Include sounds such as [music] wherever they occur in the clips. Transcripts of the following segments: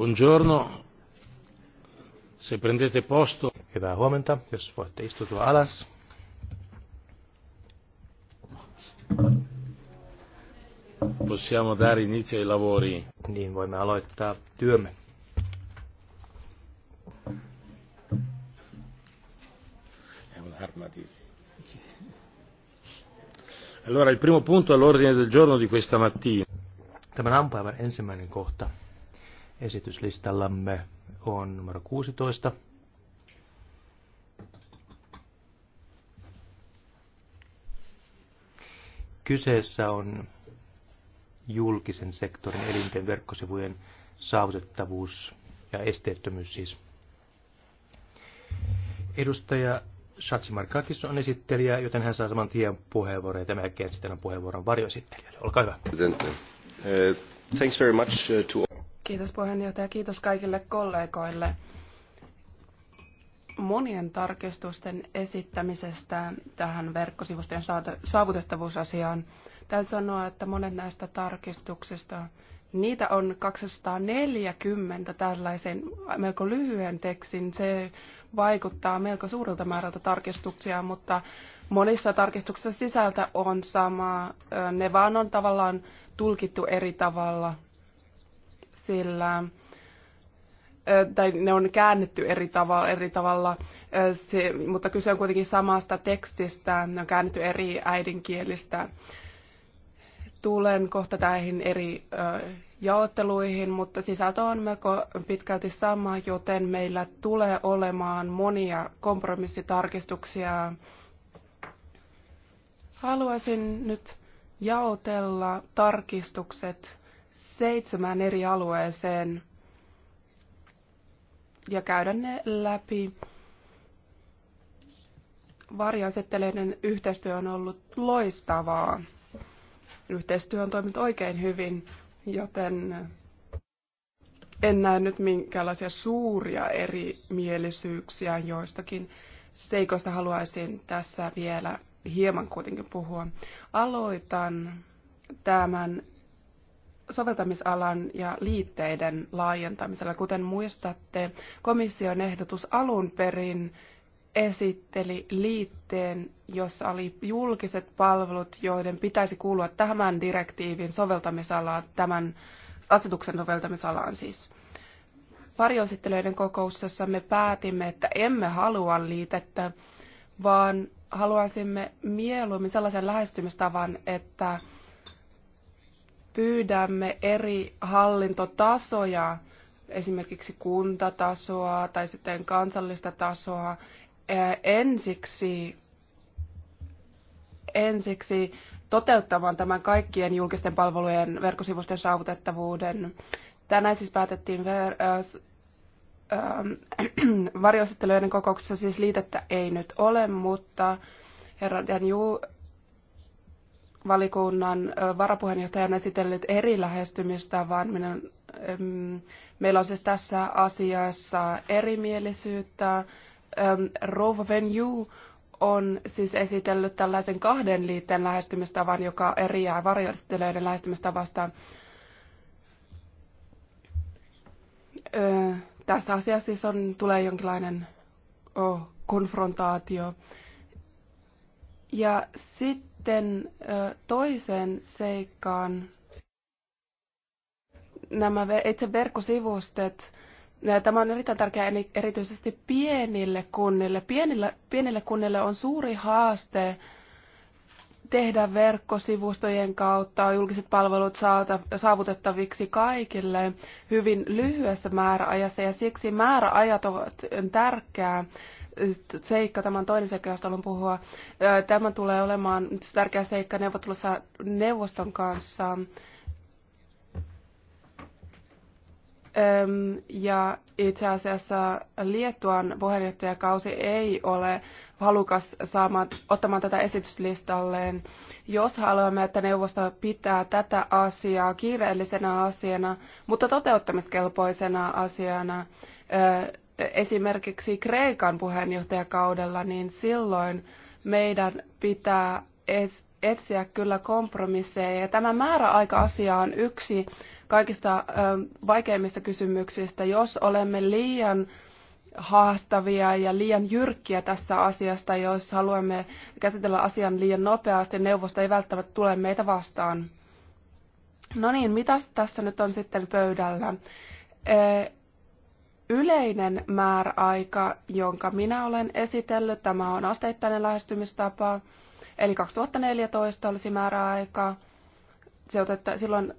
Buongiorno. Se prendete posto. Hyvää huomenta, jos voitte istutua alas. Possiamo dare inizio ai lavori. Niin voimme aloittaa työmme. Allora, il primo punto all'ordine del giorno di questa mattina. Tämän aamupäivän ensimmäinen kohta esityslistallamme on numero 16. Kyseessä on julkisen sektorin elinten verkkosivujen saavutettavuus ja esteettömyys siis. Edustaja Shatsimarkakis on esittelijä, joten hän saa saman tien puheenvuoron ja tämän jälkeen sitten on puheenvuoron varjoesittelijä. Olkaa hyvä. Uh, thanks very much uh, to Kiitos puheenjohtaja, kiitos kaikille kollegoille monien tarkistusten esittämisestä tähän verkkosivustojen saavutettavuusasiaan. Täytyy sanoa, että monet näistä tarkistuksista, niitä on 240 tällaisen melko lyhyen tekstin. Se vaikuttaa melko suurelta määrältä tarkistuksia, mutta monissa tarkistuksissa sisältä on sama. Ne vaan on tavallaan tulkittu eri tavalla – sillä tai ne on käännetty eri tavalla, eri tavalla se, mutta kyse on kuitenkin samasta tekstistä, ne on käännetty eri äidinkielistä. Tulen kohta tähän eri ö, jaotteluihin, mutta sisältö on melko pitkälti sama, joten meillä tulee olemaan monia kompromissitarkistuksia. Haluaisin nyt jaotella tarkistukset seitsemään eri alueeseen ja käydä ne läpi. Varjoasetteleiden yhteistyö on ollut loistavaa. Yhteistyö on toiminut oikein hyvin, joten en näe nyt minkälaisia suuria erimielisyyksiä joistakin seikoista haluaisin tässä vielä hieman kuitenkin puhua. Aloitan tämän soveltamisalan ja liitteiden laajentamisella. Kuten muistatte, komission ehdotus alun perin esitteli liitteen, jossa oli julkiset palvelut, joiden pitäisi kuulua tämän direktiivin soveltamisalaan, tämän asetuksen soveltamisalaan siis. Varjoesittelyiden kokouksessa me päätimme, että emme halua liitettä, vaan haluaisimme mieluummin sellaisen lähestymistavan, että pyydämme eri hallintotasoja, esimerkiksi kuntatasoa tai sitten kansallista tasoa, ensiksi, ensiksi toteuttamaan tämän kaikkien julkisten palvelujen verkkosivusten saavutettavuuden. Tänään siis päätettiin ver- [clears throat] varjoesittelyiden kokouksessa siis liitettä ei nyt ole, mutta herra Ju valikunnan varapuheenjohtajana esitellyt eri lähestymistä, vaan minun meillä on siis tässä asiassa erimielisyyttä. Rova Venue on siis esitellyt tällaisen kahden liitteen lähestymistavan, joka eriää varjoittelijoiden lähestymistavasta. tässä asiassa siis on, tulee jonkinlainen oh, konfrontaatio. Ja sitten toiseen seikkaan nämä itse verkkosivustet, Tämä on erittäin tärkeää erityisesti pienille kunnille. Pienille, pienille kunnille on suuri haaste tehdä verkkosivustojen kautta julkiset palvelut saavutettaviksi kaikille hyvin lyhyessä määräajassa ja siksi määräajat ovat tärkeää seikka, tämä on toinen seikka, josta haluan puhua. Tämä tulee olemaan tärkeä seikka neuvottelussa neuvoston kanssa. Ja itse asiassa Liettuan puheenjohtajakausi ei ole halukas saamaan, ottamaan tätä esityslistalleen. Jos haluamme, että neuvosto pitää tätä asiaa kiireellisenä asiana, mutta toteuttamiskelpoisena asiana, esimerkiksi Kreikan puheenjohtajakaudella, niin silloin meidän pitää etsiä kyllä kompromisseja. Ja tämä määräaika-asia on yksi kaikista vaikeimmista kysymyksistä. Jos olemme liian haastavia ja liian jyrkkiä tässä asiasta, jos haluamme käsitellä asian liian nopeasti, neuvosto ei välttämättä tule meitä vastaan. No niin, mitä tässä nyt on sitten pöydällä? yleinen määräaika, jonka minä olen esitellyt, tämä on asteittainen lähestymistapa, eli 2014 olisi määräaika. Se otetta, silloin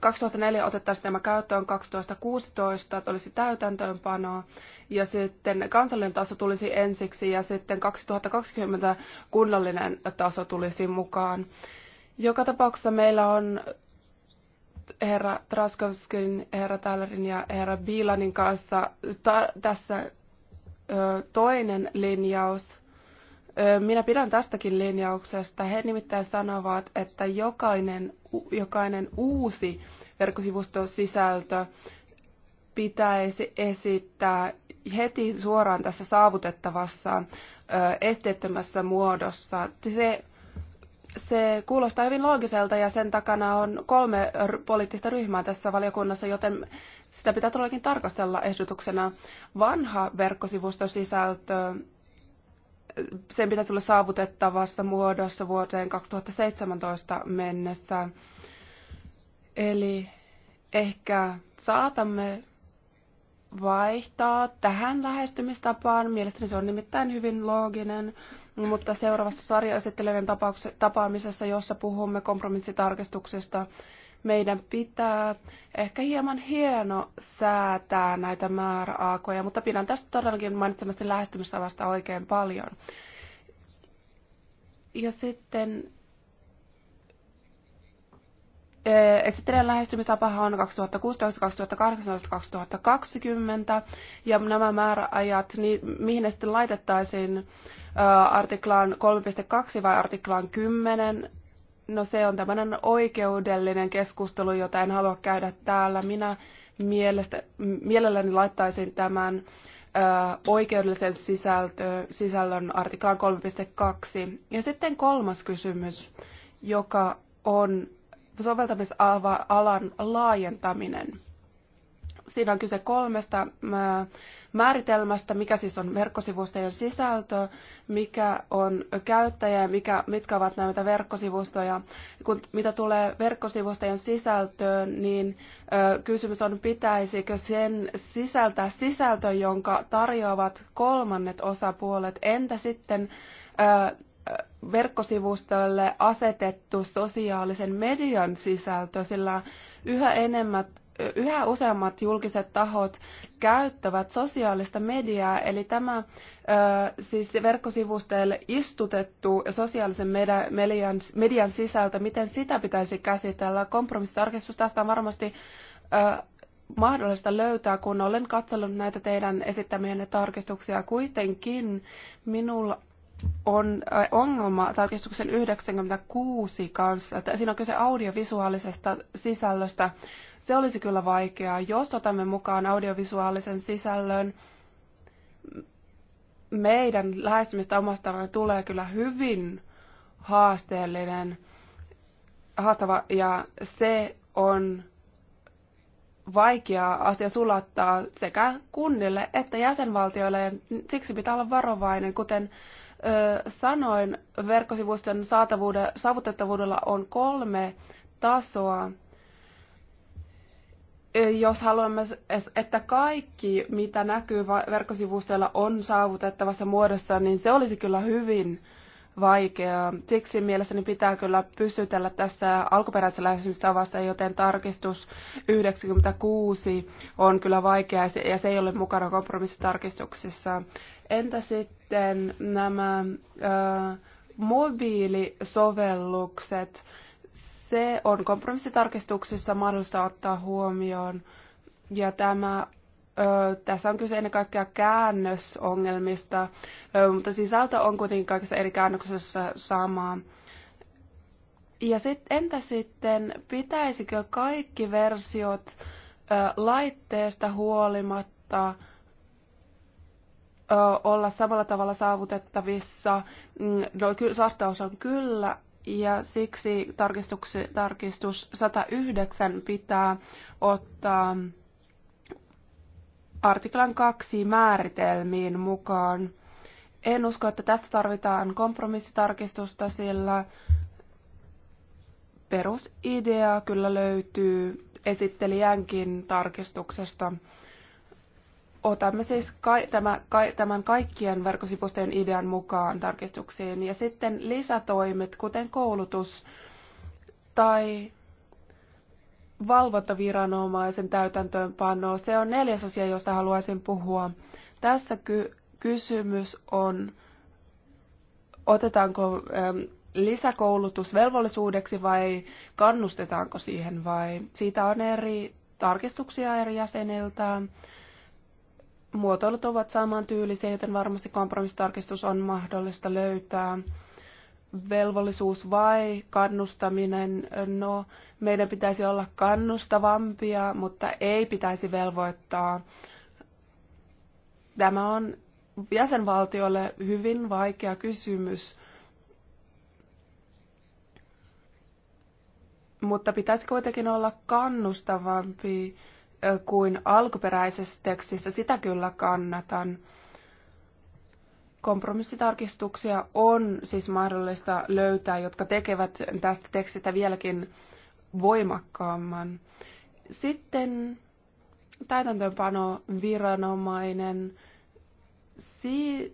2004 otettaisiin tämä käyttöön, 2016 olisi täytäntöönpano, ja sitten kansallinen taso tulisi ensiksi ja sitten 2020 kunnallinen taso tulisi mukaan. Joka tapauksessa meillä on herra Traskovskin, herra Tallerin ja herra Biilanin kanssa tässä ö, toinen linjaus. Ö, minä pidän tästäkin linjauksesta. He nimittäin sanovat, että jokainen, jokainen uusi verkkosivustosisältö pitäisi esittää heti suoraan tässä saavutettavassa ö, esteettömässä muodossa. Se se kuulostaa hyvin loogiselta ja sen takana on kolme poliittista ryhmää tässä valiokunnassa, joten sitä pitää todellakin tarkastella ehdotuksena. Vanha verkkosivustosisältö, sen pitäisi olla saavutettavassa muodossa vuoteen 2017 mennessä. Eli ehkä saatamme vaihtaa tähän lähestymistapaan. Mielestäni se on nimittäin hyvin looginen mutta seuraavassa sarjaesittelijöiden tapaamisessa, jossa puhumme kompromissitarkistuksesta, meidän pitää ehkä hieman hieno säätää näitä määräaikoja, mutta pidän tästä todellakin mainitsemasti lähestymistavasta oikein paljon. Ja sitten Esittelen lähestymistapahan on 2016, 2018, 2020 ja nämä määräajat, niin mihin ne sitten laitettaisiin artiklaan 3.2 vai artiklaan 10? No se on tämmöinen oikeudellinen keskustelu, jota en halua käydä täällä. Minä mielestä, mielelläni laittaisin tämän oikeudellisen sisältö, sisällön artiklaan 3.2. Ja sitten kolmas kysymys, joka on soveltamisalan laajentaminen. Siinä on kyse kolmesta määritelmästä, mikä siis on verkkosivustojen sisältö, mikä on käyttäjä ja mikä, mitkä ovat näitä verkkosivustoja. Kun, mitä tulee verkkosivustojen sisältöön, niin ö, kysymys on, pitäisikö sen sisältää sisältö, jonka tarjoavat kolmannet osapuolet. Entä sitten ö, verkkosivustolle asetettu sosiaalisen median sisältö, sillä yhä enemmän yhä useammat julkiset tahot käyttävät sosiaalista mediaa, eli tämä siis verkkosivusteille istutettu sosiaalisen median, median sisältö, miten sitä pitäisi käsitellä. Kompromissitarkistus tästä on varmasti mahdollista löytää, kun olen katsellut näitä teidän esittämienne tarkistuksia. Kuitenkin minulla on äh, ongelma tarkistuksen 96 kanssa, että siinä on kyse audiovisuaalisesta sisällöstä. Se olisi kyllä vaikeaa, jos otamme mukaan audiovisuaalisen sisällön. Meidän lähestymistä omasta tulee kyllä hyvin haasteellinen, haastava, ja se on vaikea asia sulattaa sekä kunnille että jäsenvaltioille, ja siksi pitää olla varovainen, kuten sanoin, verkkosivuston saavutettavuudella on kolme tasoa. Jos haluamme, että kaikki, mitä näkyy verkkosivustoilla, on saavutettavassa muodossa, niin se olisi kyllä hyvin vaikeaa. Siksi mielestäni pitää kyllä pysytellä tässä alkuperäisellä lähestymistavassa, joten tarkistus 96 on kyllä vaikea ja se ei ole mukana kompromissitarkistuksissa. Entä sitten nämä ä, mobiilisovellukset? Se on kompromissitarkistuksissa mahdollista ottaa huomioon. Ja tämä, ä, tässä on kyse ennen kaikkea käännösongelmista, ä, mutta sisältö on kuitenkin kaikissa eri käännöksissä samaa. Ja sit, entä sitten, pitäisikö kaikki versiot ä, laitteesta huolimatta – olla samalla tavalla saavutettavissa. Mm, no, vastaus on kyllä, ja siksi tarkistus 109 pitää ottaa artiklan 2 määritelmiin mukaan. En usko, että tästä tarvitaan kompromissitarkistusta, sillä perusidea kyllä löytyy esittelijänkin tarkistuksesta. Otamme siis ka- tämä, ka- tämän kaikkien verkkosivustojen idean mukaan tarkistuksiin ja sitten lisätoimet, kuten koulutus tai valvontaviranomaisen täytäntöönpano, se on neljäs asia, josta haluaisin puhua. Tässä ky- kysymys on, otetaanko ähm, lisäkoulutus velvollisuudeksi vai kannustetaanko siihen vai siitä on eri tarkistuksia eri jäseniltä muotoilut ovat tyylisiä, joten varmasti kompromissitarkistus on mahdollista löytää. Velvollisuus vai kannustaminen? No, meidän pitäisi olla kannustavampia, mutta ei pitäisi velvoittaa. Tämä on jäsenvaltiolle hyvin vaikea kysymys. Mutta pitäisi kuitenkin olla kannustavampi kuin alkuperäisessä tekstissä, sitä kyllä kannatan. Kompromissitarkistuksia on siis mahdollista löytää, jotka tekevät tästä tekstistä vieläkin voimakkaamman. Sitten täytäntöönpano viranomainen.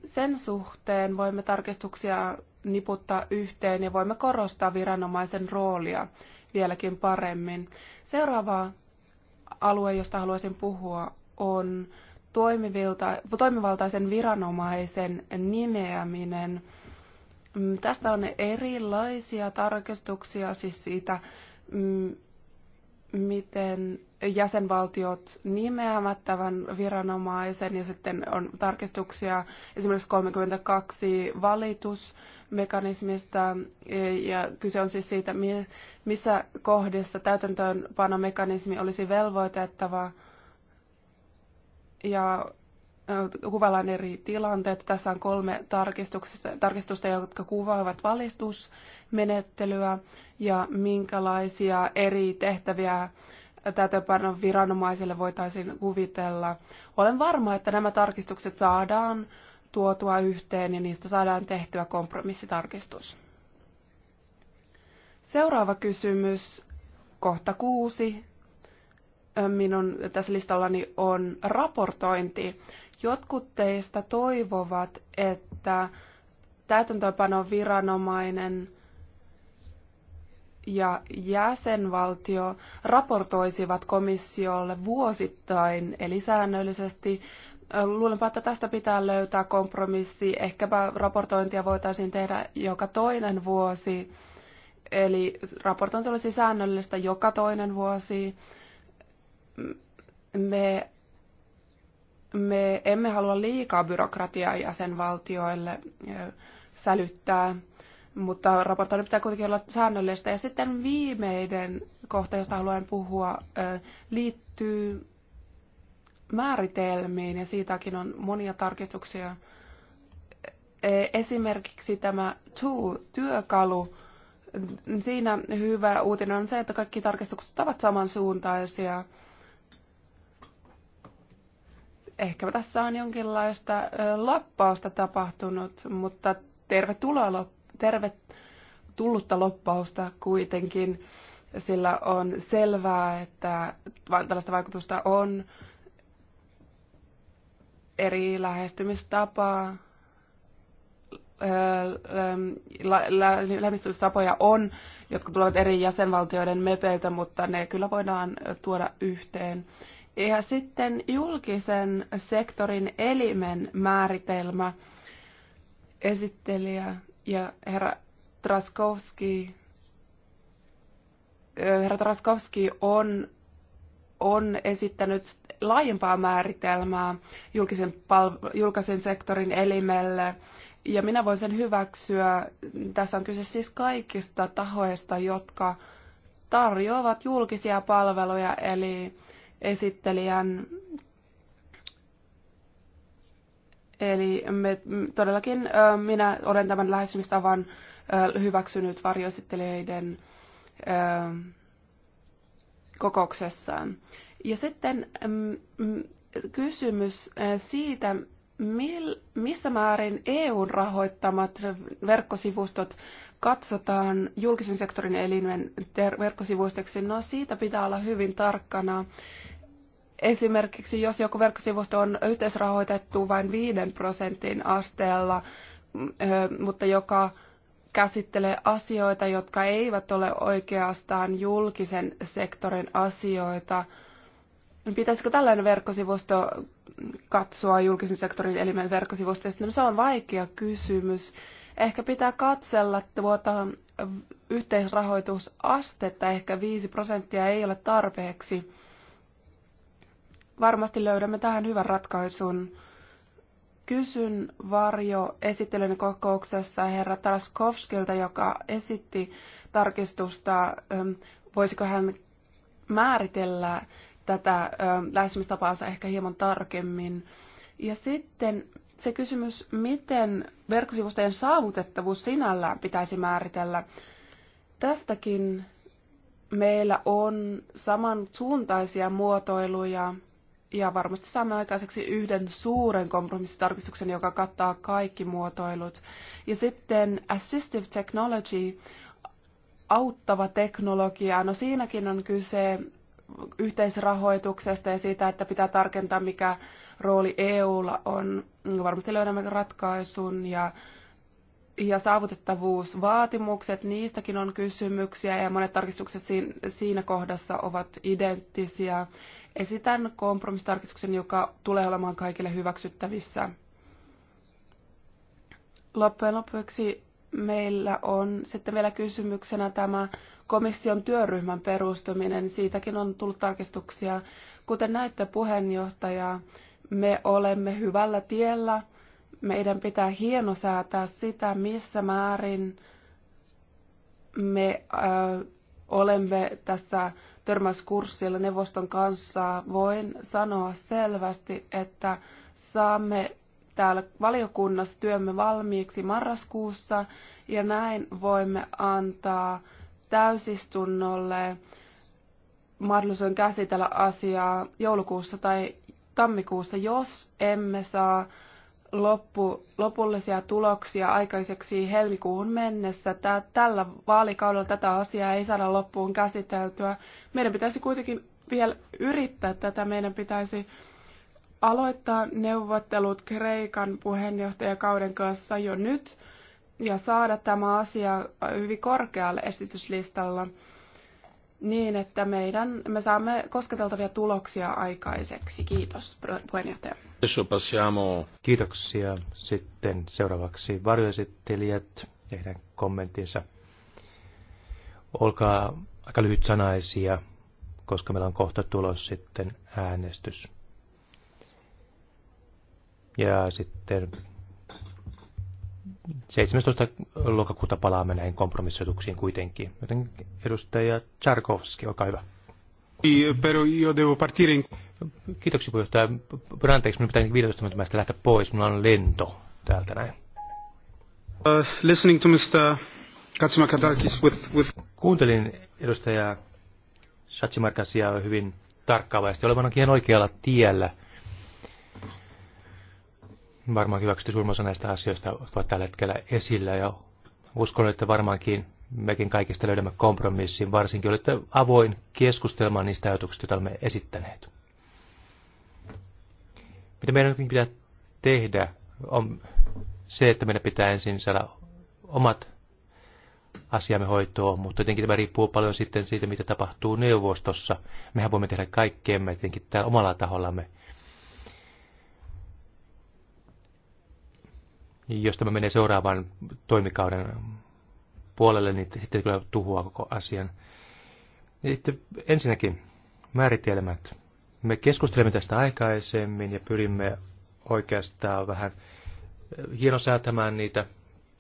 sen suhteen voimme tarkistuksia niputtaa yhteen ja voimme korostaa viranomaisen roolia vieläkin paremmin. Seuraava alue, josta haluaisin puhua, on toimivilta, toimivaltaisen viranomaisen nimeäminen. Tästä on erilaisia tarkistuksia siis siitä, mm, miten jäsenvaltiot nimeävät tämän viranomaisen ja sitten on tarkistuksia esimerkiksi 32 valitus mekanismista e, ja kyse on siis siitä, missä kohdissa täytäntöönpanomekanismi olisi velvoitettava ja e, kuvaillaan eri tilanteet. Tässä on kolme tarkistusta, jotka kuvaavat valistusmenettelyä ja minkälaisia eri tehtäviä täytäntöönpanon viranomaisille voitaisiin kuvitella. Olen varma, että nämä tarkistukset saadaan tuotua yhteen ja niistä saadaan tehtyä kompromissitarkistus. Seuraava kysymys, kohta kuusi. Minun tässä listallani on raportointi. Jotkut teistä toivovat, että täytäntöönpanon viranomainen ja jäsenvaltio raportoisivat komissiolle vuosittain, eli säännöllisesti Luulenpa, että tästä pitää löytää kompromissi. Ehkäpä raportointia voitaisiin tehdä joka toinen vuosi. Eli raportointi olisi säännöllistä joka toinen vuosi. Me, me emme halua liikaa byrokratiaa jäsenvaltioille sälyttää, mutta raportoinnin pitää kuitenkin olla säännöllistä. Ja sitten viimeinen kohta, josta haluan puhua, liittyy määritelmiin ja siitäkin on monia tarkistuksia. E, esimerkiksi tämä tool, työkalu, siinä hyvä uutinen on se, että kaikki tarkistukset ovat samansuuntaisia. Ehkä tässä on jonkinlaista loppausta tapahtunut, mutta tervetuloa, tervetullutta loppausta kuitenkin, sillä on selvää, että tällaista vaikutusta on eri lähestymistapaa, lähestymistapoja on, jotka tulevat eri jäsenvaltioiden mepeiltä, mutta ne kyllä voidaan tuoda yhteen. Ja sitten julkisen sektorin elimen määritelmä esittelijä ja herra Traskowski herra Traskowski on on esittänyt laajempaa määritelmää julkisen, julkisen sektorin elimelle, ja minä voin sen hyväksyä. Tässä on kyse siis kaikista tahoista, jotka tarjoavat julkisia palveluja, eli esittelijän Eli me, todellakin minä olen tämän lähestymistavan hyväksynyt varjoesittelijöiden kokouksessaan. Ja sitten mm, mm, kysymys eh, siitä, mil, missä määrin EUn rahoittamat verkkosivustot katsotaan julkisen sektorin elimen ter- no siitä pitää olla hyvin tarkkana. Esimerkiksi jos joku verkkosivusto on yhteisrahoitettu vain 5 prosentin asteella, mm, eh, mutta joka käsittelee asioita, jotka eivät ole oikeastaan julkisen sektorin asioita. Pitäisikö tällainen verkkosivusto katsoa julkisen sektorin elimen verkkosivusta? No, se on vaikea kysymys. Ehkä pitää katsella tuota yhteisrahoitusastetta, ehkä 5 prosenttia ei ole tarpeeksi. Varmasti löydämme tähän hyvän ratkaisun kysyn varjo esittelyn kokouksessa herra Taraskovskilta, joka esitti tarkistusta, ähm, voisiko hän määritellä tätä ähm, lähestymistapaansa ehkä hieman tarkemmin. Ja sitten se kysymys, miten verkkosivustojen saavutettavuus sinällään pitäisi määritellä. Tästäkin meillä on samansuuntaisia muotoiluja ja varmasti saamme aikaiseksi yhden suuren kompromissitarkistuksen, joka kattaa kaikki muotoilut. Ja sitten assistive technology, auttava teknologia, no siinäkin on kyse yhteisrahoituksesta ja siitä, että pitää tarkentaa, mikä rooli EUlla on. Varmasti löydämme ratkaisun ja ja saavutettavuusvaatimukset, niistäkin on kysymyksiä ja monet tarkistukset siinä kohdassa ovat identtisiä. Esitän kompromissitarkistuksen, joka tulee olemaan kaikille hyväksyttävissä. Loppujen lopuksi meillä on sitten vielä kysymyksenä tämä komission työryhmän perustuminen. Siitäkin on tullut tarkistuksia. Kuten näette puheenjohtaja, me olemme hyvällä tiellä – meidän pitää hienosäätää sitä, missä määrin me äh, olemme tässä törmäyskurssilla neuvoston kanssa. Voin sanoa selvästi, että saamme täällä valiokunnassa työmme valmiiksi marraskuussa ja näin voimme antaa täysistunnolle mahdollisuuden käsitellä asiaa joulukuussa tai tammikuussa, jos emme saa loppu, lopullisia tuloksia aikaiseksi helmikuuhun mennessä. Tää, tällä vaalikaudella tätä asiaa ei saada loppuun käsiteltyä. Meidän pitäisi kuitenkin vielä yrittää tätä. Meidän pitäisi aloittaa neuvottelut Kreikan puheenjohtajakauden kanssa jo nyt ja saada tämä asia hyvin korkealle esityslistalla niin, että meidän, me saamme kosketeltavia tuloksia aikaiseksi. Kiitos, puheenjohtaja. Kiitoksia. Sitten seuraavaksi varjoesittelijät ja heidän kommenttinsa. Olkaa aika sanaisia, koska meillä on kohta tulos sitten äänestys. Ja sitten 17. lokakuuta palaamme näihin kompromissoituksiin kuitenkin. Joten edustaja Tsarkovski, olkaa hyvä. Pero io devo partire Kiitoksia puheenjohtaja. Pyydän anteeksi, minun pitää 15 minuutin lähteä pois. Minulla on lento täältä näin. Uh, listening to Mr. Katsimakadakis with, with... Kuuntelin edustaja Shatsimarkasia hyvin tarkkaavasti. olevan ainakin ihan oikealla tiellä – varmaan hyväksytty suurin osa näistä asioista ovat tällä hetkellä esillä ja uskon, että varmaankin mekin kaikista löydämme kompromissin, varsinkin olette avoin keskustelemaan niistä ajatuksista, joita olemme esittäneet. Mitä meidän pitää tehdä on se, että meidän pitää ensin saada omat asiamme hoitoon, mutta tietenkin tämä riippuu paljon sitten siitä, mitä tapahtuu neuvostossa. Mehän voimme tehdä kaikkeemme tietenkin täällä omalla tahollamme, jos tämä menee seuraavaan toimikauden puolelle, niin sitten kyllä tuhoaa koko asian. sitten ensinnäkin määritelmät. Me keskustelemme tästä aikaisemmin ja pyrimme oikeastaan vähän eh, hienosäätämään niitä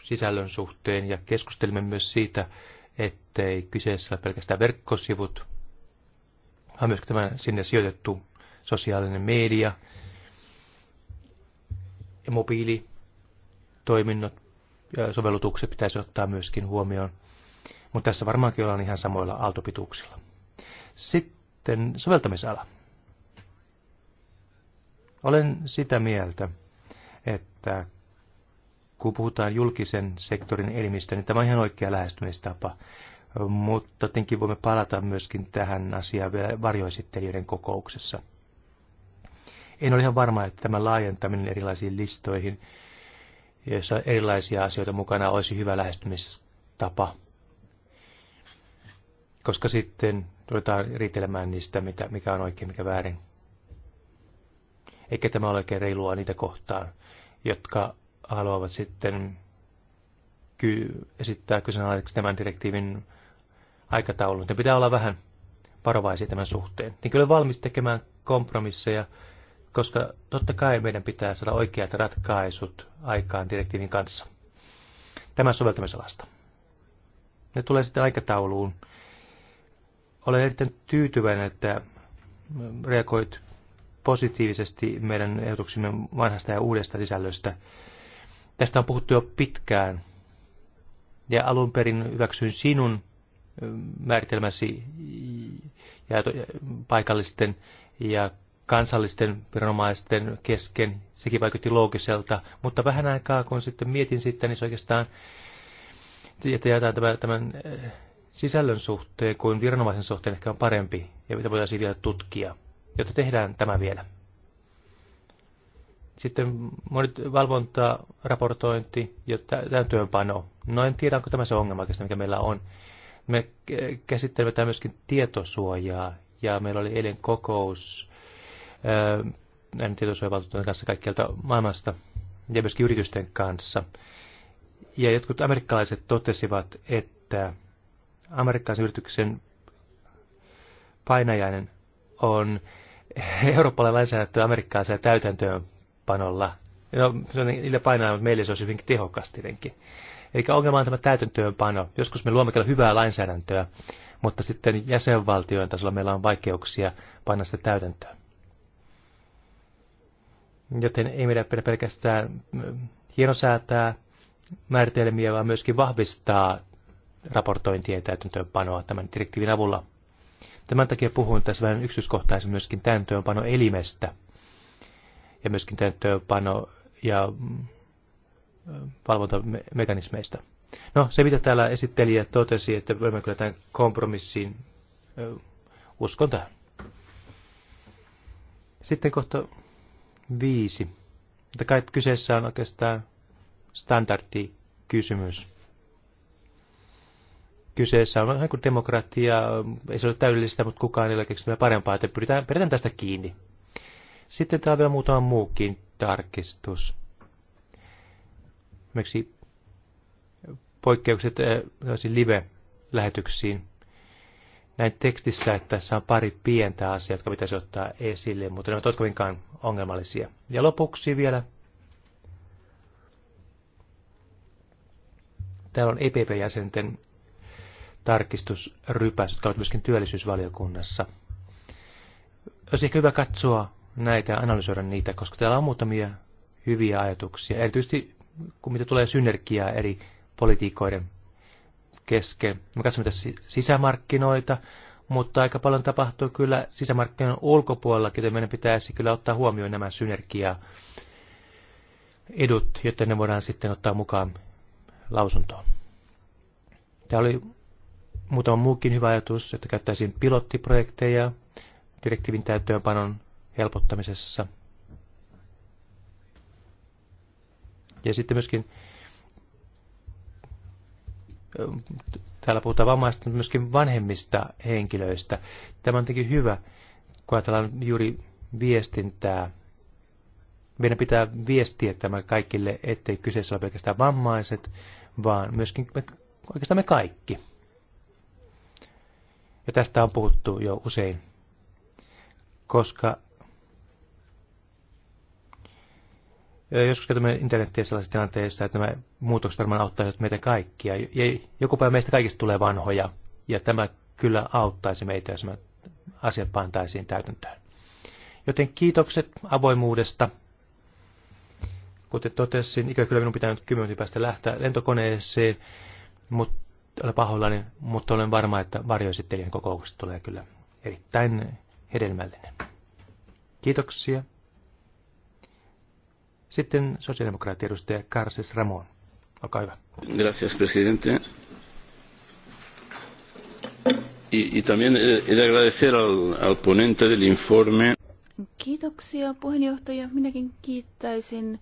sisällön suhteen ja keskustelimme myös siitä, ettei kyseessä ole pelkästään verkkosivut, vaan myös tämä sinne sijoitettu sosiaalinen media ja mobiili toiminnot ja sovellutukset pitäisi ottaa myöskin huomioon. Mutta tässä varmaankin ollaan ihan samoilla aaltopituuksilla. Sitten soveltamisala. Olen sitä mieltä, että kun puhutaan julkisen sektorin elimistä, niin tämä on ihan oikea lähestymistapa. Mutta tietenkin voimme palata myöskin tähän asiaan vielä varjoesittelijöiden kokouksessa. En ole ihan varma, että tämä laajentaminen erilaisiin listoihin joissa erilaisia asioita mukana olisi hyvä lähestymistapa. Koska sitten ruvetaan riitelemään niistä, mitä, mikä on oikein, mikä väärin. Eikä tämä ole oikein reilua niitä kohtaan, jotka haluavat sitten ky- esittää kyseenalaiseksi tämän direktiivin aikataulun. Ne pitää olla vähän varovaisia tämän suhteen. Niin kyllä valmis tekemään kompromisseja koska totta kai meidän pitää saada oikeat ratkaisut aikaan direktiivin kanssa. Tämä soveltamisalasta. Ne tulee sitten aikatauluun. Olen erittäin tyytyväinen, että reagoit positiivisesti meidän ehdotuksimme vanhasta ja uudesta sisällöstä. Tästä on puhuttu jo pitkään. Ja alun perin hyväksyin sinun määritelmäsi ja paikallisten ja kansallisten viranomaisten kesken. Sekin vaikutti loogiselta, mutta vähän aikaa kun sitten mietin sitten, niin se oikeastaan että jätetään tämän, tämän eh, sisällön suhteen kuin viranomaisen suhteen ehkä on parempi ja mitä voitaisiin vielä tutkia, jotta tehdään tämä vielä. Sitten monet valvonta, raportointi ja työnpano. No en tiedä, onko tämä se ongelma oikeastaan, mikä meillä on. Me käsittelemme tämä myöskin tietosuojaa ja meillä oli eilen kokous näiden tietosuojavaltuutettujen kanssa kaikkialta maailmasta ja myöskin yritysten kanssa. Ja jotkut amerikkalaiset totesivat, että amerikkalaisen yrityksen painajainen on eurooppalainen lainsäädäntö amerikkalaisen täytäntöönpanolla. No, se on niille painaa, mutta meille se olisi hyvinkin tehokas tietenkin. Eli ongelma on tämä täytäntöönpano. Joskus me luomme kyllä hyvää lainsäädäntöä, mutta sitten jäsenvaltioiden tasolla meillä on vaikeuksia panna sitä täytäntöön. Joten ei meidän pidä pelkästään mm, hienosäätää määritelmiä, vaan myöskin vahvistaa raportointien täytäntöönpanoa tämän direktiivin avulla. Tämän takia puhun tässä vähän yksityiskohtaisen myöskin täytäntöönpanoelimestä ja myöskin täytäntöönpano- ja mm, valvontamekanismeista. No, se mitä täällä esittelijä totesi, että voimme kyllä tämän kompromissiin, uskon tähän. Sitten kohta 5. Mutta kai kyseessä on oikeastaan kysymys. Kyseessä on vähän kuin demokratia, ei se ole täydellistä, mutta kukaan ei ole keksinyt parempaa, että pyritään, pyritään tästä kiinni. Sitten täällä on vielä muutama muukin tarkistus. Esimerkiksi poikkeukset eh, live-lähetyksiin näin tekstissä, että tässä on pari pientä asiaa, jotka pitäisi ottaa esille, mutta ne ovat kovinkaan ongelmallisia. Ja lopuksi vielä. Täällä on EPP-jäsenten tarkistusrypäs, jotka ovat myöskin työllisyysvaliokunnassa. Olisi ehkä hyvä katsoa näitä ja analysoida niitä, koska täällä on muutamia hyviä ajatuksia, erityisesti kun mitä tulee synergiaa eri politiikoiden kesken. Me katsomme tässä sisämarkkinoita, mutta aika paljon tapahtuu kyllä sisämarkkinoiden ulkopuolella, joten meidän pitäisi kyllä ottaa huomioon nämä synergia edut, jotta ne voidaan sitten ottaa mukaan lausuntoon. Tämä oli muutama muukin hyvä ajatus, että käyttäisiin pilottiprojekteja direktiivin täyttöönpanon helpottamisessa. Ja sitten myöskin täällä puhutaan vammaista, mutta myöskin vanhemmista henkilöistä. Tämä on tietenkin hyvä, kun ajatellaan juuri viestintää. Meidän pitää viestiä tämä kaikille, ettei kyseessä ole pelkästään vammaiset, vaan myöskin me, oikeastaan me kaikki. Ja tästä on puhuttu jo usein, koska Joskus käytämme internettiä sellaisissa tilanteissa, että nämä muutokset varmaan auttaisivat meitä kaikkia. Joku päivä meistä kaikista tulee vanhoja, ja tämä kyllä auttaisi meitä, jos me asiat pantaisiin täytäntöön. Joten kiitokset avoimuudesta. Kuten totesin, ikävä kyllä minun pitää nyt kymmenen päästä lähteä lentokoneeseen, mutta olen pahoillani, mutta olen varma, että varjoesittelijän kokouksesta tulee kyllä erittäin hedelmällinen. Kiitoksia. Sitten sosiaalidemokraattien edustaja Karsis Ramon. Olkaa hyvä. Gracias, presidente. Y, y también eh, he de agradecer al, al ponente del informe. Kiitoksia puheenjohtaja. Minäkin kiittäisin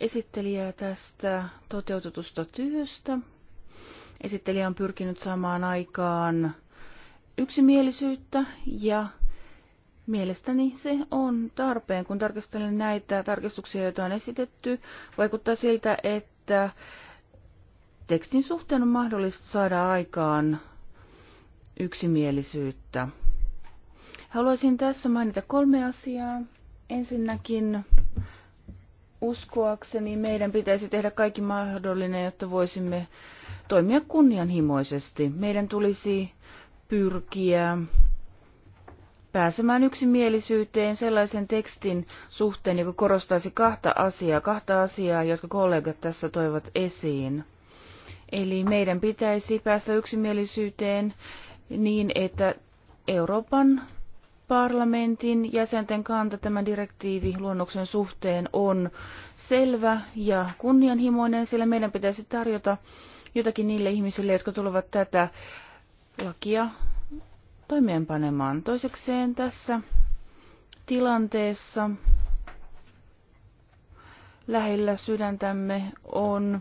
esittelijää tästä toteutetusta työstä. Esittelijä on pyrkinyt saamaan aikaan yksimielisyyttä ja Mielestäni se on tarpeen, kun tarkastelen näitä tarkistuksia, joita on esitetty. Vaikuttaa siltä, että tekstin suhteen on mahdollista saada aikaan yksimielisyyttä. Haluaisin tässä mainita kolme asiaa. Ensinnäkin uskoakseni meidän pitäisi tehdä kaikki mahdollinen, jotta voisimme toimia kunnianhimoisesti. Meidän tulisi pyrkiä pääsemään yksimielisyyteen sellaisen tekstin suhteen, joka korostaisi kahta asiaa, kahta asiaa, jotka kollegat tässä toivat esiin. Eli meidän pitäisi päästä yksimielisyyteen niin, että Euroopan parlamentin jäsenten kanta tämän direktiiviluonnoksen suhteen on selvä ja kunnianhimoinen, sillä meidän pitäisi tarjota jotakin niille ihmisille, jotka tulevat tätä lakia toimeenpanemaan. Toisekseen tässä tilanteessa lähellä sydäntämme on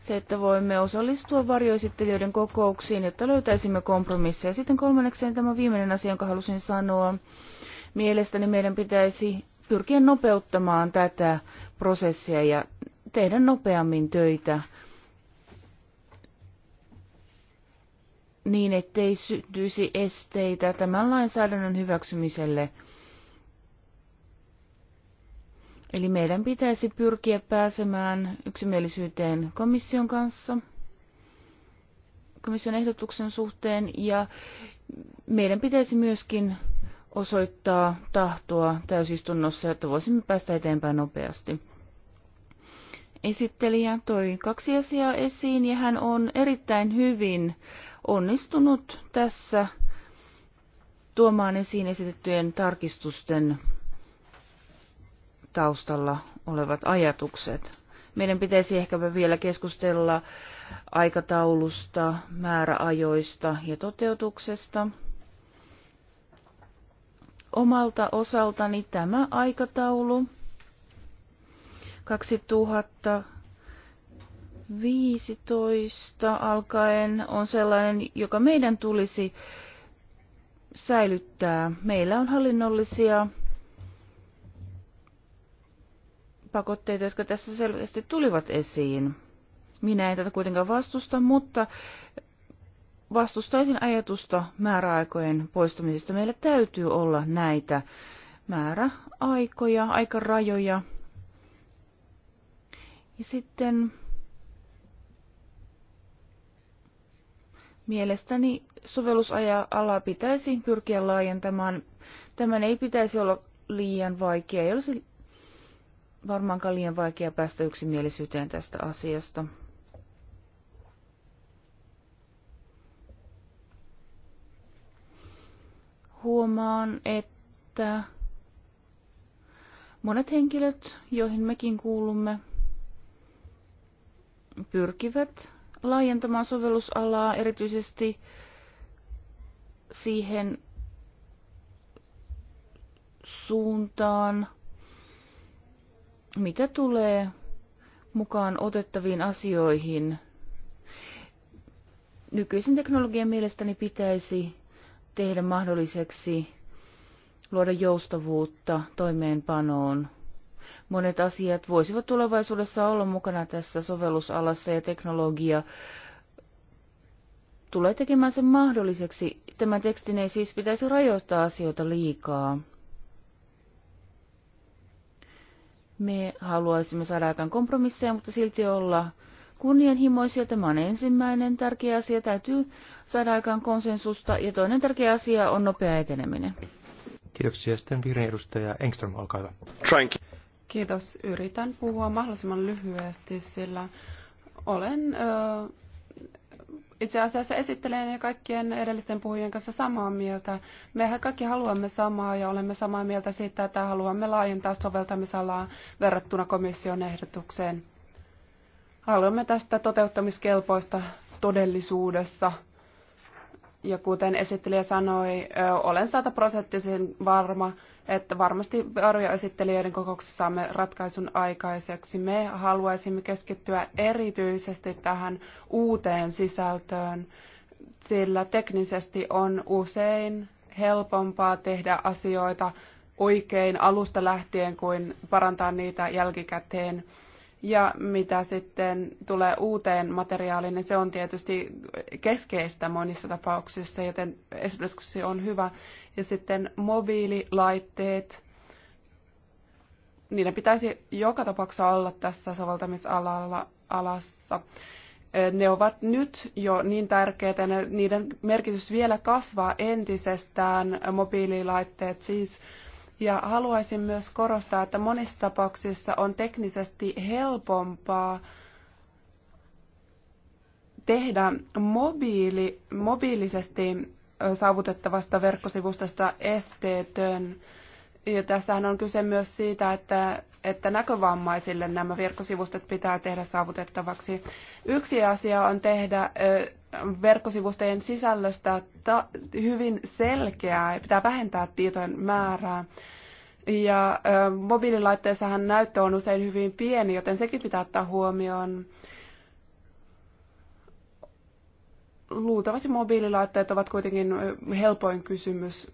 se, että voimme osallistua varjoesittelijöiden kokouksiin, jotta löytäisimme kompromisseja. Sitten kolmannekseen tämä viimeinen asia, jonka halusin sanoa. Mielestäni meidän pitäisi pyrkiä nopeuttamaan tätä prosessia ja tehdä nopeammin töitä niin, ettei syntyisi esteitä tämän lainsäädännön hyväksymiselle. Eli meidän pitäisi pyrkiä pääsemään yksimielisyyteen komission kanssa, komission ehdotuksen suhteen, ja meidän pitäisi myöskin osoittaa tahtoa täysistunnossa, että voisimme päästä eteenpäin nopeasti. Esittelijä toi kaksi asiaa esiin ja hän on erittäin hyvin onnistunut tässä tuomaan esiin esitettyjen tarkistusten taustalla olevat ajatukset. Meidän pitäisi ehkäpä vielä keskustella aikataulusta, määräajoista ja toteutuksesta. Omalta osaltani tämä aikataulu 2000 15 alkaen on sellainen, joka meidän tulisi säilyttää. Meillä on hallinnollisia pakotteita, jotka tässä selvästi tulivat esiin. Minä en tätä kuitenkaan vastusta, mutta vastustaisin ajatusta määräaikojen poistumisesta. Meillä täytyy olla näitä määräaikoja, aikarajoja. Ja sitten Mielestäni sovellusala pitäisi pyrkiä laajentamaan. Tämän ei pitäisi olla liian vaikea, ei olisi varmaankaan liian vaikea päästä yksimielisyyteen tästä asiasta. Huomaan, että monet henkilöt, joihin mekin kuulumme, pyrkivät laajentamaan sovellusalaa erityisesti siihen suuntaan, mitä tulee mukaan otettaviin asioihin. Nykyisen teknologian mielestäni pitäisi tehdä mahdolliseksi luoda joustavuutta toimeenpanoon monet asiat voisivat tulevaisuudessa olla mukana tässä sovellusalassa ja teknologia tulee tekemään sen mahdolliseksi. Tämän tekstin ei siis pitäisi rajoittaa asioita liikaa. Me haluaisimme saada aikaan kompromisseja, mutta silti olla kunnianhimoisia. Tämä on ensimmäinen tärkeä asia. Täytyy saada aikaan konsensusta. Ja toinen tärkeä asia on nopea eteneminen. Kiitoksia. Sitten vihreän edustaja Engström, olkaa hyvä. Thank you. Kiitos. Yritän puhua mahdollisimman lyhyesti, sillä olen ö, itse asiassa esittelen ja kaikkien edellisten puhujien kanssa samaa mieltä. Mehän kaikki haluamme samaa ja olemme samaa mieltä siitä, että haluamme laajentaa soveltamisalaa verrattuna komission ehdotukseen. Haluamme tästä toteuttamiskelpoista todellisuudessa – ja kuten esittelijä sanoi, olen sataprosenttisen varma, että varmasti varjoesittelijöiden kokouksessa saamme ratkaisun aikaiseksi. Me haluaisimme keskittyä erityisesti tähän uuteen sisältöön, sillä teknisesti on usein helpompaa tehdä asioita oikein alusta lähtien kuin parantaa niitä jälkikäteen. Ja mitä sitten tulee uuteen materiaaliin, niin se on tietysti keskeistä monissa tapauksissa, joten esimerkiksi on hyvä. Ja sitten mobiililaitteet, niiden pitäisi joka tapauksessa olla tässä soveltamisalalla alassa. Ne ovat nyt jo niin tärkeitä, että niiden merkitys vielä kasvaa entisestään, mobiililaitteet siis. Ja haluaisin myös korostaa, että monissa tapauksissa on teknisesti helpompaa tehdä mobiili, mobiilisesti saavutettavasta verkkosivustosta esteetön. Ja tässähän on kyse myös siitä, että, että näkövammaisille nämä verkkosivustot pitää tehdä saavutettavaksi. Yksi asia on tehdä verkkosivustojen sisällöstä hyvin selkeää ja pitää vähentää tietojen määrää. Ja ö, mobiililaitteessahan näyttö on usein hyvin pieni, joten sekin pitää ottaa huomioon. Luultavasti mobiililaitteet ovat kuitenkin helpoin kysymys.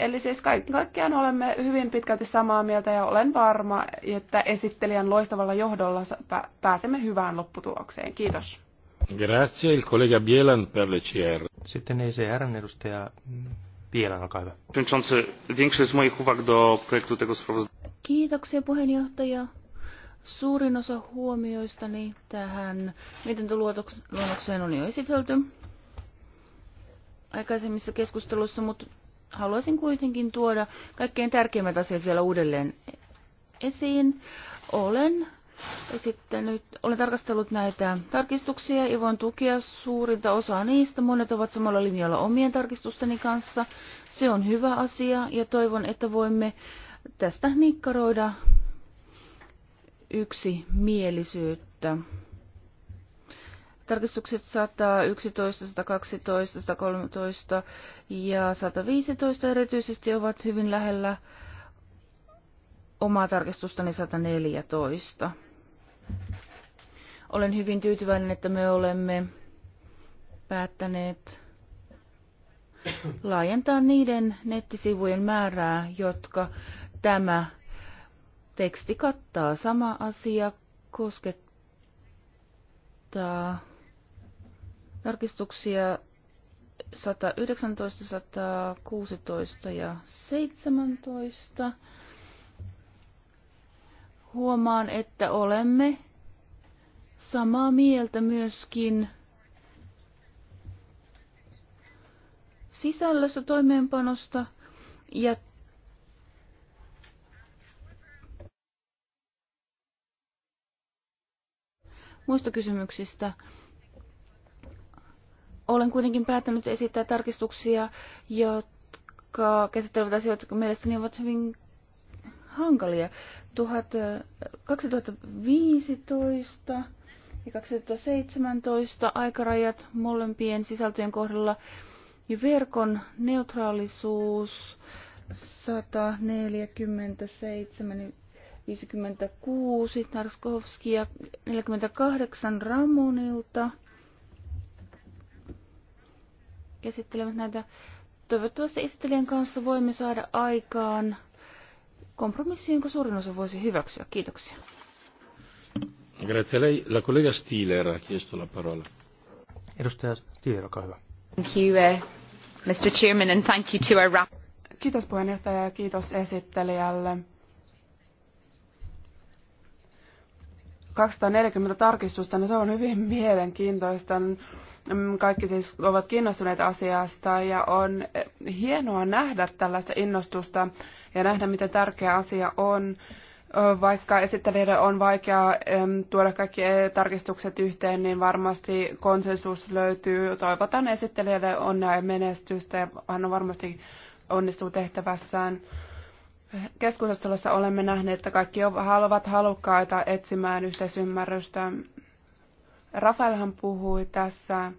Eli siis kaiken kaikkiaan olemme hyvin pitkälti samaa mieltä ja olen varma, että esittelijän loistavalla johdolla pääsemme hyvään lopputulokseen. Kiitos. Grazie, il collega Bielan per le CR. Sitten e edustaja Bielan, olkaa hyvä. większość z moich uwag do projektu tego sprawozdania. Kiitoksia puheenjohtaja. Suurin osa huomioistani tähän mietintöluonnokseen on jo esitelty aikaisemmissa keskusteluissa, mutta haluaisin kuitenkin tuoda kaikkein tärkeimmät asiat vielä uudelleen esiin. Olen esittänyt, olen tarkastellut näitä tarkistuksia ja voin tukea suurinta osaa niistä. Monet ovat samalla linjalla omien tarkistusteni kanssa. Se on hyvä asia ja toivon, että voimme tästä nikkaroida yksi mielisyyttä. Tarkistukset 111, 112, 113 ja 115 erityisesti ovat hyvin lähellä omaa tarkistustani 114. Olen hyvin tyytyväinen, että me olemme päättäneet laajentaa niiden nettisivujen määrää, jotka tämä teksti kattaa. Sama asia koskettaa tarkistuksia 119, 116 ja 17 huomaan, että olemme samaa mieltä myöskin sisällössä toimeenpanosta ja muista kysymyksistä. Olen kuitenkin päättänyt esittää tarkistuksia, jotka käsittelevät asioita, jotka mielestäni ovat hyvin hankalia. 2015 ja 2017 aikarajat molempien sisältöjen kohdalla ja verkon neutraalisuus 147 56 Tarskovski ja 48 Ramonilta käsittelevät näitä. Toivottavasti esittelijän kanssa voimme saada aikaan kompromissi, jonka suurin osa voisi hyväksyä. Kiitoksia. Grazie lei. La collega Stiller ha chiesto la parola. Edustaja Stiller, olkaa hyvä. Thank you, uh, Mr. Chairman, and thank you to our Kiitos puheenjohtaja ja kiitos esittelijälle. 240 tarkistusta, no se on hyvin [laughs] mielenkiintoista. Mm, kaikki siis ovat kiinnostuneita asiasta ja on eh, hienoa nähdä tällaista innostusta ja nähdä, miten tärkeä asia on. Vaikka esittelijöiden on vaikea tuoda kaikki e, tarkistukset yhteen, niin varmasti konsensus löytyy. Toivotan esittelijöille onnea ja menestystä ja hän varmasti onnistuu tehtävässään. Keskustelussa olemme nähneet, että kaikki ovat halukkaita etsimään yhteisymmärrystä. Rafaelhan puhui tässä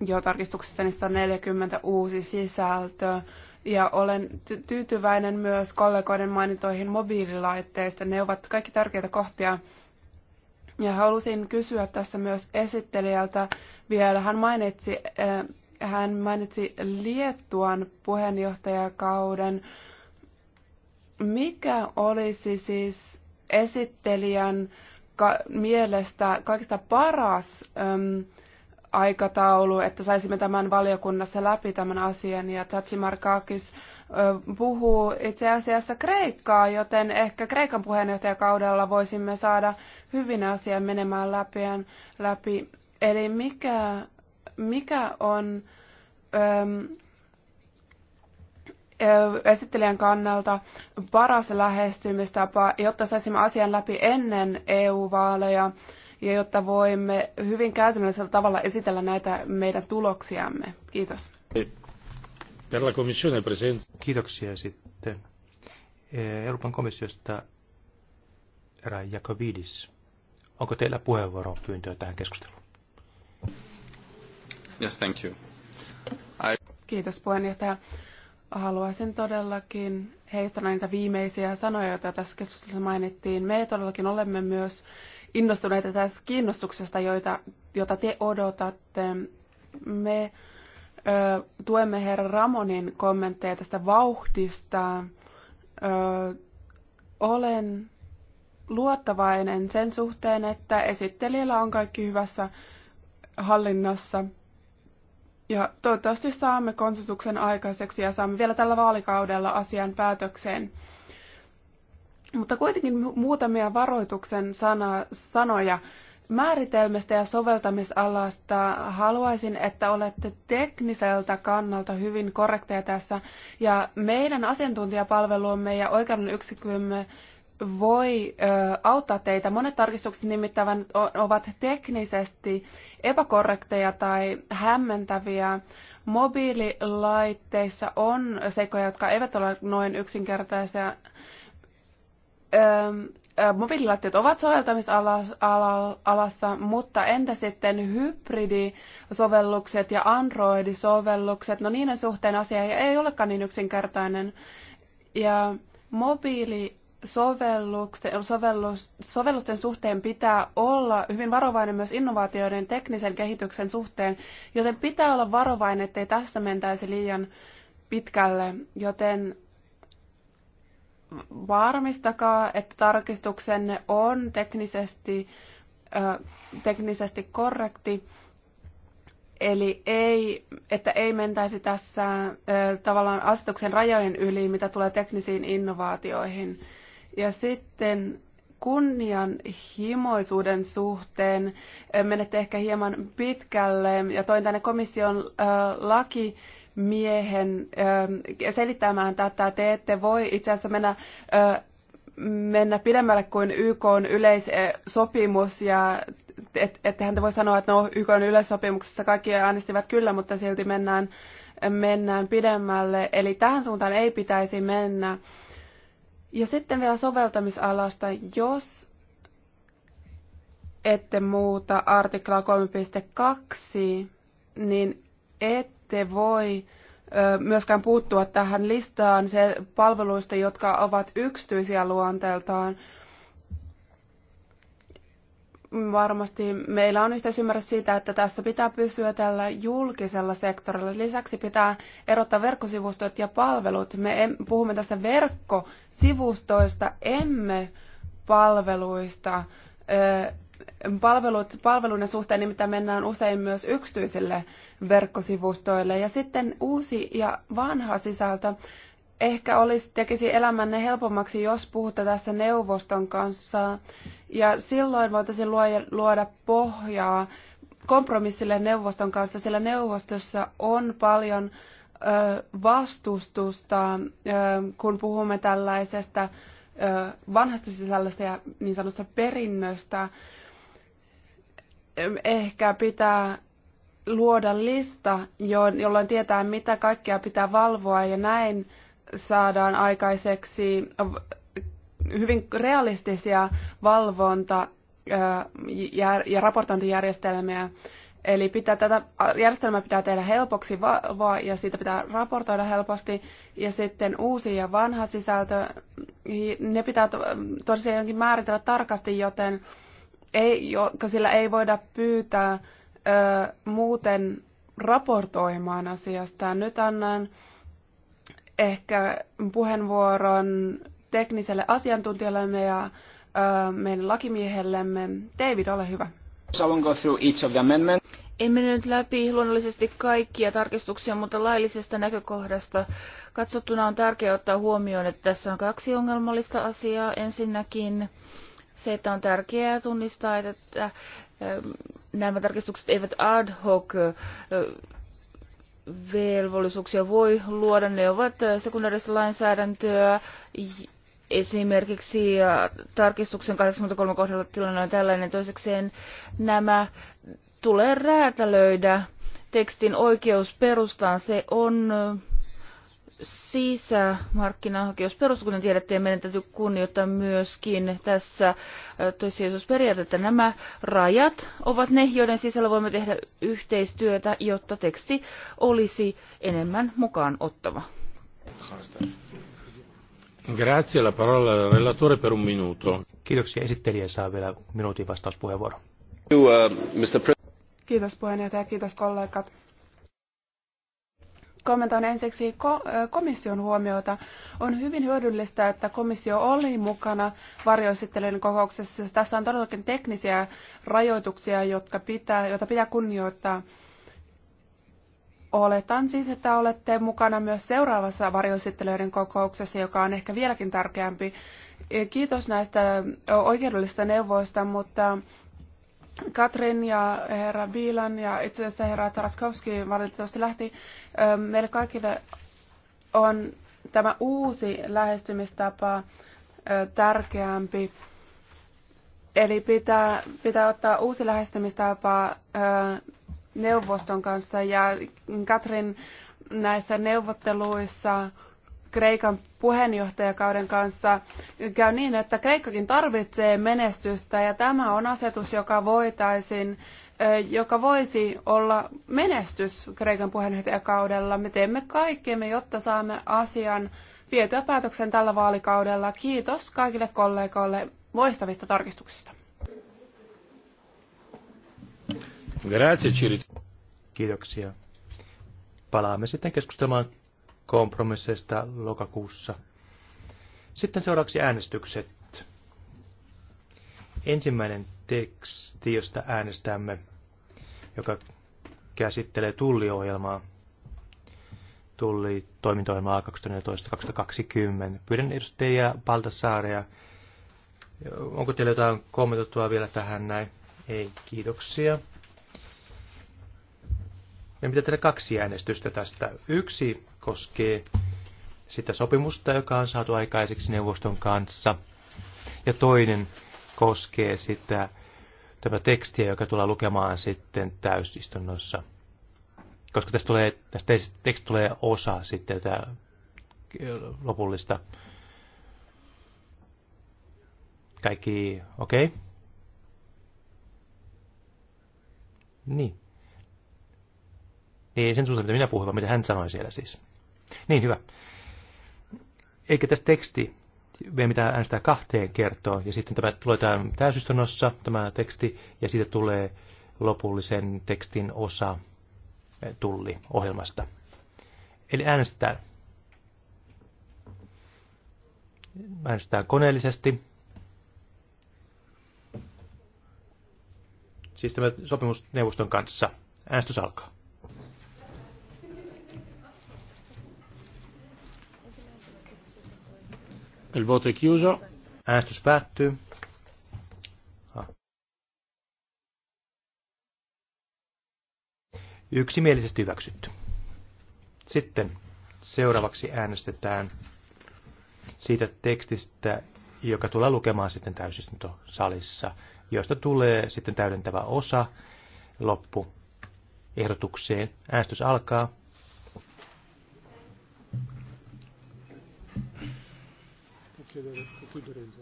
jo niin 140 uusi sisältö. Ja olen tyytyväinen myös kollegoiden mainintoihin mobiililaitteista. Ne ovat kaikki tärkeitä kohtia. Ja halusin kysyä tässä myös esittelijältä vielä. Hän mainitsi, äh, hän mainitsi Liettuan puheenjohtajakauden. Mikä olisi siis esittelijän ka- mielestä kaikista paras ähm, aikataulu, että saisimme tämän valiokunnassa läpi tämän asian. Ja Markakis puhuu itse asiassa Kreikkaa, joten ehkä Kreikan puheenjohtajakaudella voisimme saada hyvin asian menemään läpi. läpi. Eli mikä, mikä on esittelijän kannalta paras lähestymistapa, jotta saisimme asian läpi ennen EU-vaaleja? ja jotta voimme hyvin käytännöllisellä tavalla esitellä näitä meidän tuloksiamme. Kiitos. Kiitoksia sitten. Eh, Euroopan komissiosta Rai Jakovidis. Onko teillä pyyntöä tähän keskusteluun? Yes, thank you. I... Kiitos puheenjohtaja. Haluaisin todellakin heistä näitä viimeisiä sanoja, joita tässä keskustelussa mainittiin. Me todellakin olemme myös innostuneita tästä kiinnostuksesta, joita, jota te odotatte. Me ö, tuemme herra Ramonin kommentteja tästä vauhdista. Ö, olen luottavainen sen suhteen, että esittelijällä on kaikki hyvässä hallinnassa. Ja toivottavasti saamme konsensuksen aikaiseksi ja saamme vielä tällä vaalikaudella asian päätökseen. Mutta kuitenkin muutamia varoituksen sana, sanoja määritelmästä ja soveltamisalasta. Haluaisin, että olette tekniseltä kannalta hyvin korrekteja tässä. Ja meidän asiantuntijapalveluumme ja oikeuden yksikömme voi ö, auttaa teitä. Monet tarkistukset nimittäin ovat teknisesti epäkorrekteja tai hämmentäviä. Mobiililaitteissa on seikkoja, jotka eivät ole noin yksinkertaisia mobiililaitteet ovat soveltamisalassa, mutta entä sitten hybridisovellukset ja Android-sovellukset? No niiden suhteen asia ei olekaan niin yksinkertainen. Ja mobiili sovellusten suhteen pitää olla hyvin varovainen myös innovaatioiden teknisen kehityksen suhteen, joten pitää olla varovainen, ettei tässä mentäisi liian pitkälle, joten varmistakaa, että tarkistuksenne on teknisesti, ö, teknisesti korrekti. Eli ei, että ei mentäisi tässä ö, tavallaan asetuksen rajojen yli, mitä tulee teknisiin innovaatioihin. Ja sitten kunnianhimoisuuden suhteen menette ehkä hieman pitkälle ja toin tänne komission ö, laki miehen ähm, selittämään tätä. Te ette voi itse asiassa mennä äh, mennä pidemmälle kuin YK on yleissopimus ja et, hän voi sanoa, että no YK on yleissopimuksessa kaikki äänestivät kyllä, mutta silti mennään, mennään pidemmälle. Eli tähän suuntaan ei pitäisi mennä. Ja sitten vielä soveltamisalasta, jos ette muuta artiklaa 3.2, niin et te voi myöskään puuttua tähän listaan se palveluista, jotka ovat yksityisiä luonteeltaan. Varmasti meillä on yhteisymmärrys siitä, että tässä pitää pysyä tällä julkisella sektorilla. Lisäksi pitää erottaa verkkosivustot ja palvelut. Me puhumme tästä verkkosivustoista, emme palveluista palvelut, palveluiden suhteen nimittäin mennään usein myös yksityisille verkkosivustoille. Ja sitten uusi ja vanha sisältö ehkä olisi, tekisi elämänne helpommaksi, jos puhutte tässä neuvoston kanssa. Ja silloin voitaisiin luoda pohjaa kompromissille neuvoston kanssa, sillä neuvostossa on paljon vastustusta, kun puhumme tällaisesta vanhasta sisällöstä ja niin sanotusta perinnöstä ehkä pitää luoda lista, jolloin tietää, mitä kaikkea pitää valvoa ja näin saadaan aikaiseksi hyvin realistisia valvonta- ja raportointijärjestelmiä. Eli pitää tätä järjestelmää pitää tehdä helpoksi valvoa ja siitä pitää raportoida helposti. Ja sitten uusi ja vanha sisältö, ne pitää tosiaankin määritellä tarkasti, joten ei, joka sillä ei voida pyytää ö, muuten raportoimaan asiasta. Nyt annan ehkä puheenvuoron tekniselle asiantuntijallemme ja ö, meidän lakimiehellemme. David, ole hyvä. En nyt läpi luonnollisesti kaikkia tarkistuksia, mutta laillisesta näkökohdasta katsottuna on tärkeää ottaa huomioon, että tässä on kaksi ongelmallista asiaa. Ensinnäkin se, että on tärkeää tunnistaa, että ähm, nämä tarkistukset eivät ad hoc äh, velvollisuuksia voi luoda. Ne ovat äh, sekundaarista lainsäädäntöä. Esimerkiksi äh, tarkistuksen 83 kohdalla tilanne on tällainen. Toisekseen nämä tulee räätälöidä tekstin oikeusperustaan. Se on sisämarkkinahakeus. perustuu, kuten tiedätte, ja meidän täytyy kunnioittaa myöskin tässä äh, toissijaisuusperiaatetta. Nämä rajat ovat ne, joiden sisällä voimme tehdä yhteistyötä, jotta teksti olisi enemmän mukaan ottava. Grazie, la parola relatore per un minuto. Kiitoksia. Esittelijä saa vielä minuutin vastauspuheenvuoro. Uh, kiitos puheenjohtaja, kiitos kollegat Kommentoin ensiksi komission huomiota. On hyvin hyödyllistä, että komissio oli mukana varjoesittelyiden kokouksessa. Tässä on todellakin teknisiä rajoituksia, jotka pitää, joita pitää kunnioittaa. Oletan siis, että olette mukana myös seuraavassa varjoesittelyiden kokouksessa, joka on ehkä vieläkin tärkeämpi. Kiitos näistä oikeudellisista neuvoista, mutta Katrin ja herra Biilan ja itse asiassa herra Taraskovski valitettavasti lähti. Meille kaikille on tämä uusi lähestymistapa tärkeämpi. Eli pitää, pitää ottaa uusi lähestymistapa neuvoston kanssa ja Katrin näissä neuvotteluissa Kreikan puheenjohtajakauden kanssa käy niin, että Kreikkakin tarvitsee menestystä ja tämä on asetus, joka voitaisiin joka voisi olla menestys Kreikan puheenjohtajakaudella. Me teemme kaikkemme, jotta saamme asian vietyä päätöksen tällä vaalikaudella. Kiitos kaikille kollegoille loistavista tarkistuksista. Grazie, Kiitoksia. Palaamme sitten keskustelemaan kompromisseista lokakuussa. Sitten seuraavaksi äänestykset. Ensimmäinen teksti, josta äänestämme, joka käsittelee tulliohjelmaa, tulli toimintaohjelmaa 2014-2020. Pyydän edustajia Baltasaaria, onko teillä jotain kommentoitua vielä tähän näin? Ei, kiitoksia. Me pitää tehdä kaksi äänestystä tästä. Yksi koskee sitä sopimusta, joka on saatu aikaiseksi neuvoston kanssa. Ja toinen koskee sitä tämä tekstiä, joka tulee lukemaan sitten täysistunnossa. Koska tästä, tulee, tästä tekstistä tulee osa sitten tätä lopullista. Kaikki okei? Okay? Niin. Ei sen suhteen, mitä minä puhuin, vaan mitä hän sanoi siellä siis. Niin, hyvä. Eikä tässä teksti meidän mitään äänestää kahteen kertoon, ja sitten tämä tämän täysistunnossa, tämä teksti, ja siitä tulee lopullisen tekstin osa eh, tulli ohjelmasta. Eli äänestetään. Äänestetään koneellisesti. Siis tämä sopimusneuvoston kanssa. Äänestys alkaa. Il voto è chiuso. Äänestys päättyy. Ah. Yksimielisesti hyväksytty. Sitten seuraavaksi äänestetään siitä tekstistä, joka tulee lukemaan sitten täysistuntosalissa, josta tulee sitten täydentävä osa loppu ehdotukseen. Äänestys alkaa.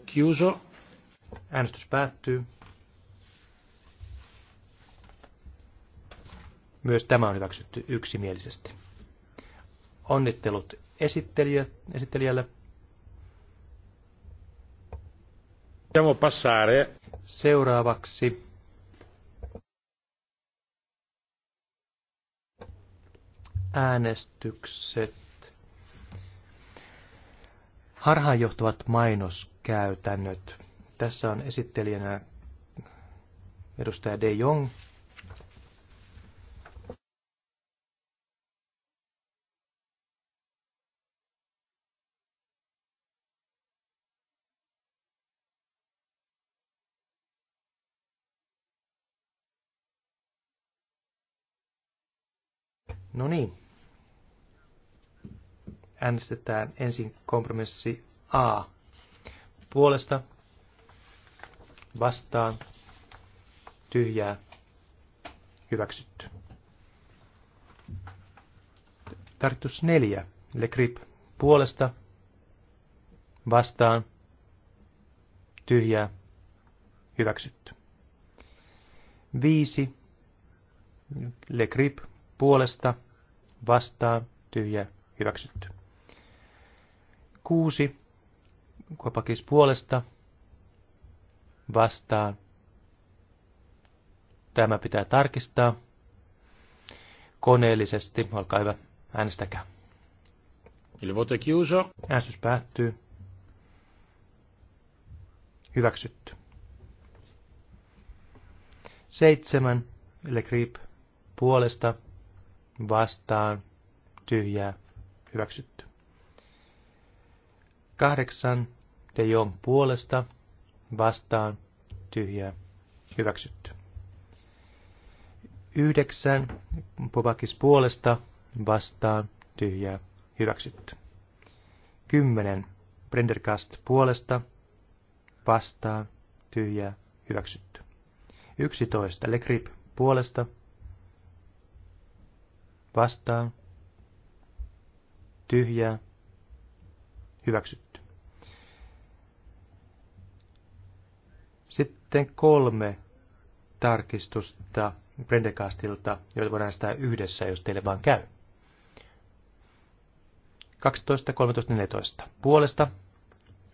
Chiuso, Äänestys päättyy. Myös tämä on hyväksytty yksimielisesti. Onnittelut esittelijä, esittelijälle. Seuraavaksi äänestykset Harhaanjohtavat mainoskäytännöt. Tässä on esittelijänä edustaja De Jong. No niin, äänestetään ensin kompromissi A puolesta vastaan tyhjää hyväksytty. Tarkoitus neljä. Le grip puolesta vastaan tyhjää hyväksytty. Viisi. Le grip puolesta vastaan tyhjää hyväksytty kuusi Kopakis puolesta vastaan. Tämä pitää tarkistaa koneellisesti. Olkaa hyvä, äänestäkää. Il voto chiuso. Äänestys päättyy. Hyväksytty. Seitsemän Le Grip puolesta vastaan tyhjää hyväksytty. Kahdeksan De Jong puolesta vastaan tyhjää hyväksytty. Yhdeksän Popakis puolesta vastaan tyhjää hyväksytty. Kymmenen Brendergast puolesta vastaan tyhjää hyväksytty. Yksitoista Legrip puolesta vastaan tyhjää hyväksytty. sitten kolme tarkistusta Brendekastilta, joita voidaan sitä yhdessä, jos teille vaan käy. 12, 13, 14. Puolesta,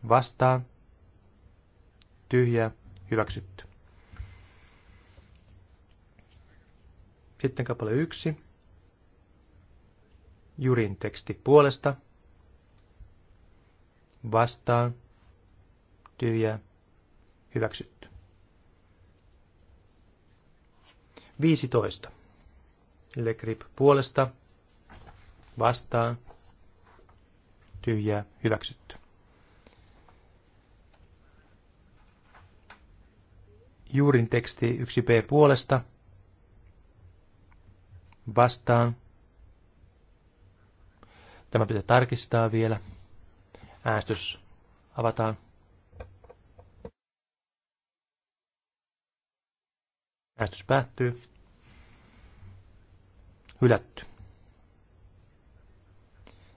vastaan, tyhjä, hyväksytty. Sitten kappale 1. Jurin teksti puolesta, vastaan, tyhjä, hyväksytty. 15. Legrip puolesta, vastaan, tyhjää, hyväksytty. Juurin teksti 1b puolesta, vastaan. Tämä pitää tarkistaa vielä. Äänestys avataan. Äänestys päättyy. Hylätty.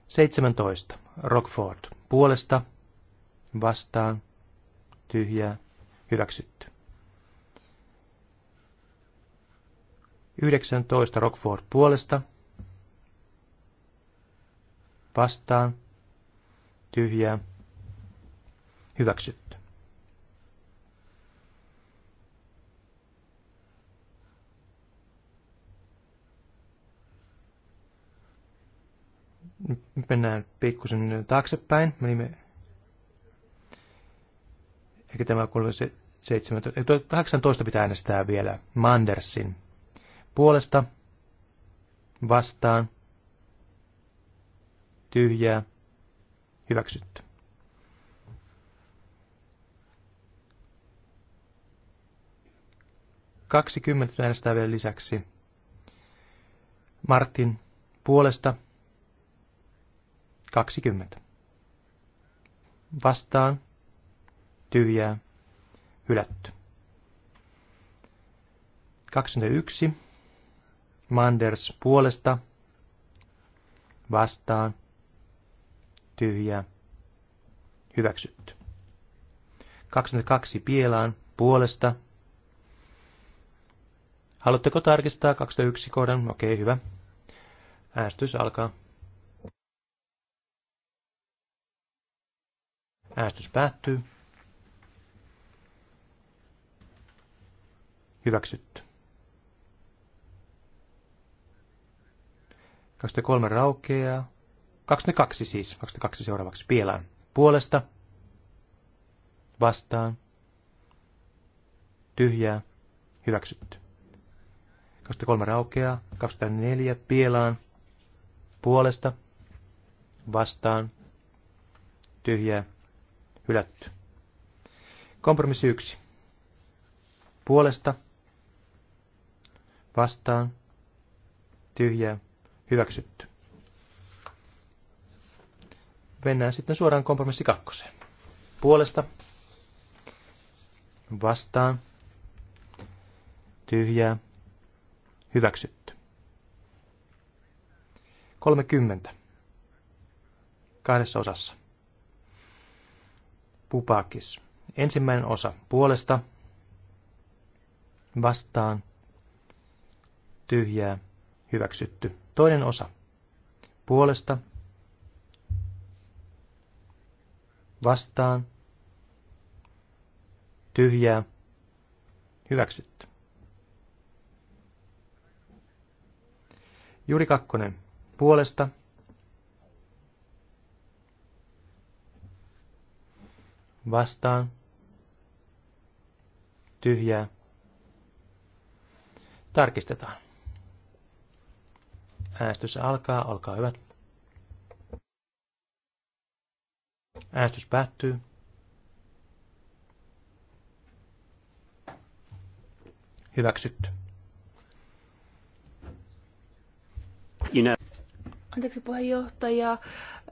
17. Rockford. Puolesta. Vastaan. Tyhjää. Hyväksytty. 19. Rockford. Puolesta. Vastaan. Tyhjää. Hyväksytty. Nyt mennään pikkusen taaksepäin. Menimme, eikä tämä kuulu se 17, 18 pitää äänestää vielä Mandersin puolesta vastaan tyhjää hyväksytty. Kaksikymmentä äänestää vielä lisäksi. Martin puolesta 20. Vastaan, tyhjää, hylätty. 21. Manders puolesta, vastaan, tyhjää, hyväksytty. 22 Pielaan puolesta. Haluatteko tarkistaa 21 kohdan? Okei, hyvä. Äänestys alkaa. Äänestys päättyy. Hyväksytty. 23 raukeaa. 22 siis, 22 seuraavaksi pielään. Puolesta, vastaan, tyhjää, hyväksytty. 23 raukeaa, 24 pielaan, puolesta, vastaan, tyhjää, Hylätty. Kompromissi 1. Puolesta. Vastaan. Tyhjää. Hyväksytty. Mennään sitten suoraan kompromissi kakkoseen. Puolesta. Vastaan. Tyhjää. Hyväksytty. 30. Kahdessa osassa. Pupakis. Ensimmäinen osa puolesta vastaan tyhjää hyväksytty. Toinen osa puolesta vastaan tyhjää hyväksytty. Juri Kakkonen puolesta vastaan, tyhjää. Tarkistetaan. Äänestys alkaa, olkaa hyvät. Äänestys päättyy. Hyväksytty. Anteeksi puheenjohtaja.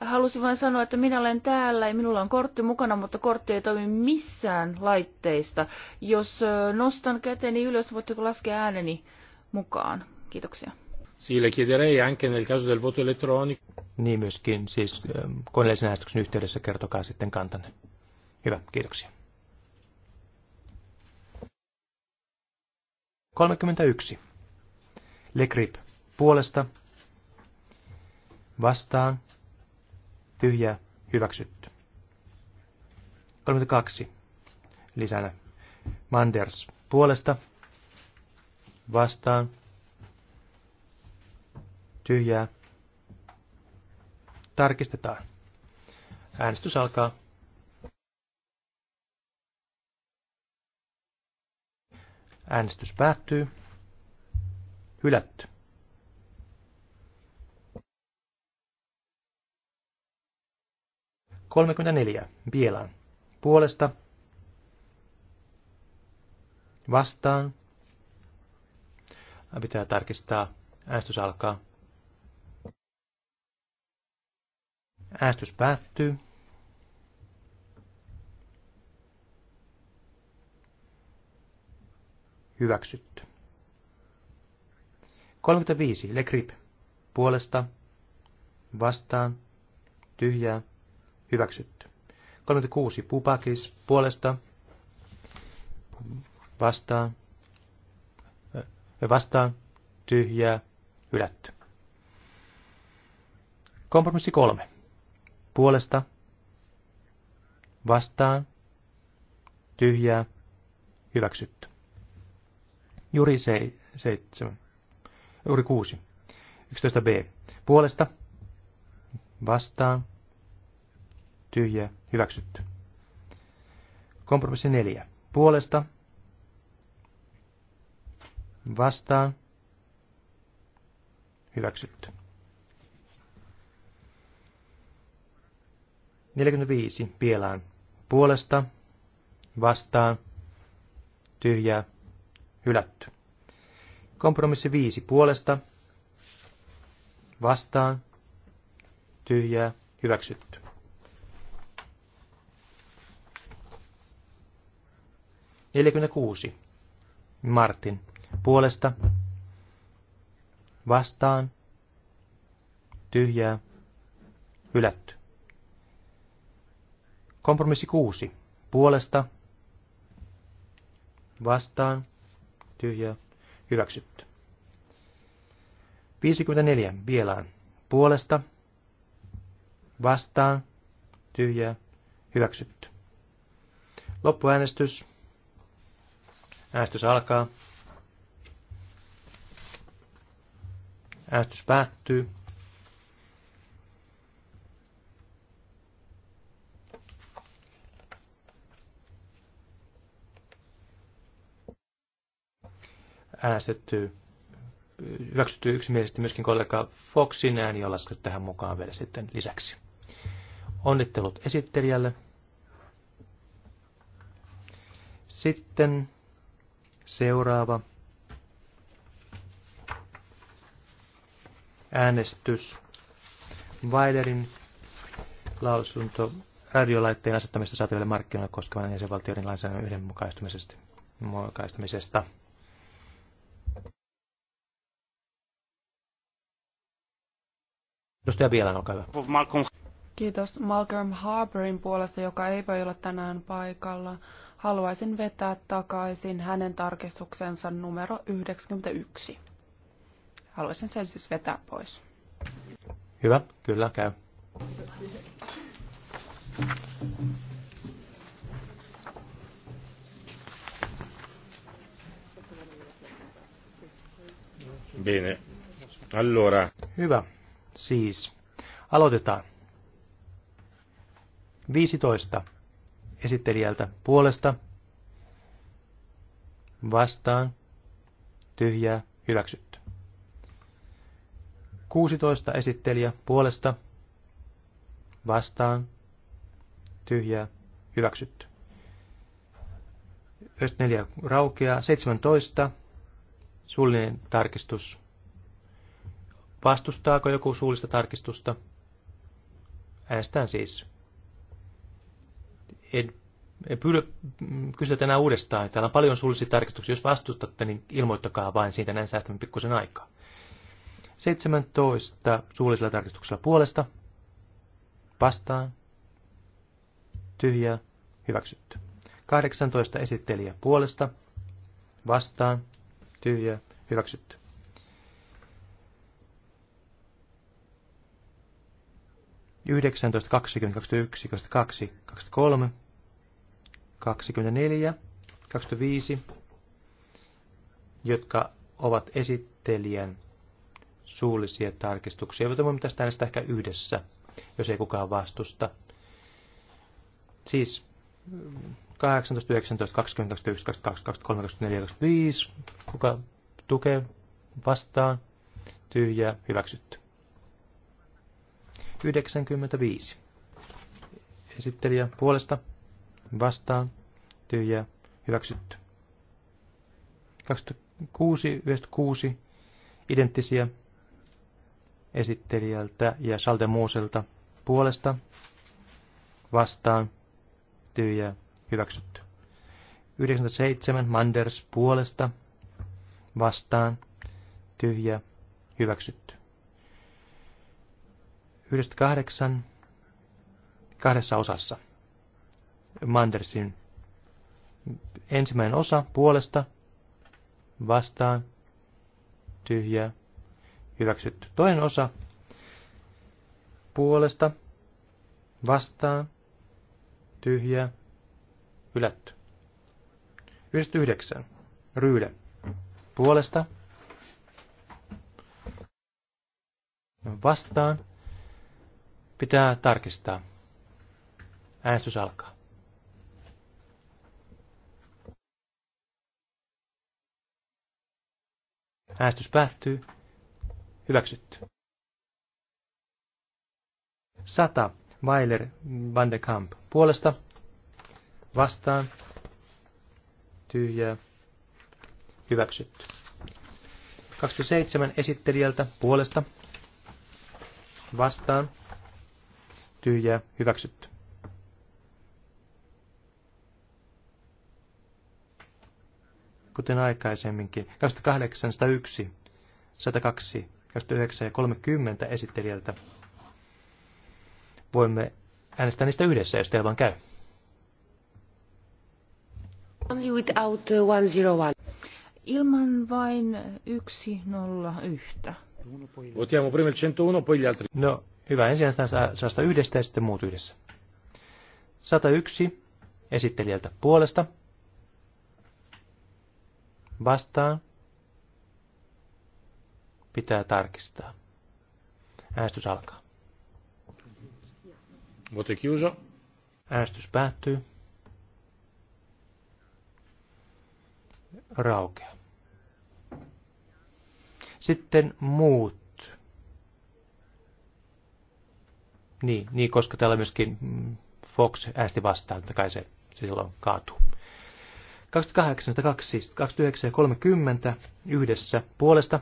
Halusin vain sanoa, että minä olen täällä ja minulla on kortti mukana, mutta kortti ei toimi missään laitteista. Jos nostan käteni ylös, voitteko laskea ääneni mukaan? Kiitoksia. Sì, le chiederei anche nel caso del voto elettronico. Niin myöskin, siis koneellisen äänestyksen yhteydessä kertokaa sitten kantanne. Hyvä, kiitoksia. 31. Le Grip. Puolesta vastaan, tyhjä, hyväksytty. 32. Lisänä. Manders puolesta, vastaan, tyhjää, tarkistetaan. Äänestys alkaa. Äänestys päättyy. Hylätty. 34. Bielan. Puolesta. Vastaan. Pitää tarkistaa. Äänestys alkaa. Äänestys päättyy. Hyväksytty. 35. Le Grip. Puolesta. Vastaan. Tyhjää hyväksytty. 36 Pupakis puolesta vastaan, vastaan tyhjää hylätty. Kompromissi kolme. Puolesta vastaan tyhjää hyväksytty. Juri 7. Juri 6. 11b. Puolesta vastaan tyhjä, hyväksytty. Kompromissi neljä, Puolesta, vastaan, hyväksytty. 45. Pielaan. Puolesta, vastaan, tyhjää, hylätty. Kompromissi 5. Puolesta, vastaan, tyhjää, hyväksytty. 46. Martin. Puolesta. Vastaan. Tyhjää. Hylätty. Kompromissi 6. Puolesta. Vastaan. Tyhjää. Hyväksytty. 54. Vielään. Puolesta. Vastaan. Tyhjää. Hyväksytty. Loppuäänestys Äänestys alkaa. Äänestys päättyy. Äänestetty, hyväksytty yksimielisesti myöskin kollega Foxin ääni on laskettu tähän mukaan vielä sitten lisäksi. Onnittelut esittelijälle. Sitten Seuraava äänestys. Weilerin lausunto radiolaitteen asettamista saataville markkinoille koskevan jäsenvaltioiden lainsäädännön yhdenmukaistamisesta. Edustaja Bielan, olkaa hyvä. Kiitos Malcolm Harperin puolesta, joka ei voi olla tänään paikalla haluaisin vetää takaisin hänen tarkistuksensa numero 91. Haluaisin sen siis vetää pois. Hyvä, kyllä käy. Bene. Allora. Hyvä. Siis. Aloitetaan. 15 esittelijältä puolesta vastaan tyhjää hyväksytty. 16 esittelijä puolesta vastaan tyhjää hyväksytty. 4 raukeaa. 17 suullinen tarkistus. Vastustaako joku suullista tarkistusta? Äänestään siis en, en pyydä mm, kysyä tänään uudestaan. Täällä on paljon suullisia tarkistuksia. Jos vastustatte, niin ilmoittakaa vain siitä, näin säästämme pikkusen aikaa. 17 suullisella tarkistuksella puolesta. Vastaan. Tyhjää. Hyväksytty. 18 esittelijä puolesta. Vastaan. Tyhjää. Hyväksytty. Yhdeksäntoista, kaksikymmentä, kaksikymmentäyksi, kaksikymmentä kaksikymmentäkolme, 24, 25, jotka ovat esittelijän suullisia tarkistuksia, joita voimme tästä äänestää ehkä yhdessä, jos ei kukaan vastusta. Siis 18, 19, 20, 21, 22, 23, 24, 25. Kuka tukee vastaan? Tyhjää, hyväksytty. 95. Esittelijä puolesta vastaan, tyhjää, hyväksytty. 26, 96, identtisiä esittelijältä ja Salte Muuselta puolesta, vastaan, tyhjää, hyväksytty. 97, Manders puolesta, vastaan, tyhjä, hyväksytty. 98, kahdessa osassa. Mandersin ensimmäinen osa puolesta vastaan tyhjä hyväksytty. Toinen osa puolesta vastaan tyhjä hylätty. 99. Ryyle. Puolesta. Vastaan. Pitää tarkistaa. Äänestys alkaa. Äänestys päättyy. Hyväksytty. 100. Weiler van de Kamp. Puolesta. Vastaan. Tyhjää. Hyväksytty. 27. Esittelijältä. Puolesta. Vastaan. Tyhjää. Hyväksytty. kuten aikaisemminkin. 2801, 102, 29 ja 30 esittelijältä. Voimme äänestää niistä yhdessä, jos teillä vaan käy. Only without 101. Uh, Ilman vain 101. Votiamo prima il 101, poi gli altri. No, hyvä. Ensin sitä yhdestä ja sitten muut yhdessä. 101 esittelijältä puolesta vastaan pitää tarkistaa. Äänestys alkaa. Vote kiusa. Äänestys päättyy. Raukea. Sitten muut. Niin, niin koska täällä myöskin mm, Fox äästi vastaan, että kai se, se silloin kaatuu. 28, siis yhdessä puolesta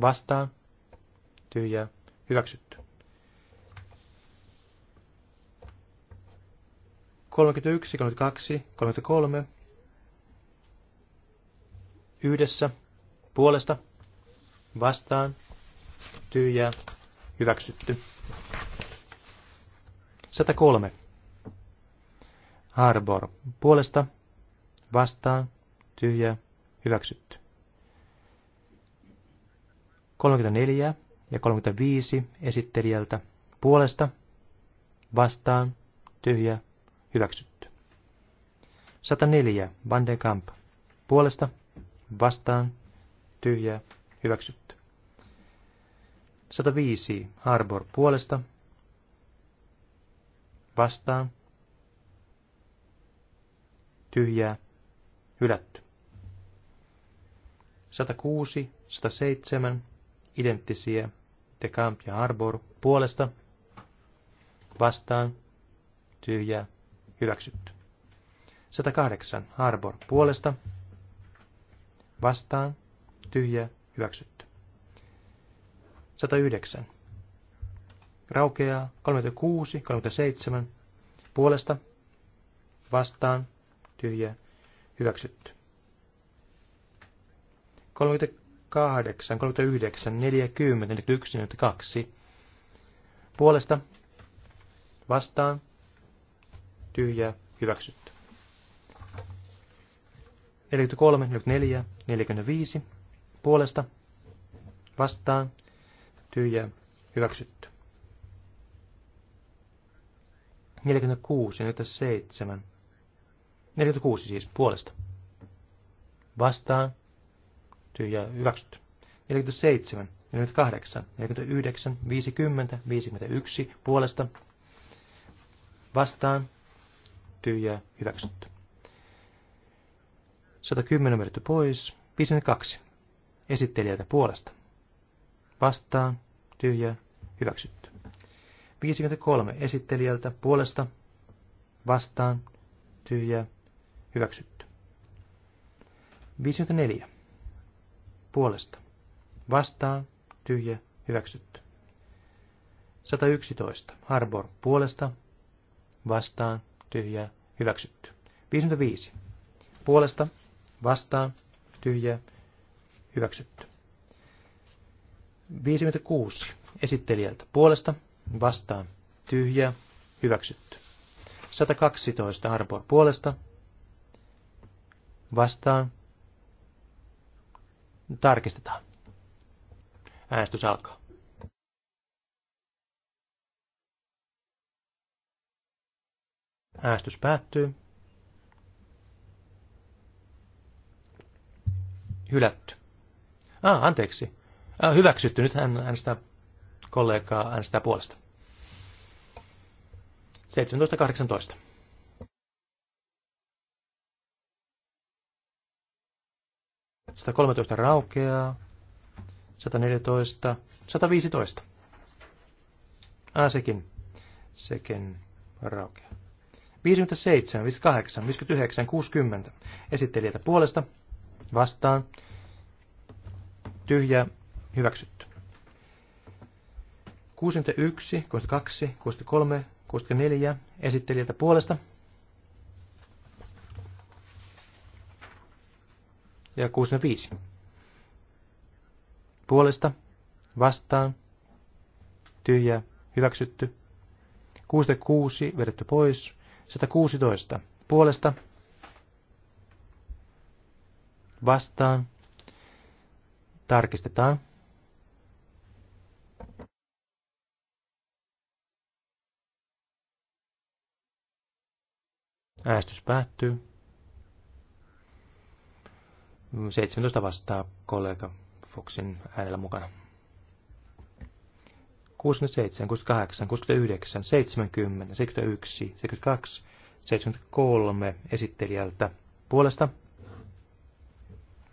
vastaan tyhjää hyväksytty. 31, 32, 33 yhdessä puolesta vastaan tyhjää hyväksytty. 103. Harbor puolesta vastaan, tyhjä, hyväksytty. 34 ja 35 esittelijältä puolesta, vastaan, tyhjä, hyväksytty. 104 Van de Kamp puolesta, vastaan, tyhjä, hyväksytty. 105 Harbor puolesta, vastaan, tyhjää, hylätty. 106, 107, identtisiä, De Camp ja Arbor puolesta, vastaan, tyhjää, hyväksytty. 108, Arbor puolesta, vastaan, tyhjää, hyväksytty. 109, raukeaa 36, 37, puolesta, vastaan, tyhjää, Hyväksytty. 38, 39, 40, 41, 42. Puolesta. Vastaan. Tyhjä, Hyväksytty. 43, 44, 45. Puolesta. Vastaan. Tyhjä, Hyväksytty. 46, 47. 46 siis puolesta. Vastaan. Tyhjä hyväksytty. 47, 48, 49, 50, 51 puolesta. Vastaan. Tyhjä hyväksytty. 110 on merkitty pois. 52. Esittelijältä puolesta. Vastaan. Tyhjä. hyväksytty. 53. Esittelijältä puolesta. Vastaan. Tyhjä. Hyväksytty. 54. Puolesta. Vastaan. Tyhjä. Hyväksytty. 111. Harbor. Puolesta. Vastaan. Tyhjä. Hyväksytty. 55. Puolesta. Vastaan. Tyhjä. Hyväksytty. 56. Esittelijältä. Puolesta. Vastaan. Tyhjä. Hyväksytty. 112. Harbor. Puolesta vastaan. Tarkistetaan. Äänestys alkaa. Äänestys päättyy. Hylätty. Ah, anteeksi. Ah, hyväksytty. Nyt hän äänestää kollegaa äänestää puolesta. 17.18. 113 raukeaa. 114. 115. Ah, sekin. Sekin raukeaa. 57, 58, 59, 60. Esittelijätä puolesta. Vastaan. Tyhjä. Hyväksytty. 61, 62, 63, 64. Esittelijätä puolesta. ja 65. Puolesta, vastaan, tyhjä, hyväksytty. 66 vedetty pois. 116. Puolesta, vastaan, tarkistetaan. Äänestys päättyy. 17 vastaa kollega Foxin äänellä mukana. 67, 68, 69, 70, 71, 72, 73 esittelijältä puolesta.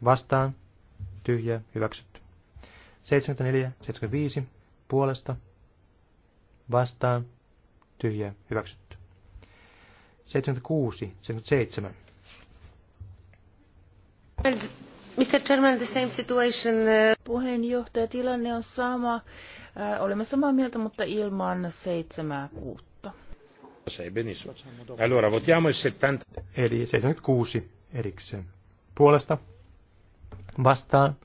Vastaan. Tyhjä. Hyväksytty. 74, 75 puolesta. Vastaan. Tyhjä. Hyväksytty. 76, 77 Mr. Chairman, uh, Puheenjohtaja, tilanne on sama. Äh, olemme samaa mieltä, mutta ilman seitsemää kuutta. Allora, votiamo il 70. Eli 76 erikseen. Puolesta. Vastaan.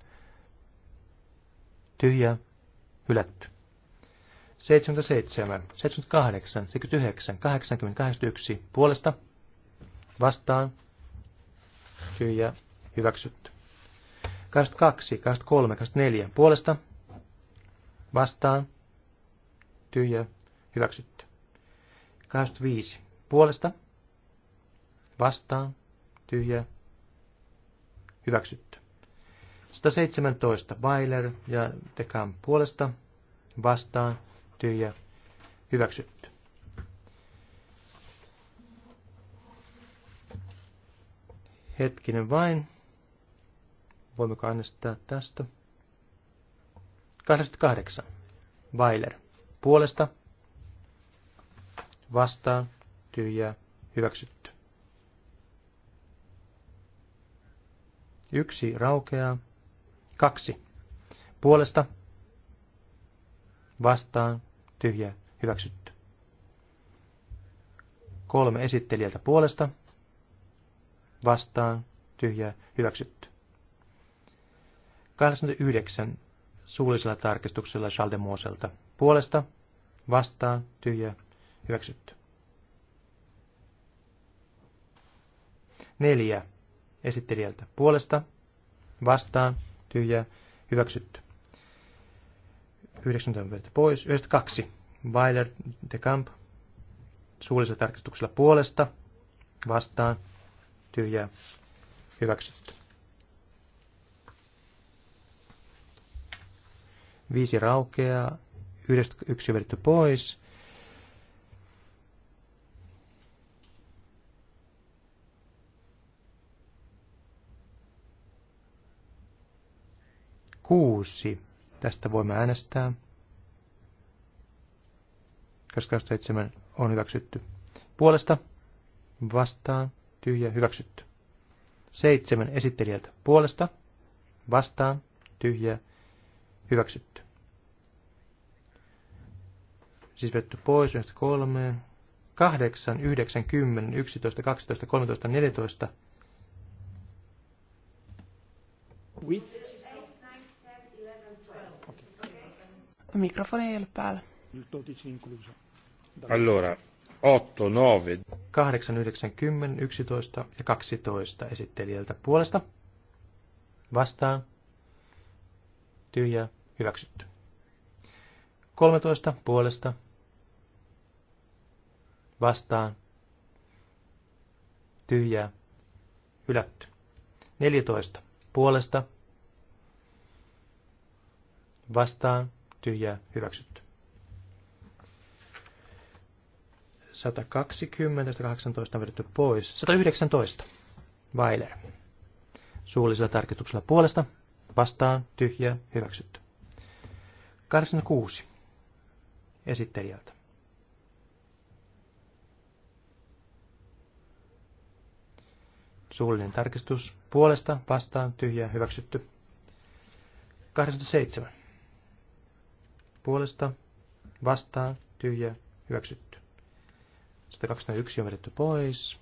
Tyhjä. Hylätty. 77, 78, 79, 80, 81. Puolesta. Vastaan. Tyhjä hyväksytty. 22, 23, 24 puolesta vastaan tyhjä hyväksytty. 25 puolesta vastaan tyhjä hyväksytty. 117 Weiler ja Tekan puolesta vastaan tyhjä hyväksytty. Hetkinen vain. Voimmeko äänestää tästä? 88. Weiler. Puolesta. Vastaan. Tyhjää. Hyväksytty. Yksi raukeaa. Kaksi. Puolesta. Vastaan. Tyhjää. Hyväksytty. Kolme esittelijältä puolesta. Vastaan. Tyhjää. Hyväksytty. 89 suullisella tarkistuksella Schaldemoselta. Puolesta, vastaan, tyhjä, hyväksytty. Neljä. Esittelijältä. Puolesta, vastaan, tyhjä, hyväksytty. 90 pois. 92. Weiler de Camp. Suullisella tarkistuksella puolesta, vastaan, tyhjä, hyväksytty. Viisi raukeaa, yhdestä yksi on vedetty pois. Kuusi. Tästä voimme äänestää. 27 on hyväksytty. Puolesta, vastaan, tyhjä, hyväksytty. Seitsemän esittelijältä puolesta, vastaan, tyhjä, Hyväksytty. Siis vetty pois 93, 8, 9, 10, 11, 12, 13, 14. With? Mikrofoni ei ole päällä. Allora, 8, 9. 8, 9, 10, 11 ja 12 esittelijältä puolesta. Vastaan. Tyhjää. Hyväksytty. 13 puolesta. Vastaan. Tyhjää. Hylätty. 14 puolesta. Vastaan. Tyhjää. Hyväksytty. 120, 18 on vedetty pois. 119. Weiler. Suullisella tarkistuksella puolesta, vastaan, tyhjä, hyväksytty. 86 esittelijältä. Suullinen tarkistus puolesta vastaan tyhjää hyväksytty. 87. Puolesta vastaan tyhjä hyväksytty. 121 on vedetty pois.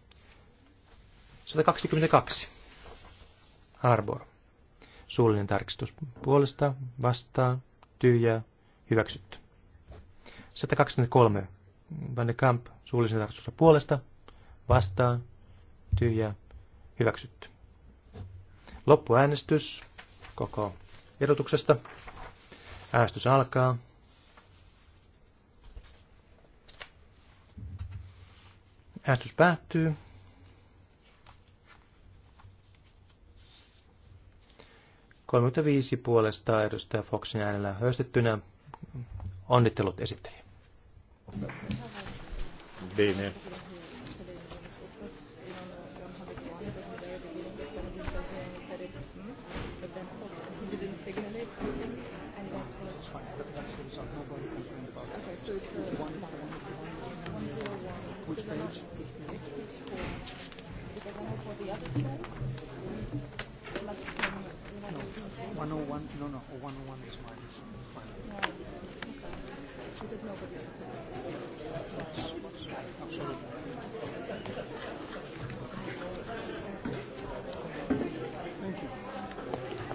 122. Harbor. Suullinen tarkistus puolesta vastaan tyhjää, hyväksytty. 123. Van de Kamp suullisen tarkastuksen puolesta, vastaan, tyhjää, hyväksytty. Loppuäänestys koko erotuksesta. Äänestys alkaa. Äänestys päättyy. 35 puolesta edustaja Foxin äänellä höystettynä. Onnittelut esittelijä. Bene. Niin, niin. Which page? Because No, 101, no, no, 101 is Final.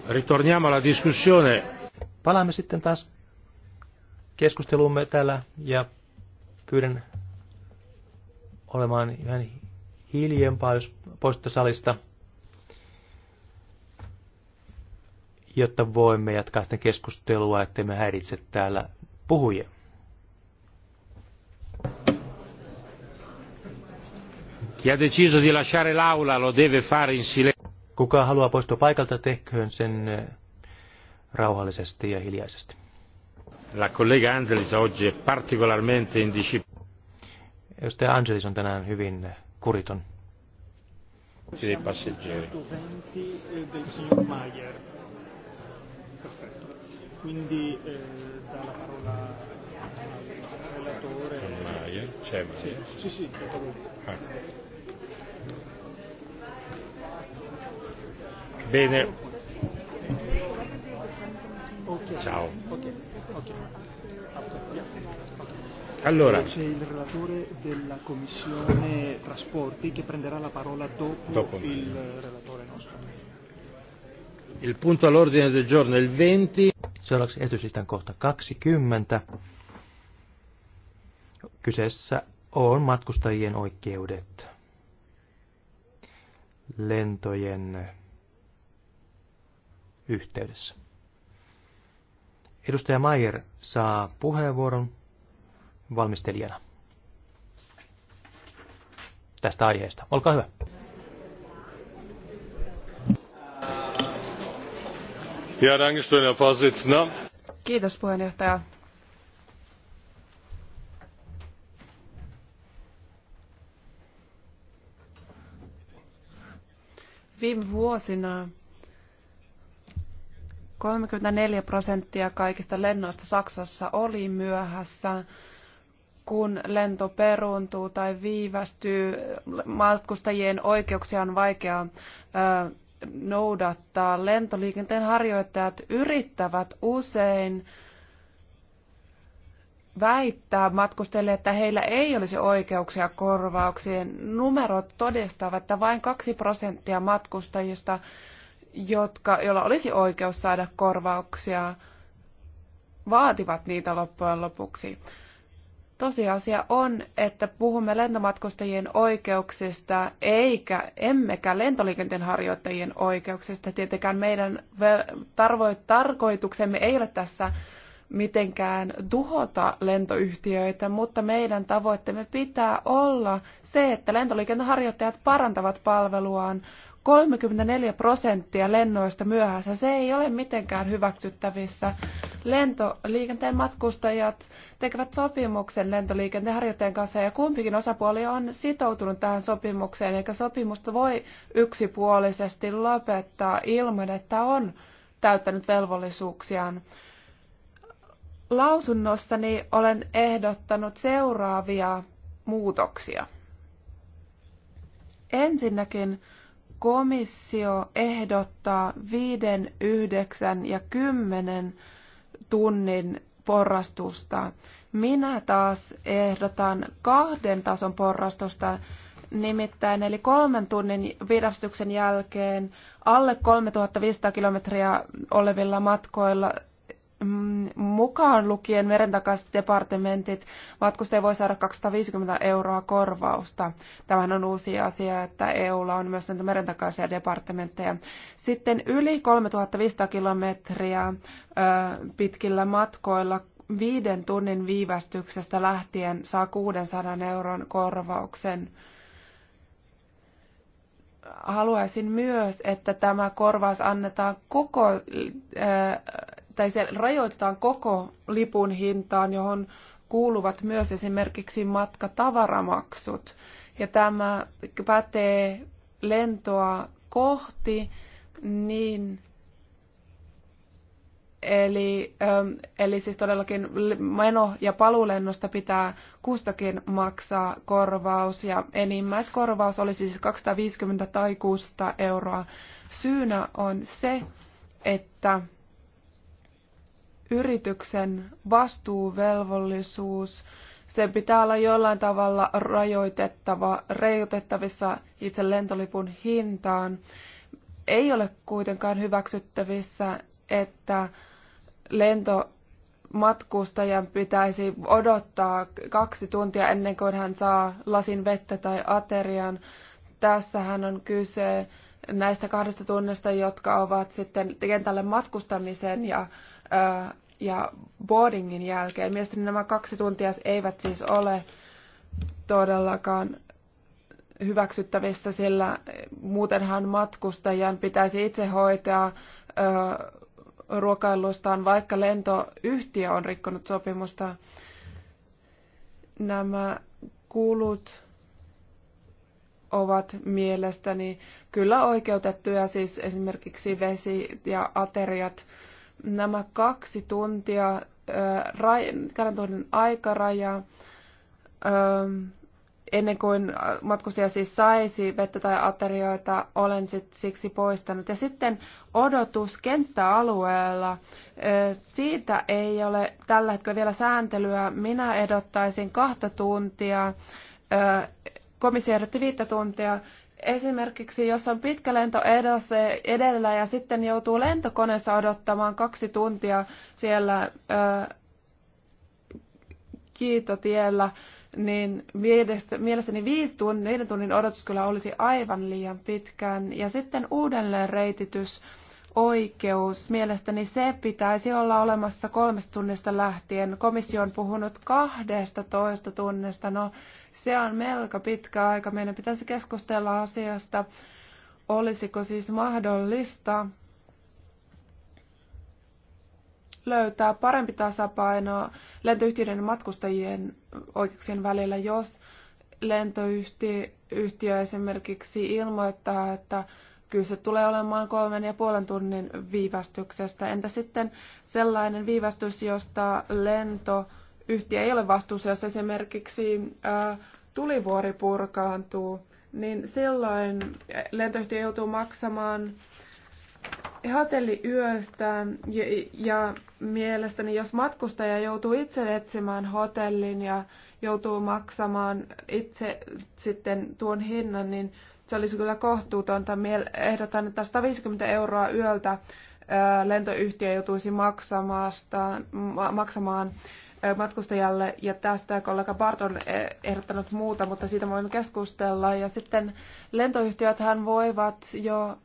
Ritorniamo alla discussione. Palaamme sitten taas keskusteluumme täällä ja pyydän olemaan ihan hiljempaa, jos poistutte salista. jotta voimme jatkaa sitä keskustelua, ettei me häiritse täällä puhujia. Chi ha deciso di lasciare l'aula lo deve fare in silenzio. Kuka haluaa poistua paikalta, tehköön sen eh, rauhallisesti ja hiljaisesti. La collega Angelis oggi è particolarmente indisciplinato. Edustaja Angelis on tänään hyvin eh, kuriton. Dei passeggeri. Perfetto. Quindi eh, dà la parola al relatore. c'è Maia? Sì, sì, sì ah. Bene. Okay. Ciao. Okay. Okay. Allora, c'è il relatore della commissione trasporti che prenderà la parola dopo, dopo il relatore nostro. Il punto all'ordine del giorno il 20. Seuraavaksi esityslistan kohta 20. Kyseessä on matkustajien oikeudet. Lentojen yhteydessä. Edustaja Mayer saa puheenvuoron valmistelijana tästä aiheesta. Olkaa hyvä. Herr Kiitos puheenjohtaja. Viime vuosina kolmekymmentäneljä prosenttia kaikista lennoista Saksassa oli myöhässä. Kun lento peruuntuu tai viivästyy, matkustajien oikeuksia on vaikea ö, noudattaa. Lentoliikenteen harjoittajat yrittävät usein väittää matkustajille, että heillä ei olisi oikeuksia korvauksiin. Numerot todistavat, että vain 2 prosenttia matkustajista, jotka, joilla olisi oikeus saada korvauksia, vaativat niitä loppujen lopuksi. Tosiasia on, että puhumme lentomatkustajien oikeuksista, eikä, emmekä lentoliikenteen harjoittajien oikeuksista. Tietenkään meidän tarkoituksemme ei ole tässä mitenkään tuhota lentoyhtiöitä, mutta meidän tavoitteemme pitää olla se, että lentoliikenteen harjoittajat parantavat palveluaan 34 prosenttia lennoista myöhässä. Se ei ole mitenkään hyväksyttävissä. Lentoliikenteen matkustajat tekevät sopimuksen lentoliikenteen harjoittajan kanssa ja kumpikin osapuoli on sitoutunut tähän sopimukseen, eikä sopimusta voi yksipuolisesti lopettaa ilman, että on täyttänyt velvollisuuksiaan. Lausunnossani olen ehdottanut seuraavia muutoksia. Ensinnäkin komissio ehdottaa viiden, yhdeksän ja kymmenen tunnin porrastusta. Minä taas ehdotan kahden tason porrastusta, nimittäin eli kolmen tunnin virastuksen jälkeen alle 3500 kilometriä olevilla matkoilla Mm, mukaan lukien merentakaiset departementit, matkustaja voi saada 250 euroa korvausta. Tämähän on uusi asia, että EUlla on myös näitä merentakaisia departementteja. Sitten yli 3500 kilometriä ö, pitkillä matkoilla viiden tunnin viivästyksestä lähtien saa 600 euron korvauksen haluaisin myös, että tämä korvaus annetaan koko tai se rajoitetaan koko lipun hintaan, johon kuuluvat myös esimerkiksi matkatavaramaksut. Ja tämä pätee lentoa kohti, niin Eli, ähm, eli siis todellakin meno- ja paluulennosta pitää kustakin maksaa korvaus ja enimmäiskorvaus olisi siis 250 tai 600 euroa. Syynä on se, että yrityksen vastuuvelvollisuus, sen pitää olla jollain tavalla rajoitettava, rajoitettavissa itse lentolipun hintaan. Ei ole kuitenkaan hyväksyttävissä, että lentomatkustajan pitäisi odottaa kaksi tuntia ennen kuin hän saa lasin vettä tai aterian. Tässähän on kyse näistä kahdesta tunnista, jotka ovat sitten kentälle matkustamisen ja ja boardingin jälkeen. Mielestäni nämä kaksi tuntia eivät siis ole todellakaan hyväksyttävissä, sillä muutenhan matkustajan pitäisi itse hoitaa ö, ruokailustaan, vaikka lentoyhtiö on rikkonut sopimusta. Nämä kulut ovat mielestäni kyllä oikeutettuja, siis esimerkiksi vesi ja ateriat nämä kaksi tuntia kädentuoden aikaraja ennen kuin matkustaja siis saisi vettä tai aterioita, olen sit siksi poistanut. Ja sitten odotus kenttäalueella. Siitä ei ole tällä hetkellä vielä sääntelyä. Minä ehdottaisin kahta tuntia. Komissio ehdotti viittä tuntia Esimerkiksi jos on pitkä lento edellä ja sitten joutuu lentokoneessa odottamaan kaksi tuntia siellä ö, kiitotiellä, niin mielestäni viisi tunnin, viiden tunnin odotus kyllä olisi aivan liian pitkään. Ja sitten uudelleen reititys oikeus. Mielestäni se pitäisi olla olemassa kolmesta tunnista lähtien. Komissio on puhunut toista tunnista. No, se on melko pitkä aika. Meidän pitäisi keskustella asiasta. Olisiko siis mahdollista löytää parempi tasapaino lentoyhtiöiden ja matkustajien oikeuksien välillä, jos lentoyhtiö esimerkiksi ilmoittaa, että se tulee olemaan kolmen ja puolen tunnin viivästyksestä. Entä sitten sellainen viivästys, josta lentoyhtiö ei ole vastuussa, jos esimerkiksi tulivuori purkaantuu, niin silloin lentoyhtiö joutuu maksamaan hotelliyöstä ja, ja mielestäni jos matkustaja joutuu itse etsimään hotellin ja joutuu maksamaan itse sitten tuon hinnan, niin se olisi kyllä kohtuutonta. Ehdotan, että 150 euroa yöltä lentoyhtiö joutuisi maksamaan matkustajalle, ja tästä kollega Bart on e, ehdottanut muuta, mutta siitä voimme keskustella. Ja sitten lentoyhtiöthän voivat jo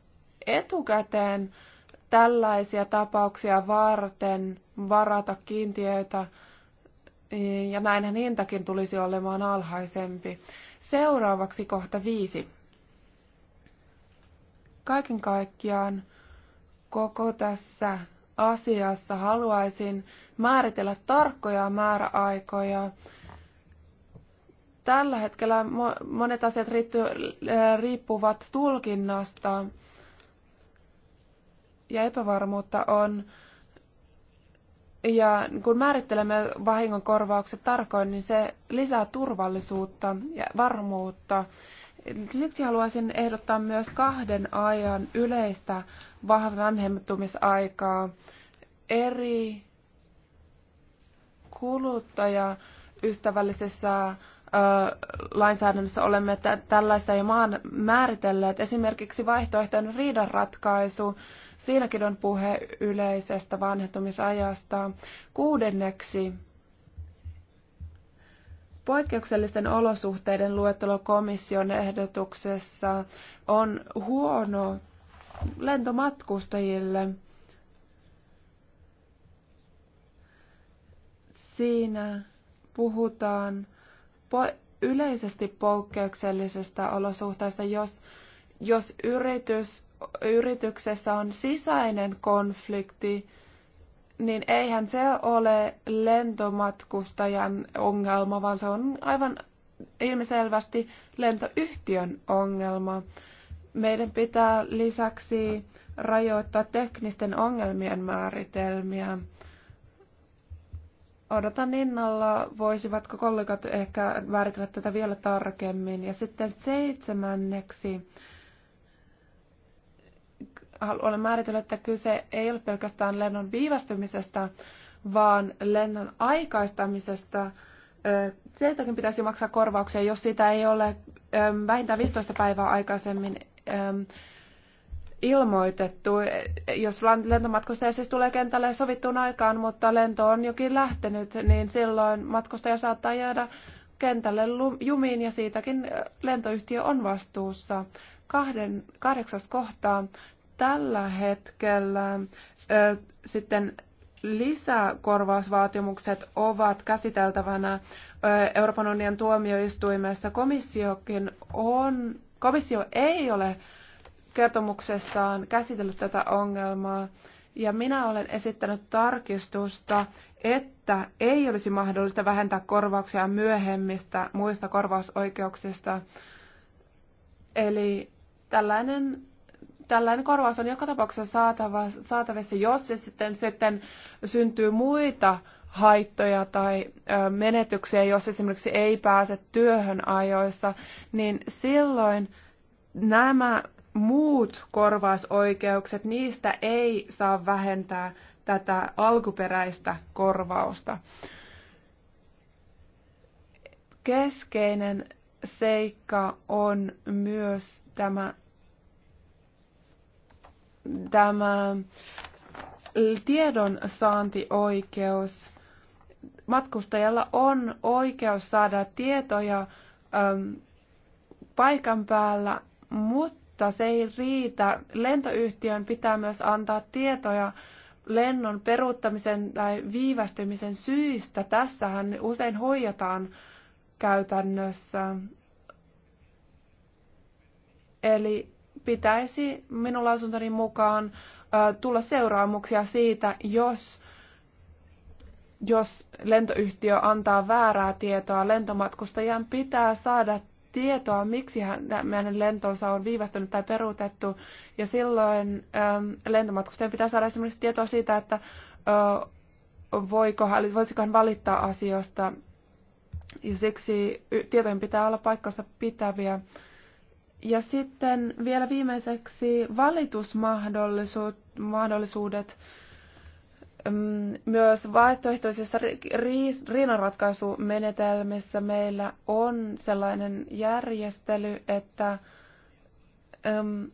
etukäteen tällaisia tapauksia varten varata kiintiöitä, ja näinhän hintakin tulisi olemaan alhaisempi. Seuraavaksi kohta viisi. Kaiken kaikkiaan koko tässä asiassa haluaisin määritellä tarkkoja määräaikoja. Tällä hetkellä monet asiat äh, riippuvat tulkinnasta ja epävarmuutta on. Ja kun määrittelemme vahingonkorvaukset tarkoin, niin se lisää turvallisuutta ja varmuutta. Siksi haluaisin ehdottaa myös kahden ajan yleistä vanhemmattumisaikaa. Eri kuluttaja-ystävällisessä lainsäädännössä olemme tällaista jo maan määritelleet. Esimerkiksi vaihtoehtojen riidanratkaisu, siinäkin on puhe yleisestä vanhentumisajasta. Kuudenneksi Poikkeuksellisten olosuhteiden luettelo komission ehdotuksessa on huono lentomatkustajille. Siinä puhutaan po- yleisesti poikkeuksellisesta olosuhteesta, jos, jos yritys, yrityksessä on sisäinen konflikti, niin eihän se ole lentomatkustajan ongelma, vaan se on aivan ilmiselvästi lentoyhtiön ongelma. Meidän pitää lisäksi rajoittaa teknisten ongelmien määritelmiä. Odotan innolla, voisivatko kollegat ehkä määritellä tätä vielä tarkemmin. Ja sitten seitsemänneksi haluan määritellä, että kyse ei ole pelkästään lennon viivästymisestä, vaan lennon aikaistamisesta. Sieltäkin pitäisi maksaa korvauksia, jos sitä ei ole vähintään 15 päivää aikaisemmin ilmoitettu, jos lentomatkustaja siis tulee kentälle sovittuun aikaan, mutta lento on jokin lähtenyt, niin silloin matkustaja saattaa jäädä kentälle jumiin ja siitäkin lentoyhtiö on vastuussa. Kahden, kahdeksas kohtaa tällä hetkellä sitten lisäkorvausvaatimukset ovat käsiteltävänä Euroopan unionin tuomioistuimessa. Komissiokin on, komissio ei ole kertomuksessaan käsitellyt tätä ongelmaa ja minä olen esittänyt tarkistusta, että ei olisi mahdollista vähentää korvauksia myöhemmistä muista korvausoikeuksista. Eli tällainen tällainen korvaus on joka tapauksessa saatava, saatavissa, jos se sitten, sitten syntyy muita haittoja tai ö, menetyksiä, jos esimerkiksi ei pääse työhön ajoissa, niin silloin nämä muut korvausoikeukset, niistä ei saa vähentää tätä alkuperäistä korvausta. Keskeinen seikka on myös tämä tämä tiedon saantioikeus. Matkustajalla on oikeus saada tietoja äm, paikan päällä, mutta se ei riitä. Lentoyhtiön pitää myös antaa tietoja lennon peruuttamisen tai viivästymisen syistä. Tässähän usein hoijataan käytännössä. Eli pitäisi minun lausuntoni mukaan tulla seuraamuksia siitä, jos, jos lentoyhtiö antaa väärää tietoa lentomatkustajan, pitää saada tietoa, miksi hänen lentonsa on viivästynyt tai peruutettu. Ja silloin lentomatkustajan pitää saada esimerkiksi tietoa siitä, että voiko, voisiko hän valittaa asioista. Ja siksi tietojen pitää olla paikkansa pitäviä. Ja sitten vielä viimeiseksi valitusmahdollisuudet mm, myös vaihtoehtoisissa riinanratkaisumenetelmissä meillä on sellainen järjestely, että, mm,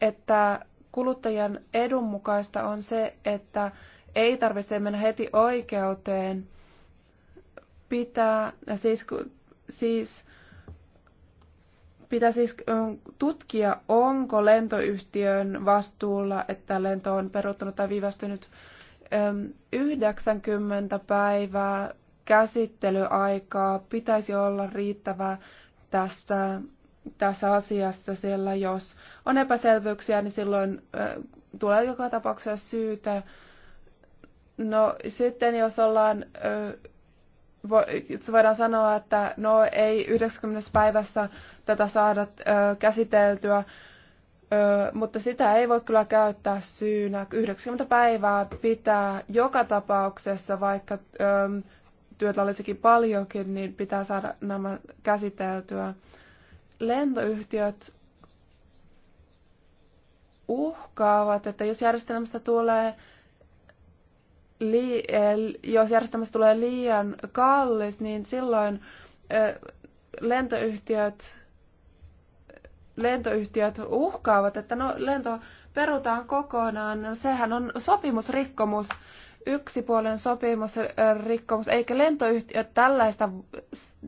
että kuluttajan edun mukaista on se, että ei tarvitse mennä heti oikeuteen. Pitää siis, siis Pitää siis tutkia, onko lentoyhtiön vastuulla, että lento on peruuttanut tai viivästynyt 90 päivää käsittelyaikaa pitäisi olla riittävää tässä, tässä asiassa, sillä jos on epäselvyyksiä, niin silloin tulee joka tapauksessa syytä. No sitten jos ollaan voidaan sanoa, että no ei 90 päivässä tätä saada käsiteltyä, mutta sitä ei voi kyllä käyttää syynä. 90 päivää pitää joka tapauksessa, vaikka työtä olisikin paljonkin, niin pitää saada nämä käsiteltyä. Lentoyhtiöt uhkaavat, että jos järjestelmästä tulee li, eh, jos järjestelmästä tulee liian kallis, niin silloin eh, lentoyhtiöt, lentoyhtiöt uhkaavat, että no lento perutaan kokonaan. No, sehän on sopimusrikkomus, yksipuolinen sopimusrikkomus, eikä lentoyhtiö tällaista,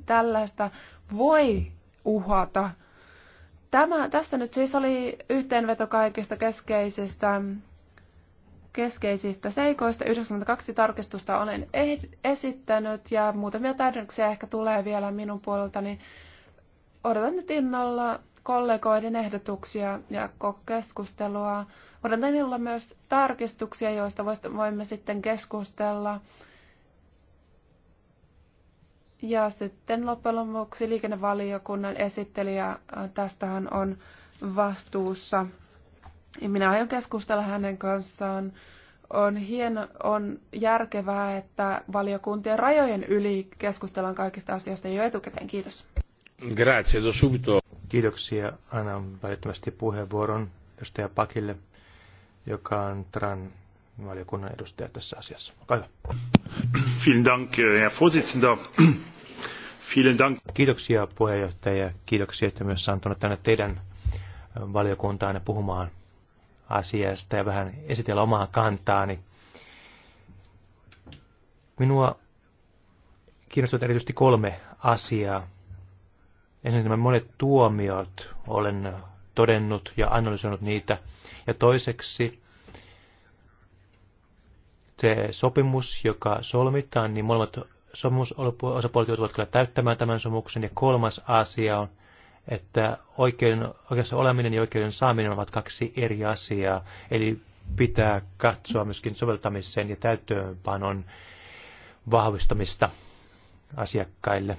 tällaista voi uhata. Tämä, tässä nyt siis oli yhteenveto kaikista keskeisistä keskeisistä seikoista. 92 tarkistusta olen eh- esittänyt ja muutamia täydennyksiä ehkä tulee vielä minun puoleltani. Odotan nyt innolla kollegoiden ehdotuksia ja keskustelua. Odotan innolla myös tarkistuksia, joista voimme sitten keskustella. Ja sitten loppujen lopuksi liikennevaliokunnan esittelijä äh, tästähän on vastuussa. Ja minä aion keskustella hänen kanssaan. On hieno, on järkevää, että valiokuntien rajojen yli keskustellaan kaikista asioista jo etukäteen. Kiitos. Grazie, do subito. Kiitoksia. Annan välittömästi puheenvuoron edustaja Pakille, joka on TRAN valiokunnan edustaja tässä asiassa. Olkaa hyvä. Vielen Dank, Herr Vorsitzender. Vielen Dank. Kiitoksia puheenjohtaja. Kiitoksia, että myös saan tänne teidän valiokuntaanne puhumaan asiasta ja vähän esitellä omaa kantaani. Minua kiinnostavat erityisesti kolme asiaa. Ensinnäkin nämä monet tuomiot olen todennut ja analysoinut niitä. Ja toiseksi se sopimus, joka solmitaan, niin molemmat sopimusosapuolet joutuvat kyllä täyttämään tämän sopimuksen. Ja kolmas asia on että oikeuden oikeassa oleminen ja oikeuden saaminen ovat kaksi eri asiaa. Eli pitää katsoa myöskin soveltamisen ja täyttöönpanon vahvistamista asiakkaille.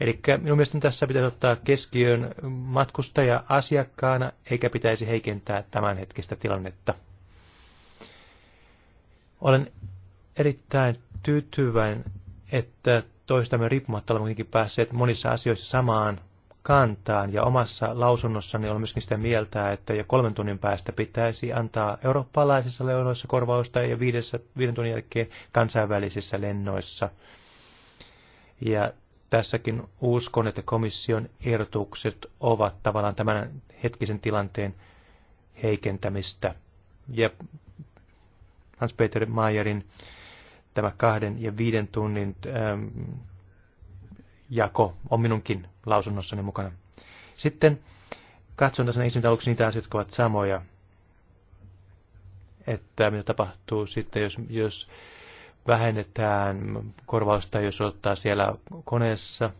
Eli minun mielestäni tässä pitäisi ottaa keskiöön matkustaja asiakkaana, eikä pitäisi heikentää tämänhetkistä tilannetta. Olen erittäin tyytyväinen, että toistamme riippumatta kuitenkin päässeet monissa asioissa samaan kantaan. Ja omassa lausunnossani olen myöskin sitä mieltä, että jo kolmen tunnin päästä pitäisi antaa eurooppalaisissa lennoissa korvausta ja viidessä, viiden tunnin jälkeen kansainvälisissä lennoissa. Ja tässäkin uskon, että komission ehdotukset ovat tavallaan tämän hetkisen tilanteen heikentämistä. Ja Hans-Peter Mayerin tämä kahden ja viiden tunnin ähm, jako on minunkin lausunnossani mukana. Sitten katson tässä ensin aluksi niitä asioita, jotka ovat samoja, että mitä tapahtuu sitten, jos, jos vähennetään korvausta, jos ottaa siellä koneessa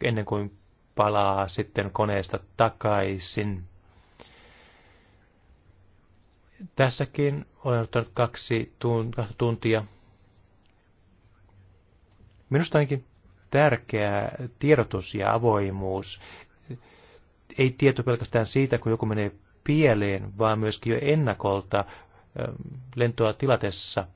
ennen kuin palaa sitten koneesta takaisin. Tässäkin olen ottanut kaksi tuntia. Minusta onkin tärkeää tiedotus ja avoimuus. Ei tieto pelkästään siitä, kun joku menee pieleen, vaan myöskin jo ennakolta ähm, lentoa tilatessa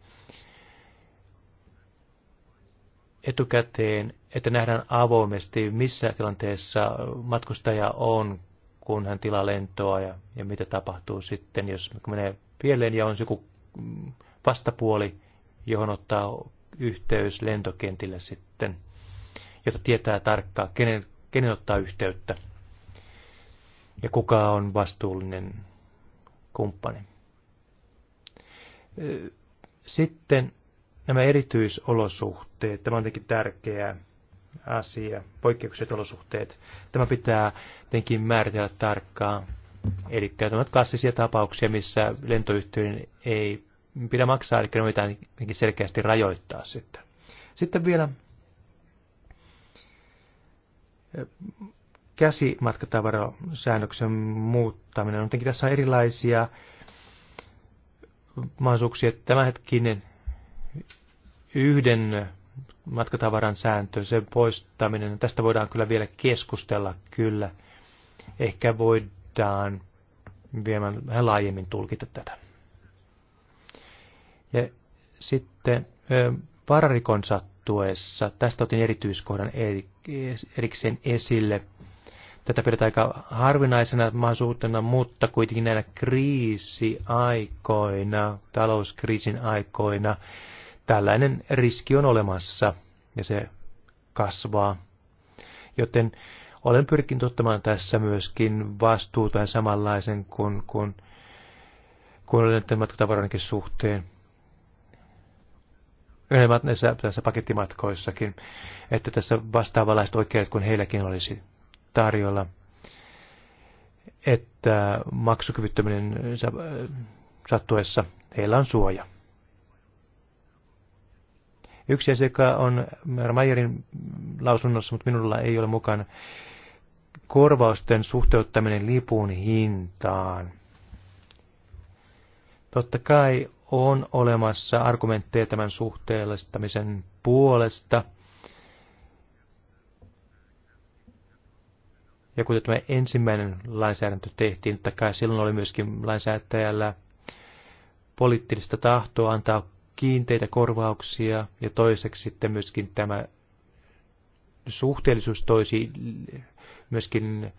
etukäteen, että nähdään avoimesti, missä tilanteessa matkustaja on, kun hän tilaa lentoa ja, ja mitä tapahtuu sitten, jos menee pieleen ja on joku mm, vastapuoli, johon ottaa yhteys lentokentillä sitten, jota tietää tarkkaan, kenen, kenen ottaa yhteyttä ja kuka on vastuullinen kumppani. Sitten nämä erityisolosuhteet, tämä on tietenkin tärkeä asia, poikkeukset olosuhteet. Tämä pitää tietenkin määritellä tarkkaan Eli nämä klassisia tapauksia, missä lentoyhtiöiden ei pidä maksaa, eli ne voidaan selkeästi rajoittaa sitten. Sitten vielä käsimatkatavarosäännöksen muuttaminen. Jotenkin tässä on erilaisia mahdollisuuksia. Tämänhetkinen yhden matkatavaran sääntö, sen poistaminen, tästä voidaan kyllä vielä keskustella kyllä. Ehkä voidaan voidaan viemään vähän laajemmin tulkita tätä. Ja sitten vararikon sattuessa, tästä otin erityiskohdan erikseen esille. Tätä pidetään aika harvinaisena mahdollisuutena, mutta kuitenkin näinä kriisiaikoina, talouskriisin aikoina, tällainen riski on olemassa ja se kasvaa. Joten olen pyrkinyt ottamaan tässä myöskin vastuuta vähän samanlaisen kuin, kuin, kuin olen nyt matkatavarankin suhteen. Enemmän näissä, näissä pakettimatkoissakin, että tässä vastaavanlaiset oikeat kuin heilläkin olisi tarjolla. Että maksukyvyttöminen sattuessa heillä on suoja. Yksi asia, joka on Mayerin lausunnossa, mutta minulla ei ole mukana, korvausten suhteuttaminen lipun hintaan. Totta kai on olemassa argumentteja tämän suhteellistamisen puolesta. Ja kuten tämä ensimmäinen lainsäädäntö tehtiin, totta kai silloin oli myöskin lainsäätäjällä poliittista tahtoa antaa kiinteitä korvauksia ja toiseksi sitten myöskin tämä suhteellisuus toisi myöskin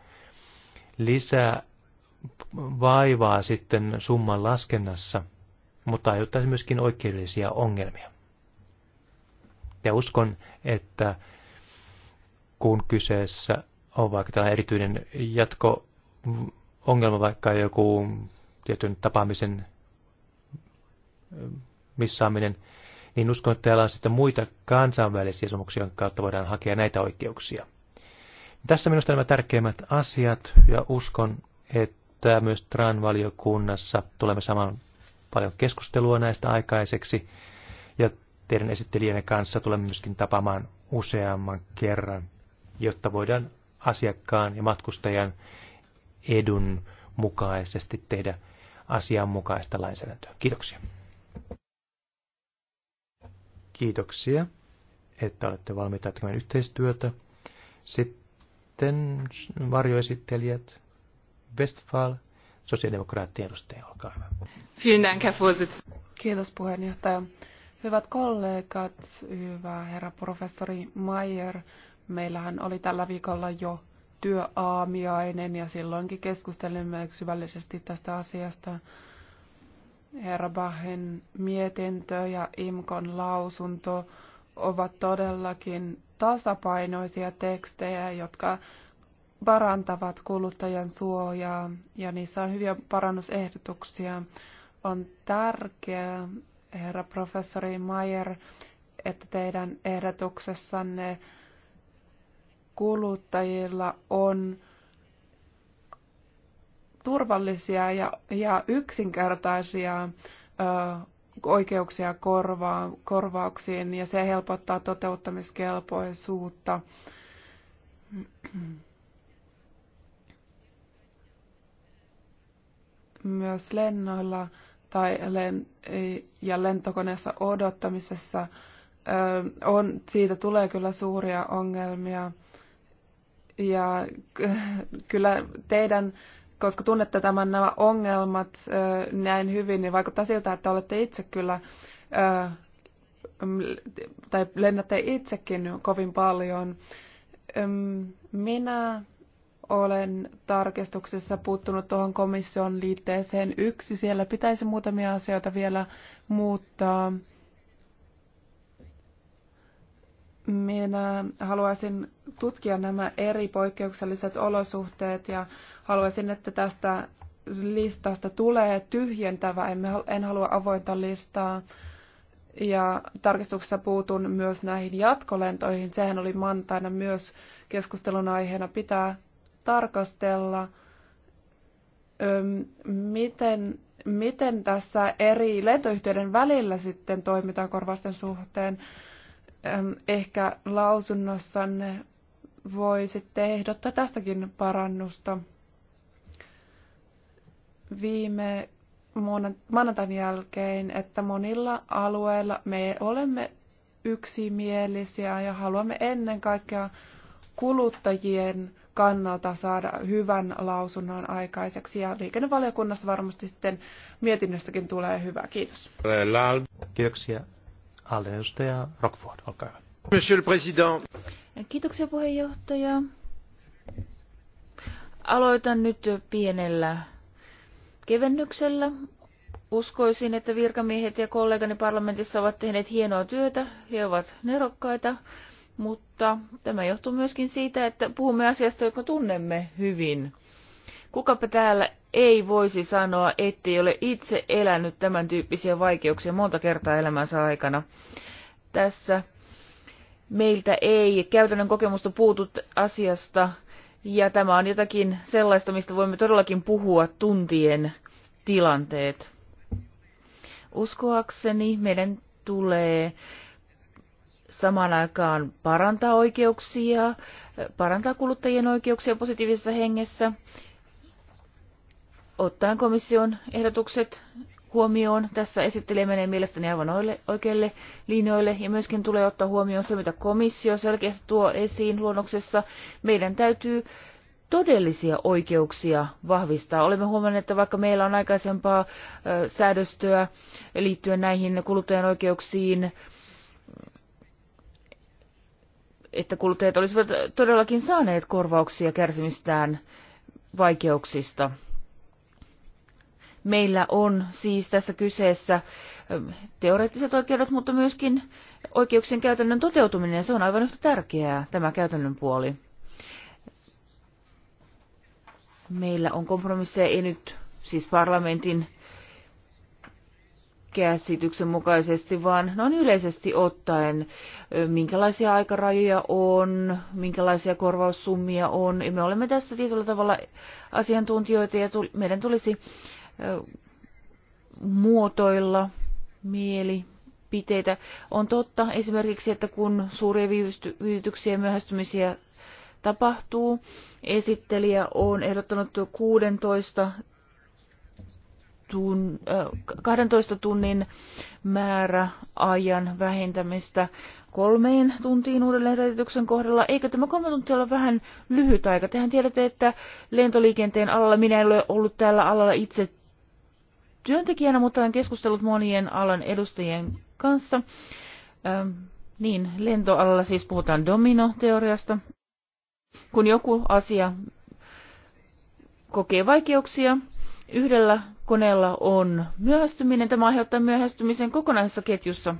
lisää vaivaa sitten summan laskennassa, mutta aiheuttaisi myöskin oikeudellisia ongelmia. Ja uskon, että kun kyseessä on vaikka tällainen erityinen jatko-ongelma, vaikka joku tietyn tapaamisen missaaminen, niin uskon, että täällä on sitten muita kansainvälisiä sopimuksia, kautta voidaan hakea näitä oikeuksia. Tässä minusta nämä tärkeimmät asiat ja uskon, että myös TRAN-valiokunnassa tulemme saman paljon keskustelua näistä aikaiseksi ja teidän esittelijänne kanssa tulemme myöskin tapaamaan useamman kerran, jotta voidaan asiakkaan ja matkustajan edun mukaisesti tehdä asianmukaista lainsäädäntöä. Kiitoksia. Kiitoksia, että olette valmiita tekemään yhteistyötä. Sitten sitten varjoesittelijät Westfall, sosiaalidemokraattien edustaja, olkaa hyvä. Kiitos puheenjohtaja. Hyvät kollegat, hyvä herra professori Mayer, meillähän oli tällä viikolla jo työaamiainen ja silloinkin keskustelimme syvällisesti tästä asiasta. Herra Bahen mietintö ja Imkon lausunto ovat todellakin tasapainoisia tekstejä, jotka parantavat kuluttajan suojaa ja niissä on hyviä parannusehdotuksia. On tärkeää, herra professori Mayer, että teidän ehdotuksessanne kuluttajilla on turvallisia ja, ja yksinkertaisia ö, oikeuksia korvaa, korvauksiin ja se helpottaa toteuttamiskelpoisuutta. Myös lennoilla tai len, ja lentokoneessa odottamisessa on, siitä tulee kyllä suuria ongelmia. Ja kyllä teidän koska tunnette tämän nämä ongelmat näin hyvin, niin vaikuttaa siltä, että olette itse kyllä tai lennätte itsekin kovin paljon. Minä olen tarkistuksessa puuttunut tuohon komission liitteeseen yksi. Siellä pitäisi muutamia asioita vielä muuttaa. minä haluaisin tutkia nämä eri poikkeukselliset olosuhteet ja haluaisin, että tästä listasta tulee tyhjentävä. En halua avointa listaa. Ja tarkistuksessa puutun myös näihin jatkolentoihin. Sehän oli mantaina myös keskustelun aiheena. Pitää tarkastella, miten, miten tässä eri lentoyhtiöiden välillä sitten toimitaan korvausten suhteen ehkä lausunnossanne voisitte ehdottaa tästäkin parannusta. Viime maanantain jälkeen, että monilla alueilla me olemme yksimielisiä ja haluamme ennen kaikkea kuluttajien kannalta saada hyvän lausunnon aikaiseksi. Ja liikennevaliokunnassa varmasti sitten mietinnöstäkin tulee hyvä. Kiitos. Kiitoksia. Kiitoksia puheenjohtaja. Aloitan nyt pienellä kevennyksellä. Uskoisin, että virkamiehet ja kollegani parlamentissa ovat tehneet hienoa työtä, he ovat nerokkaita, mutta tämä johtuu myöskin siitä, että puhumme asiasta, joka tunnemme hyvin – Kukapa täällä ei voisi sanoa, ettei ole itse elänyt tämän tyyppisiä vaikeuksia monta kertaa elämänsä aikana. Tässä meiltä ei käytännön kokemusta puutut asiasta, ja tämä on jotakin sellaista, mistä voimme todellakin puhua tuntien tilanteet. Uskoakseni meidän tulee samaan aikaan parantaa oikeuksia, parantaa kuluttajien oikeuksia positiivisessa hengessä ottaen komission ehdotukset huomioon. Tässä esittelemäni menee mielestäni aivan oikeille linjoille ja myöskin tulee ottaa huomioon se, mitä komissio selkeästi tuo esiin luonnoksessa. Meidän täytyy todellisia oikeuksia vahvistaa. Olemme huomanneet, että vaikka meillä on aikaisempaa säädöstöä liittyen näihin kuluttajan oikeuksiin, että kuluttajat olisivat todellakin saaneet korvauksia kärsimistään vaikeuksista – Meillä on siis tässä kyseessä teoreettiset oikeudet, mutta myöskin oikeuksien käytännön toteutuminen. Se on aivan yhtä tärkeää, tämä käytännön puoli. Meillä on kompromisseja, ei nyt siis parlamentin käsityksen mukaisesti, vaan noin yleisesti ottaen, minkälaisia aikarajoja on, minkälaisia korvaussummia on. ja Me olemme tässä tietyllä tavalla asiantuntijoita ja meidän tulisi muotoilla mieli piteitä. On totta esimerkiksi, että kun suuria viivytyksiä ja myöhästymisiä tapahtuu, esittelijä on ehdottanut 16 tun, 12 äh, tunnin määräajan vähentämistä kolmeen tuntiin uudelleenredityksen kohdalla. Eikö tämä kolme tuntia ole vähän lyhyt aika? Tehän tiedätte, että lentoliikenteen alalla minä en ole ollut tällä alalla itse työntekijänä, mutta olen keskustellut monien alan edustajien kanssa. Ähm, niin, lentoalalla siis puhutaan dominoteoriasta. Kun joku asia kokee vaikeuksia, yhdellä koneella on myöhästyminen. Tämä aiheuttaa myöhästymisen kokonaisessa ketjussa.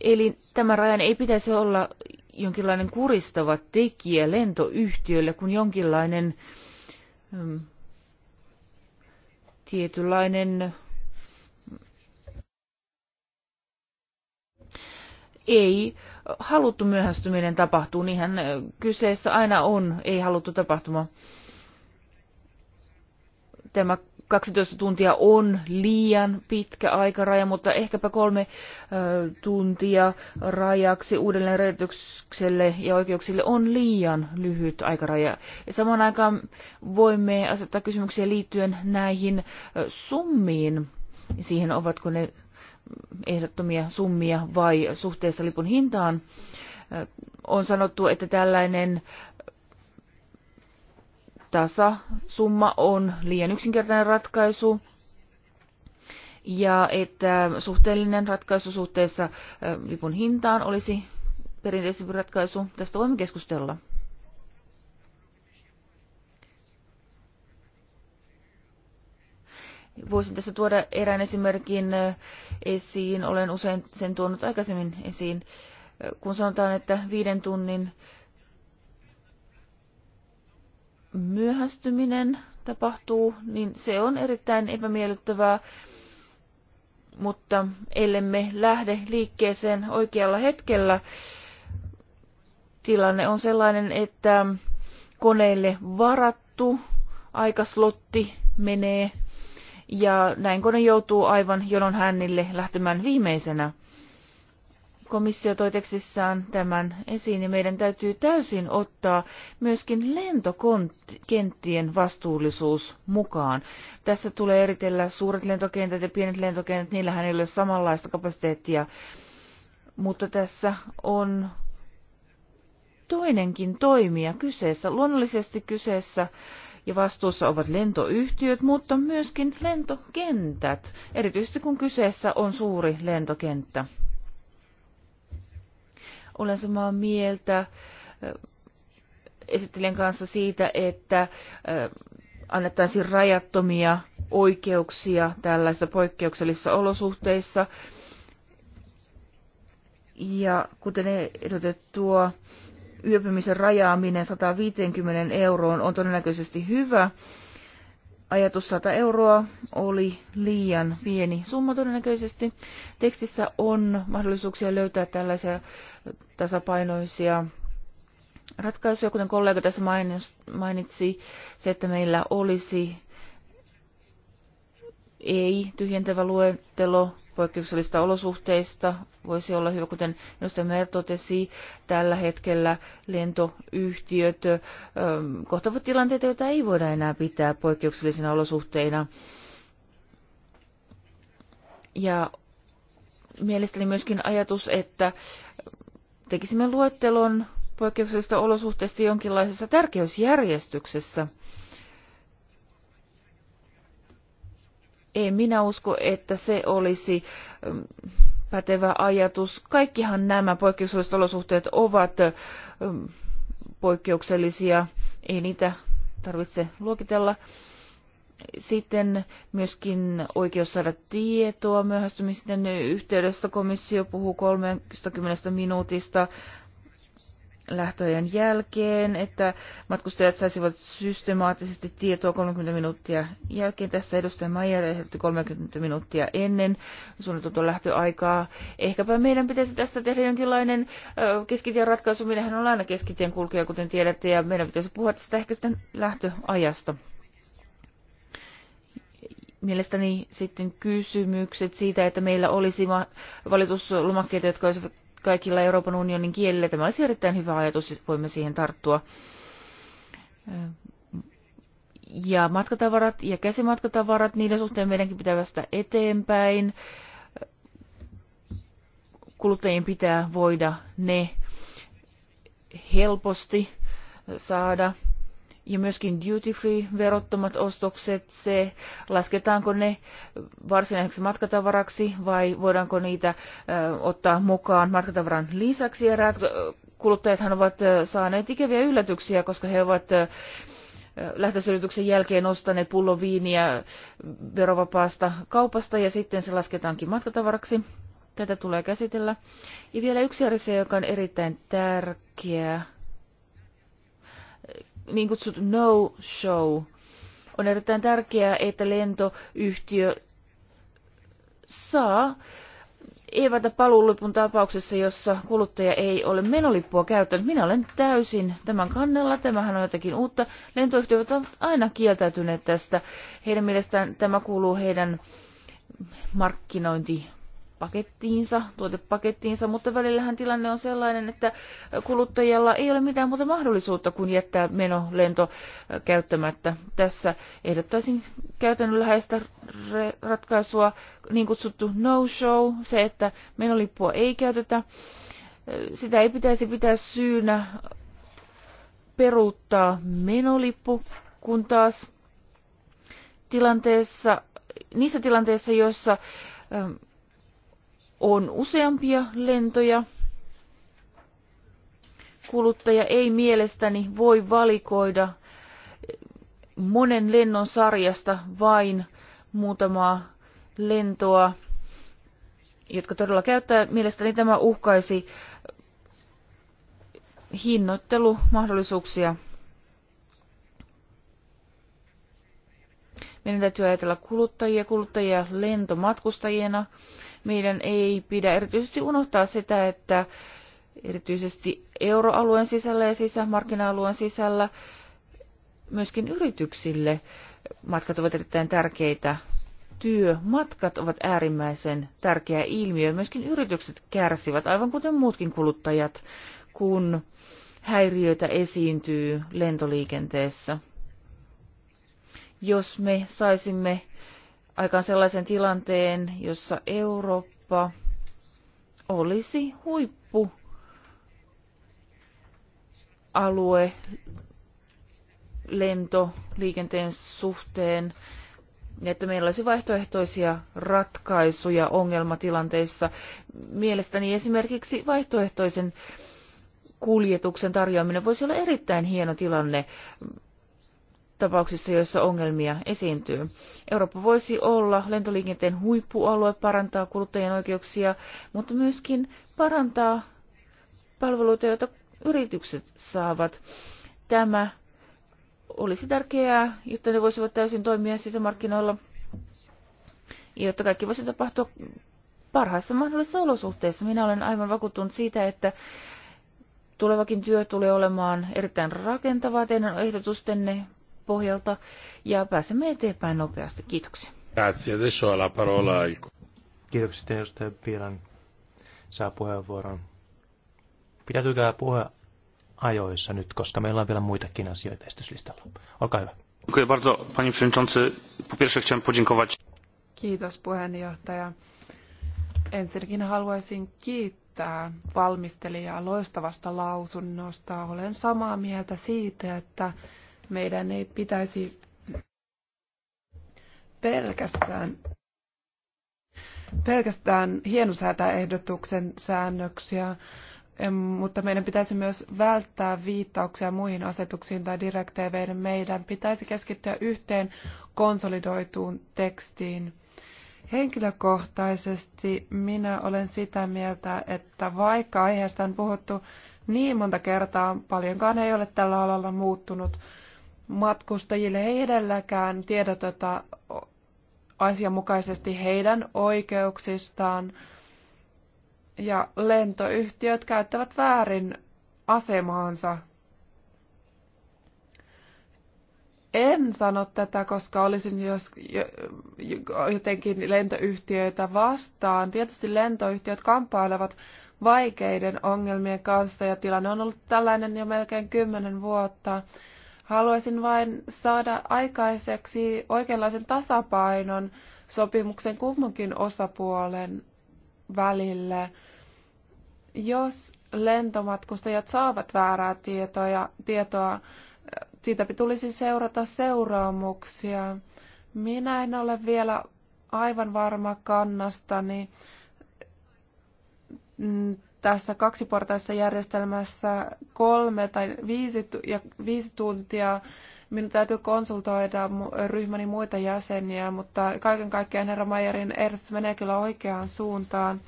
Eli tämä rajan ei pitäisi olla jonkinlainen kuristava tekijä lentoyhtiölle, kun jonkinlainen äh, tietynlainen ei haluttu myöhästyminen tapahtuu, niinhän äh, kyseessä aina on ei haluttu tapahtuma. Tämä 12 tuntia on liian pitkä aikaraja, mutta ehkäpä kolme ö, tuntia rajaksi uudelleenrajoitukselle ja oikeuksille on liian lyhyt aikaraja. Ja samaan aikaan voimme asettaa kysymyksiä liittyen näihin summiin, siihen ovatko ne ehdottomia summia vai suhteessa lipun hintaan. On sanottu, että tällainen tasasumma on liian yksinkertainen ratkaisu ja että suhteellinen ratkaisu suhteessa lipun hintaan olisi perinteisempi ratkaisu. Tästä voimme keskustella. Voisin tässä tuoda erään esimerkin esiin. Olen usein sen tuonut aikaisemmin esiin. Kun sanotaan, että viiden tunnin myöhästyminen tapahtuu, niin se on erittäin epämiellyttävää, mutta ellemme lähde liikkeeseen oikealla hetkellä, tilanne on sellainen, että koneelle varattu aikaslotti menee ja näin kone joutuu aivan jonon hännille lähtemään viimeisenä komissio toi tekstissään tämän esiin, niin meidän täytyy täysin ottaa myöskin lentokenttien vastuullisuus mukaan. Tässä tulee eritellä suuret lentokentät ja pienet lentokentät, niillähän ei ole samanlaista kapasiteettia, mutta tässä on toinenkin toimija kyseessä. Luonnollisesti kyseessä ja vastuussa ovat lentoyhtiöt, mutta myöskin lentokentät, erityisesti kun kyseessä on suuri lentokenttä. Olen samaa mieltä äh, esittelijän kanssa siitä, että äh, annettaisiin rajattomia oikeuksia tällaisissa poikkeuksellisissa olosuhteissa. Ja kuten ehdotettua, yöpymisen rajaaminen 150 euroon on todennäköisesti hyvä. Ajatus 100 euroa oli liian pieni summa todennäköisesti. Tekstissä on mahdollisuuksia löytää tällaisia tasapainoisia ratkaisuja, kuten kollega tässä mainitsi, se, että meillä olisi ei tyhjentävä luettelo poikkeuksellista olosuhteista voisi olla hyvä, kuten minusta Mer totesi, tällä hetkellä lentoyhtiöt ö, kohtavat tilanteita, joita ei voida enää pitää poikkeuksellisina olosuhteina. Ja mielestäni myöskin ajatus, että tekisimme luettelon poikkeuksellisista olosuhteista jonkinlaisessa tärkeysjärjestyksessä. En minä usko, että se olisi ähm, pätevä ajatus. Kaikkihan nämä poikkeukselliset olosuhteet ovat ähm, poikkeuksellisia. Ei niitä tarvitse luokitella. Sitten myöskin oikeus saada tietoa myöhästymisten yhteydessä. Komissio puhuu 30 minuutista lähtöjen jälkeen, että matkustajat saisivat systemaattisesti tietoa 30 minuuttia jälkeen. Tässä edustaja Maija ehdotti 30 minuuttia ennen suunniteltua lähtöaikaa. Ehkäpä meidän pitäisi tässä tehdä jonkinlainen keskitien ratkaisu. Minähän on aina keskitien kulkija, kuten tiedätte, ja meidän pitäisi puhua tästä ehkä sitten lähtöajasta mielestäni sitten kysymykset siitä, että meillä olisi valituslomakkeita, jotka olisivat kaikilla Euroopan unionin kielillä. Tämä olisi erittäin hyvä ajatus, siis voimme siihen tarttua. Ja matkatavarat ja käsimatkatavarat, niiden suhteen meidänkin pitää päästä eteenpäin. Kuluttajien pitää voida ne helposti saada ja myöskin duty free verottomat ostokset, se lasketaanko ne varsinaiseksi matkatavaraksi vai voidaanko niitä ö, ottaa mukaan matkatavaran lisäksi. Eräät kuluttajathan ovat saaneet ikäviä yllätyksiä, koska he ovat ö, lähtösyrityksen jälkeen ostaneet pullon viiniä verovapaasta kaupasta ja sitten se lasketaankin matkatavaraksi. Tätä tulee käsitellä. Ja vielä yksi asia, joka on erittäin tärkeä niin kutsuttu no-show. On erittäin tärkeää, että lentoyhtiö saa evätä paluulipun tapauksessa, jossa kuluttaja ei ole menolippua käyttänyt. Minä olen täysin tämän kannella, Tämähän on jotakin uutta. Lentoyhtiöt ovat aina kieltäytyneet tästä. Heidän mielestään tämä kuuluu heidän markkinointi pakettiinsa, tuotepakettiinsa, mutta välillähän tilanne on sellainen, että kuluttajalla ei ole mitään muuta mahdollisuutta kuin jättää meno lento käyttämättä. Tässä ehdottaisin käytännönläheistä ratkaisua, niin kutsuttu no-show, se, että menolippua ei käytetä. Sitä ei pitäisi pitää syynä peruuttaa menolippu, kun taas tilanteessa, niissä tilanteissa, joissa on useampia lentoja. Kuluttaja ei mielestäni voi valikoida monen lennon sarjasta vain muutamaa lentoa, jotka todella käyttää. Mielestäni tämä uhkaisi hinnoittelumahdollisuuksia. Meidän täytyy ajatella kuluttajia, kuluttajia lentomatkustajina meidän ei pidä erityisesti unohtaa sitä, että erityisesti euroalueen sisällä ja sisämarkkina-alueen sisällä myöskin yrityksille matkat ovat erittäin tärkeitä. Työmatkat ovat äärimmäisen tärkeä ilmiö. Myöskin yritykset kärsivät, aivan kuten muutkin kuluttajat, kun häiriöitä esiintyy lentoliikenteessä. Jos me saisimme aikaan sellaisen tilanteen, jossa Eurooppa olisi huippu alue lentoliikenteen suhteen, että meillä olisi vaihtoehtoisia ratkaisuja ongelmatilanteissa. Mielestäni esimerkiksi vaihtoehtoisen kuljetuksen tarjoaminen voisi olla erittäin hieno tilanne tapauksissa, joissa ongelmia esiintyy. Eurooppa voisi olla lentoliikenteen huippualue, parantaa kuluttajien oikeuksia, mutta myöskin parantaa palveluita, joita yritykset saavat. Tämä olisi tärkeää, jotta ne voisivat täysin toimia sisämarkkinoilla, jotta kaikki voisi tapahtua parhaissa mahdollisissa olosuhteissa. Minä olen aivan vakuuttunut siitä, että tulevakin työ tulee olemaan erittäin rakentavaa. Teidän ehdotustenne pohjalta ja pääsemme eteenpäin nopeasti. Kiitoksia. Grazie. Adesso alla parola il... Kiitoksia sitten jos Pilan saa puheenvuoron. Pidätykää puhe ajoissa nyt, koska meillä on vielä muitakin asioita esityslistalla. Olkaa hyvä. Dziękuję bardzo, panie przewodniczący. Po pierwsze chciałem podziękować. Kiitos puheenjohtaja. Ensinnäkin haluaisin kiittää valmistelijaa loistavasta lausunnosta. Olen samaa mieltä siitä, että meidän ei pitäisi pelkästään, pelkästään hienosäätää ehdotuksen säännöksiä, mutta meidän pitäisi myös välttää viittauksia muihin asetuksiin tai direktiiveihin. Meidän pitäisi keskittyä yhteen konsolidoituun tekstiin. Henkilökohtaisesti minä olen sitä mieltä, että vaikka aiheesta on puhuttu niin monta kertaa, paljonkaan ei ole tällä alalla muuttunut matkustajille ei edelläkään tiedoteta asianmukaisesti heidän oikeuksistaan ja lentoyhtiöt käyttävät väärin asemaansa. En sano tätä, koska olisin jos, jotenkin lentoyhtiöitä vastaan. Tietysti lentoyhtiöt kamppailevat vaikeiden ongelmien kanssa ja tilanne on ollut tällainen jo melkein kymmenen vuotta. Haluaisin vain saada aikaiseksi oikeanlaisen tasapainon sopimuksen kummankin osapuolen välille. Jos lentomatkustajat saavat väärää tietoja, tietoa, siitä tulisi seurata seuraamuksia. Minä en ole vielä aivan varma kannastani mm, tässä kaksiportaisessa järjestelmässä kolme tai viisi, ja viisi tuntia. Minun täytyy konsultoida ryhmäni muita jäseniä, mutta kaiken kaikkiaan herra Mayerin ehdotus menee kyllä oikeaan suuntaan.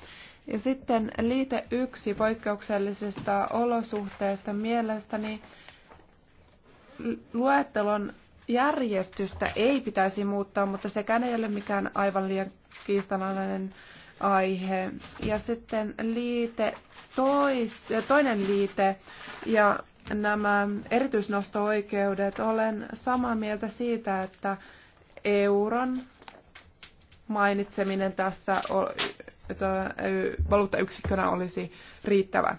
Ja sitten liite yksi poikkeuksellisista olosuhteista mielestäni luettelon järjestystä ei pitäisi muuttaa, mutta sekään ei ole mikään aivan liian kiistanalainen aihe. Ja sitten liite tois, toinen liite ja nämä erityisnosto-oikeudet. Olen samaa mieltä siitä, että euron mainitseminen tässä valuuttayksikkönä olisi riittävä.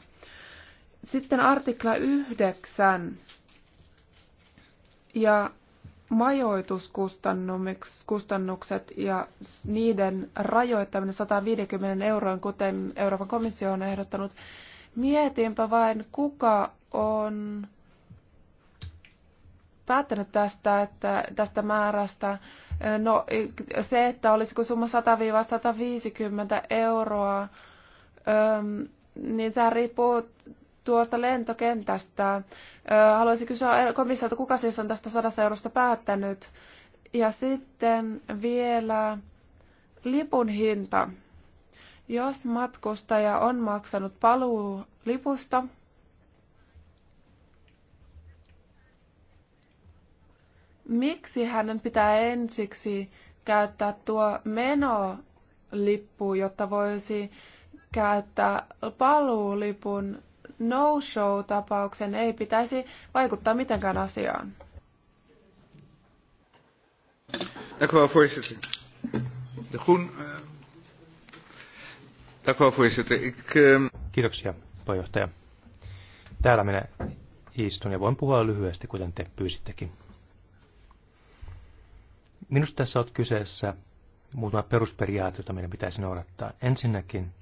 Sitten artikla 9 ja majoituskustannukset ja niiden rajoittaminen 150 euroon, kuten Euroopan komissio on ehdottanut. Mietinpä vain, kuka on päättänyt tästä, että, tästä määrästä. No se, että olisiko summa 100-150 euroa, niin se riippuu tuosta lentokentästä. Haluaisin kysyä komissiolta, kuka siis on tästä sadasta eurosta päättänyt. Ja sitten vielä lipun hinta. Jos matkustaja on maksanut paluu lipusta, miksi hänen pitää ensiksi käyttää tuo menolippu, jotta voisi käyttää paluulipun no-show-tapauksen ei pitäisi vaikuttaa mitenkään asiaan. De eh, Ik, ehm, Kiitoksia, puheenjohtaja. Täällä minä istun ja voin puhua lyhyesti, kuten te pyysittekin. Minusta tässä on kyseessä muutama perusperiaate, jota meidän pitäisi noudattaa. Ensinnäkin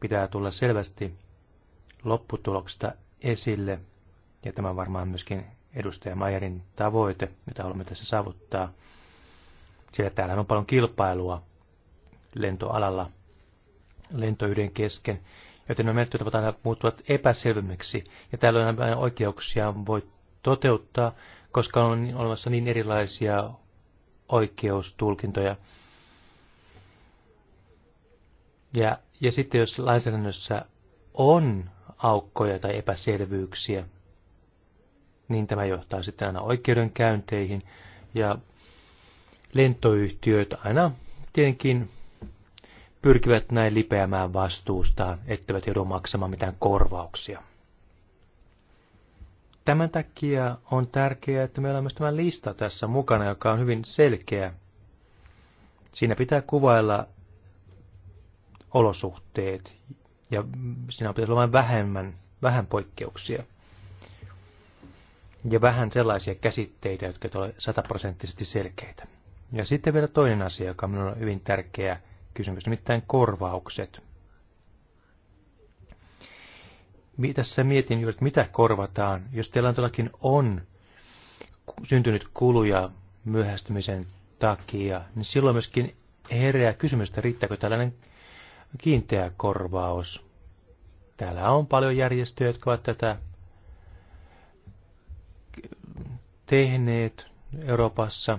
pitää tulla selvästi lopputuloksesta esille, ja tämä on varmaan myöskin edustaja Majerin tavoite, mitä haluamme tässä saavuttaa, sillä täällä on paljon kilpailua lentoalalla lentoyhden kesken, joten nämä menettelytavat aina muuttuvat epäselvemmiksi, ja täällä on aina oikeuksia voi toteuttaa, koska on olemassa niin erilaisia oikeustulkintoja. Ja, ja sitten jos lainsäädännössä on aukkoja tai epäselvyyksiä, niin tämä johtaa sitten aina oikeudenkäynteihin. Ja lentoyhtiöt aina tietenkin pyrkivät näin lipeämään vastuustaan, etteivät joudu maksamaan mitään korvauksia. Tämän takia on tärkeää, että meillä on myös tämä lista tässä mukana, joka on hyvin selkeä. Siinä pitää kuvailla olosuhteet, ja siinä pitäisi olla vain vähemmän, vähän poikkeuksia. Ja vähän sellaisia käsitteitä, jotka ovat sataprosenttisesti selkeitä. Ja sitten vielä toinen asia, joka minulle on hyvin tärkeä kysymys, nimittäin korvaukset. Tässä mietin juuri, että mitä korvataan, jos teillä on todellakin on syntynyt kuluja myöhästymisen takia, niin silloin myöskin herää kysymys, että riittääkö tällainen kiinteä korvaus. Täällä on paljon järjestöjä, jotka ovat tätä tehneet Euroopassa.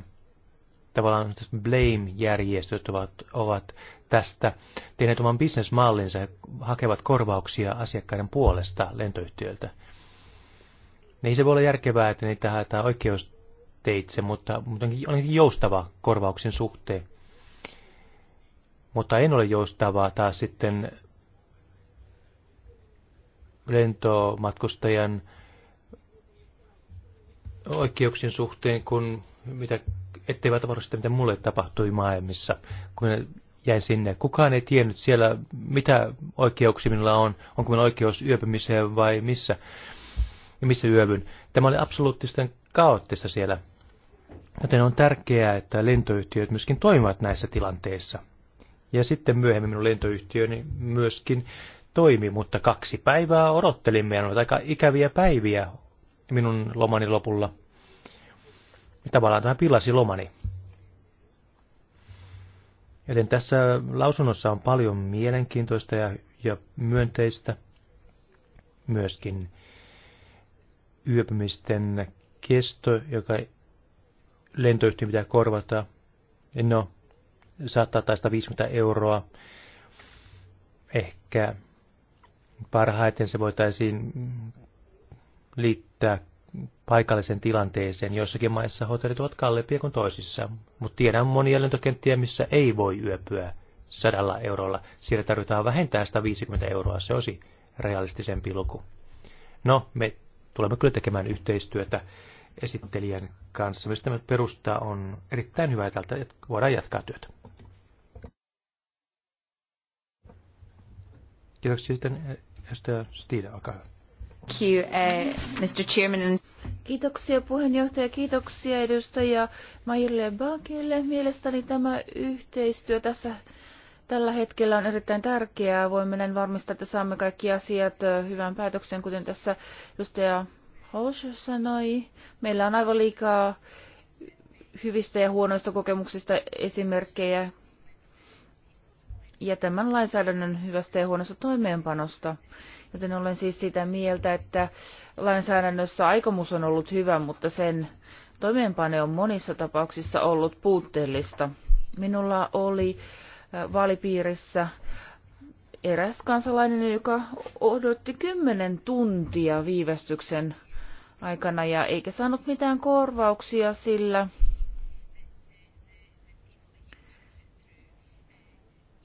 Tavallaan blame-järjestöt ovat, ovat tästä tehneet oman bisnesmallinsa ja hakevat korvauksia asiakkaiden puolesta lentoyhtiöltä. Ei se voi olla järkevää, että niitä haetaan oikeusteitse, mutta, mutta onkin joustava korvauksen suhteen mutta en ole joustavaa taas sitten lentomatkustajan oikeuksien suhteen, kun mitä, etteivät tapahdu sitä, mitä mulle tapahtui maailmissa, kun jäin sinne. Kukaan ei tiennyt siellä, mitä oikeuksia minulla on, onko minulla oikeus yöpymiseen vai missä, missä yövyn. Tämä oli absoluuttisten kaoottista siellä. Joten on tärkeää, että lentoyhtiöt myöskin toimivat näissä tilanteissa. Ja sitten myöhemmin minun lentoyhtiöni myöskin toimi, mutta kaksi päivää odottelimme ja oli aika ikäviä päiviä minun lomani lopulla. Ja tavallaan tämä pilasi lomani. Joten tässä lausunnossa on paljon mielenkiintoista ja, ja myönteistä. Myöskin yöpymisten kesto, joka lentoyhtiö pitää korvata. No, 100 tai 150 euroa. Ehkä parhaiten se voitaisiin liittää paikalliseen tilanteeseen. Joissakin maissa hotellit ovat kalliimpia kuin toisissa, mutta tiedän monia lentokenttiä, missä ei voi yöpyä sadalla eurolla. Siellä tarvitaan vähentää 150 euroa, se olisi realistisempi luku. No, me tulemme kyllä tekemään yhteistyötä esittelijän kanssa. Myös tämä perusta on erittäin hyvä ja tältä voidaan jatkaa työtä. Kiitoksia sitten eh, edustaja Stiida, olkaa hyvä. Eh, Mr. Chairman. Kiitoksia puheenjohtaja, kiitoksia edustaja Majerille Bankille. Mielestäni tämä yhteistyö tässä tällä hetkellä on erittäin tärkeää. Voimme näin varmistaa, että saamme kaikki asiat eh, hyvään päätökseen, kuten tässä edustaja Hosh sanoi, meillä on aivan liikaa hyvistä ja huonoista kokemuksista esimerkkejä ja tämän lainsäädännön hyvästä ja huonosta toimeenpanosta. Joten olen siis sitä mieltä, että lainsäädännössä aikomus on ollut hyvä, mutta sen toimeenpane on monissa tapauksissa ollut puutteellista. Minulla oli äh, vaalipiirissä eräs kansalainen, joka odotti kymmenen tuntia viivästyksen aikana ja eikä saanut mitään korvauksia sillä.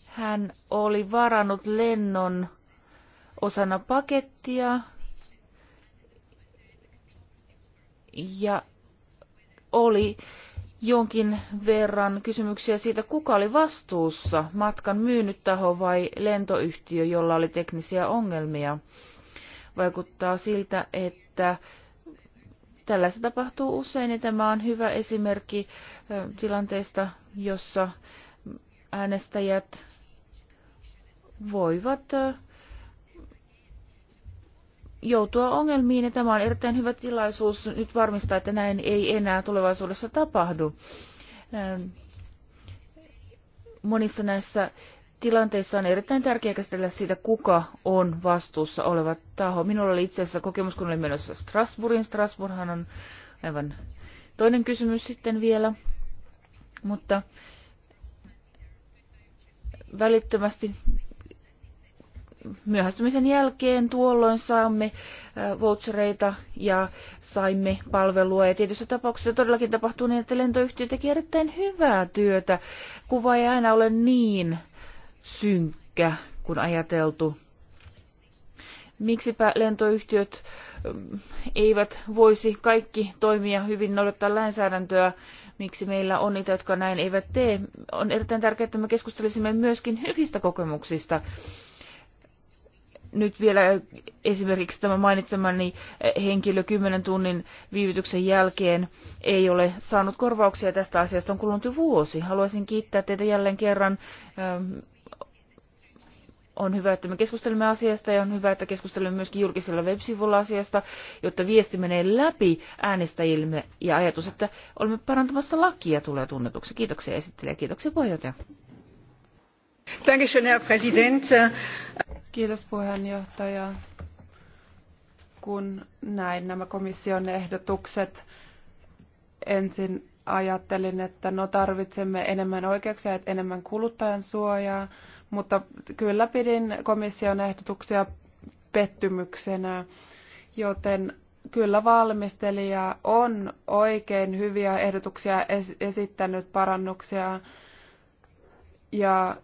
Hän oli varannut lennon osana pakettia ja oli jonkin verran kysymyksiä siitä, kuka oli vastuussa, matkan myynyt taho vai lentoyhtiö, jolla oli teknisiä ongelmia. Vaikuttaa siltä, että se tapahtuu usein ja tämä on hyvä esimerkki tilanteesta, jossa äänestäjät voivat joutua ongelmiin ja tämä on erittäin hyvä tilaisuus nyt varmistaa, että näin ei enää tulevaisuudessa tapahdu. Monissa näissä tilanteissa on erittäin tärkeää käsitellä sitä, kuka on vastuussa oleva taho. Minulla oli itse asiassa kokemus, kun olin menossa Strasbourgin. Strasbourghan on aivan toinen kysymys sitten vielä. Mutta välittömästi myöhästymisen jälkeen tuolloin saamme vouchereita ja saimme palvelua. Ja tietyissä tapauksissa todellakin tapahtuu niin, että lentoyhtiö teki erittäin hyvää työtä. Kuva ei aina ole niin synkkä, kun ajateltu. Miksipä lentoyhtiöt ähm, eivät voisi kaikki toimia hyvin noudattaa lainsäädäntöä, miksi meillä on niitä, jotka näin eivät tee. On erittäin tärkeää, että me keskustelisimme myöskin hyvistä kokemuksista. Nyt vielä esimerkiksi tämä mainitsemani henkilö 10 tunnin viivytyksen jälkeen ei ole saanut korvauksia tästä asiasta. On kulunut jo vuosi. Haluaisin kiittää teitä jälleen kerran ähm, on hyvä, että me keskustelemme asiasta ja on hyvä, että keskustelemme myöskin julkisella websivulla asiasta, jotta viesti menee läpi äänestäjille ja ajatus, että olemme parantamassa lakia tulee tunnetuksi. Kiitoksia esittelijä, kiitoksia puheenjohtaja. Kiitos puheenjohtaja. Kun näin nämä komission ehdotukset, ensin ajattelin, että no tarvitsemme enemmän oikeuksia, että enemmän kuluttajan suojaa, mutta kyllä pidin komission ehdotuksia pettymyksenä, joten kyllä valmistelija on oikein hyviä ehdotuksia esittänyt parannuksia ja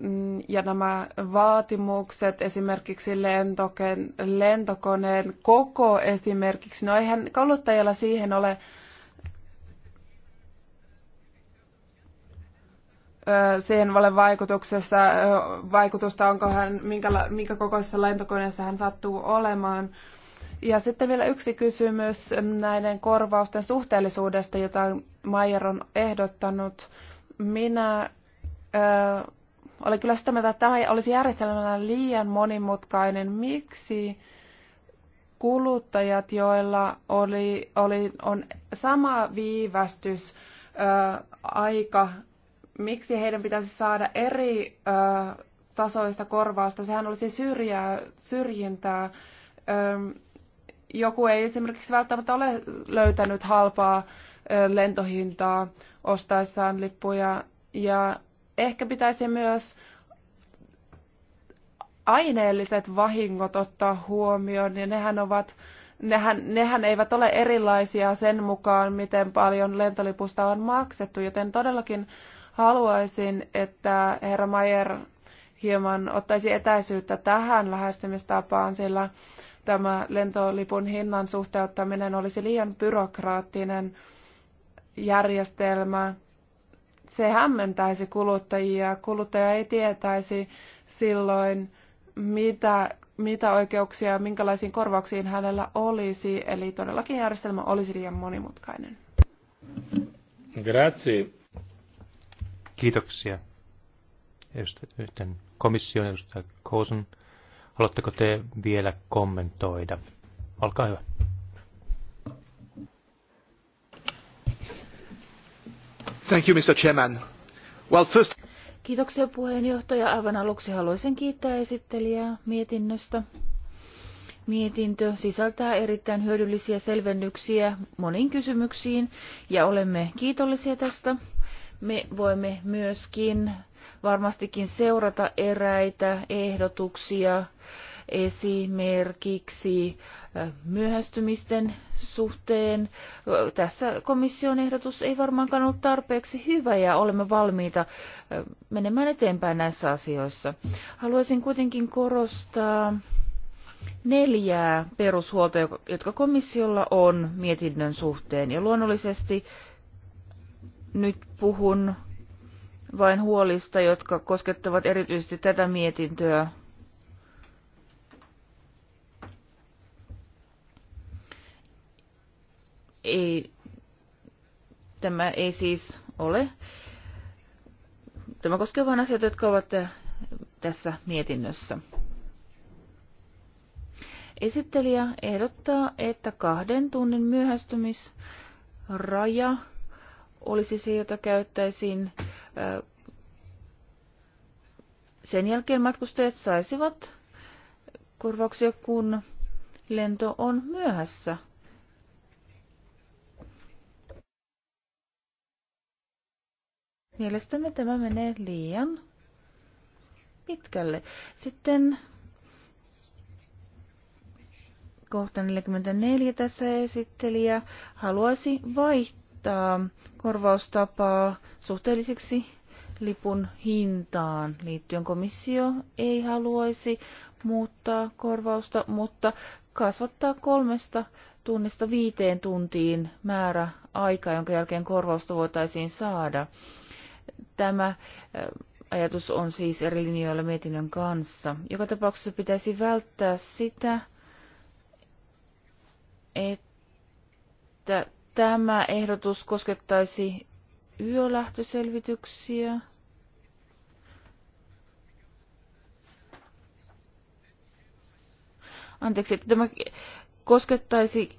mm, ja nämä vaatimukset esimerkiksi lentoken, lentokoneen koko esimerkiksi, no eihän kuluttajilla siihen ole siihen ole vaikutuksessa, vaikutusta, onko hän, minkä, minkä kokoisessa lentokoneessa hän sattuu olemaan. Ja sitten vielä yksi kysymys näiden korvausten suhteellisuudesta, jota Maier on ehdottanut. Minä ö, olen kyllä sitä mieltä, että tämä olisi järjestelmänä liian monimutkainen. Miksi kuluttajat, joilla oli, oli, on sama viivästys, ö, aika miksi heidän pitäisi saada eri ö, tasoista korvausta. Sehän olisi syrjää, syrjintää. Ö, joku ei esimerkiksi välttämättä ole löytänyt halpaa ö, lentohintaa ostaessaan lippuja. Ja ehkä pitäisi myös aineelliset vahingot ottaa huomioon, ja nehän ovat nehän, nehän eivät ole erilaisia sen mukaan, miten paljon lentolipusta on maksettu, joten todellakin Haluaisin, että herra Mayer hieman ottaisi etäisyyttä tähän lähestymistapaan, sillä tämä lentolipun hinnan suhteuttaminen olisi liian byrokraattinen järjestelmä. Se hämmentäisi kuluttajia. Kuluttaja ei tietäisi silloin, mitä, mitä oikeuksia ja minkälaisiin korvauksiin hänellä olisi. Eli todellakin järjestelmä olisi liian monimutkainen. Grazie. Kiitoksia. Yhten komission edustaja Kousen. Haluatteko te vielä kommentoida? Olkaa hyvä. Thank you, Mr. Chairman. Well, first... Kiitoksia puheenjohtaja. Aivan aluksi haluaisin kiittää esittelijää mietinnöstä. Mietintö sisältää erittäin hyödyllisiä selvennyksiä moniin kysymyksiin ja olemme kiitollisia tästä. Me voimme myöskin varmastikin seurata eräitä ehdotuksia esimerkiksi myöhästymisten suhteen. Tässä komission ehdotus ei varmaankaan ollut tarpeeksi hyvä ja olemme valmiita menemään eteenpäin näissä asioissa. Haluaisin kuitenkin korostaa neljää perushuolta, jotka komissiolla on mietinnön suhteen. Ja luonnollisesti nyt puhun vain huolista, jotka koskettavat erityisesti tätä mietintöä. Ei, tämä ei siis ole. Tämä koskee vain asioita, jotka ovat tässä mietinnössä. Esittelijä ehdottaa, että kahden tunnin myöhästymisraja olisi se, jota käyttäisiin sen jälkeen matkustajat saisivat korvauksia, kun lento on myöhässä. Mielestämme tämä menee liian pitkälle. Sitten kohta 44 tässä esittelijä haluaisi vaihtaa asettaa korvaustapaa suhteelliseksi lipun hintaan liittyen. Komissio ei haluaisi muuttaa korvausta, mutta kasvattaa kolmesta tunnista viiteen tuntiin määrä aika, jonka jälkeen korvausta voitaisiin saada. Tämä äh, ajatus on siis eri linjoilla mietinnön kanssa. Joka tapauksessa pitäisi välttää sitä, että tämä ehdotus koskettaisi yölähtöselvityksiä. Anteeksi, että tämä koskettaisi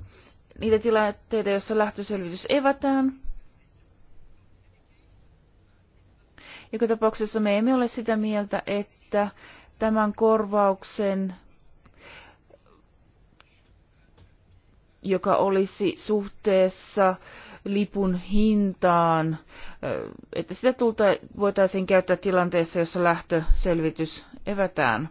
niitä tilanteita, joissa lähtöselvitys evätään. Joka tapauksessa me emme ole sitä mieltä, että tämän korvauksen joka olisi suhteessa lipun hintaan, että sitä tulta voitaisiin käyttää tilanteessa, jossa lähtöselvitys evätään.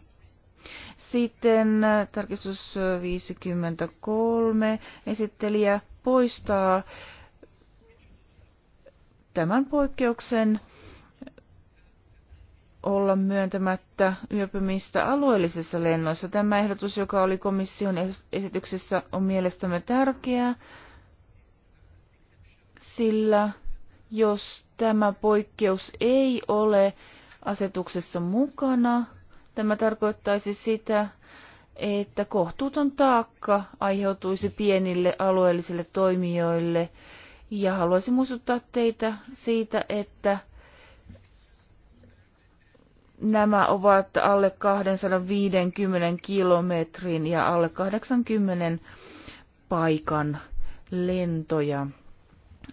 Sitten tarkistus 53 esittelijä poistaa tämän poikkeuksen olla myöntämättä yöpymistä alueellisissa lennoissa. Tämä ehdotus, joka oli komission esityksessä, on mielestämme tärkeä, sillä jos tämä poikkeus ei ole asetuksessa mukana, tämä tarkoittaisi sitä, että kohtuuton taakka aiheutuisi pienille alueellisille toimijoille. Ja haluaisin muistuttaa teitä siitä, että Nämä ovat alle 250 kilometrin ja alle 80 paikan lentoja.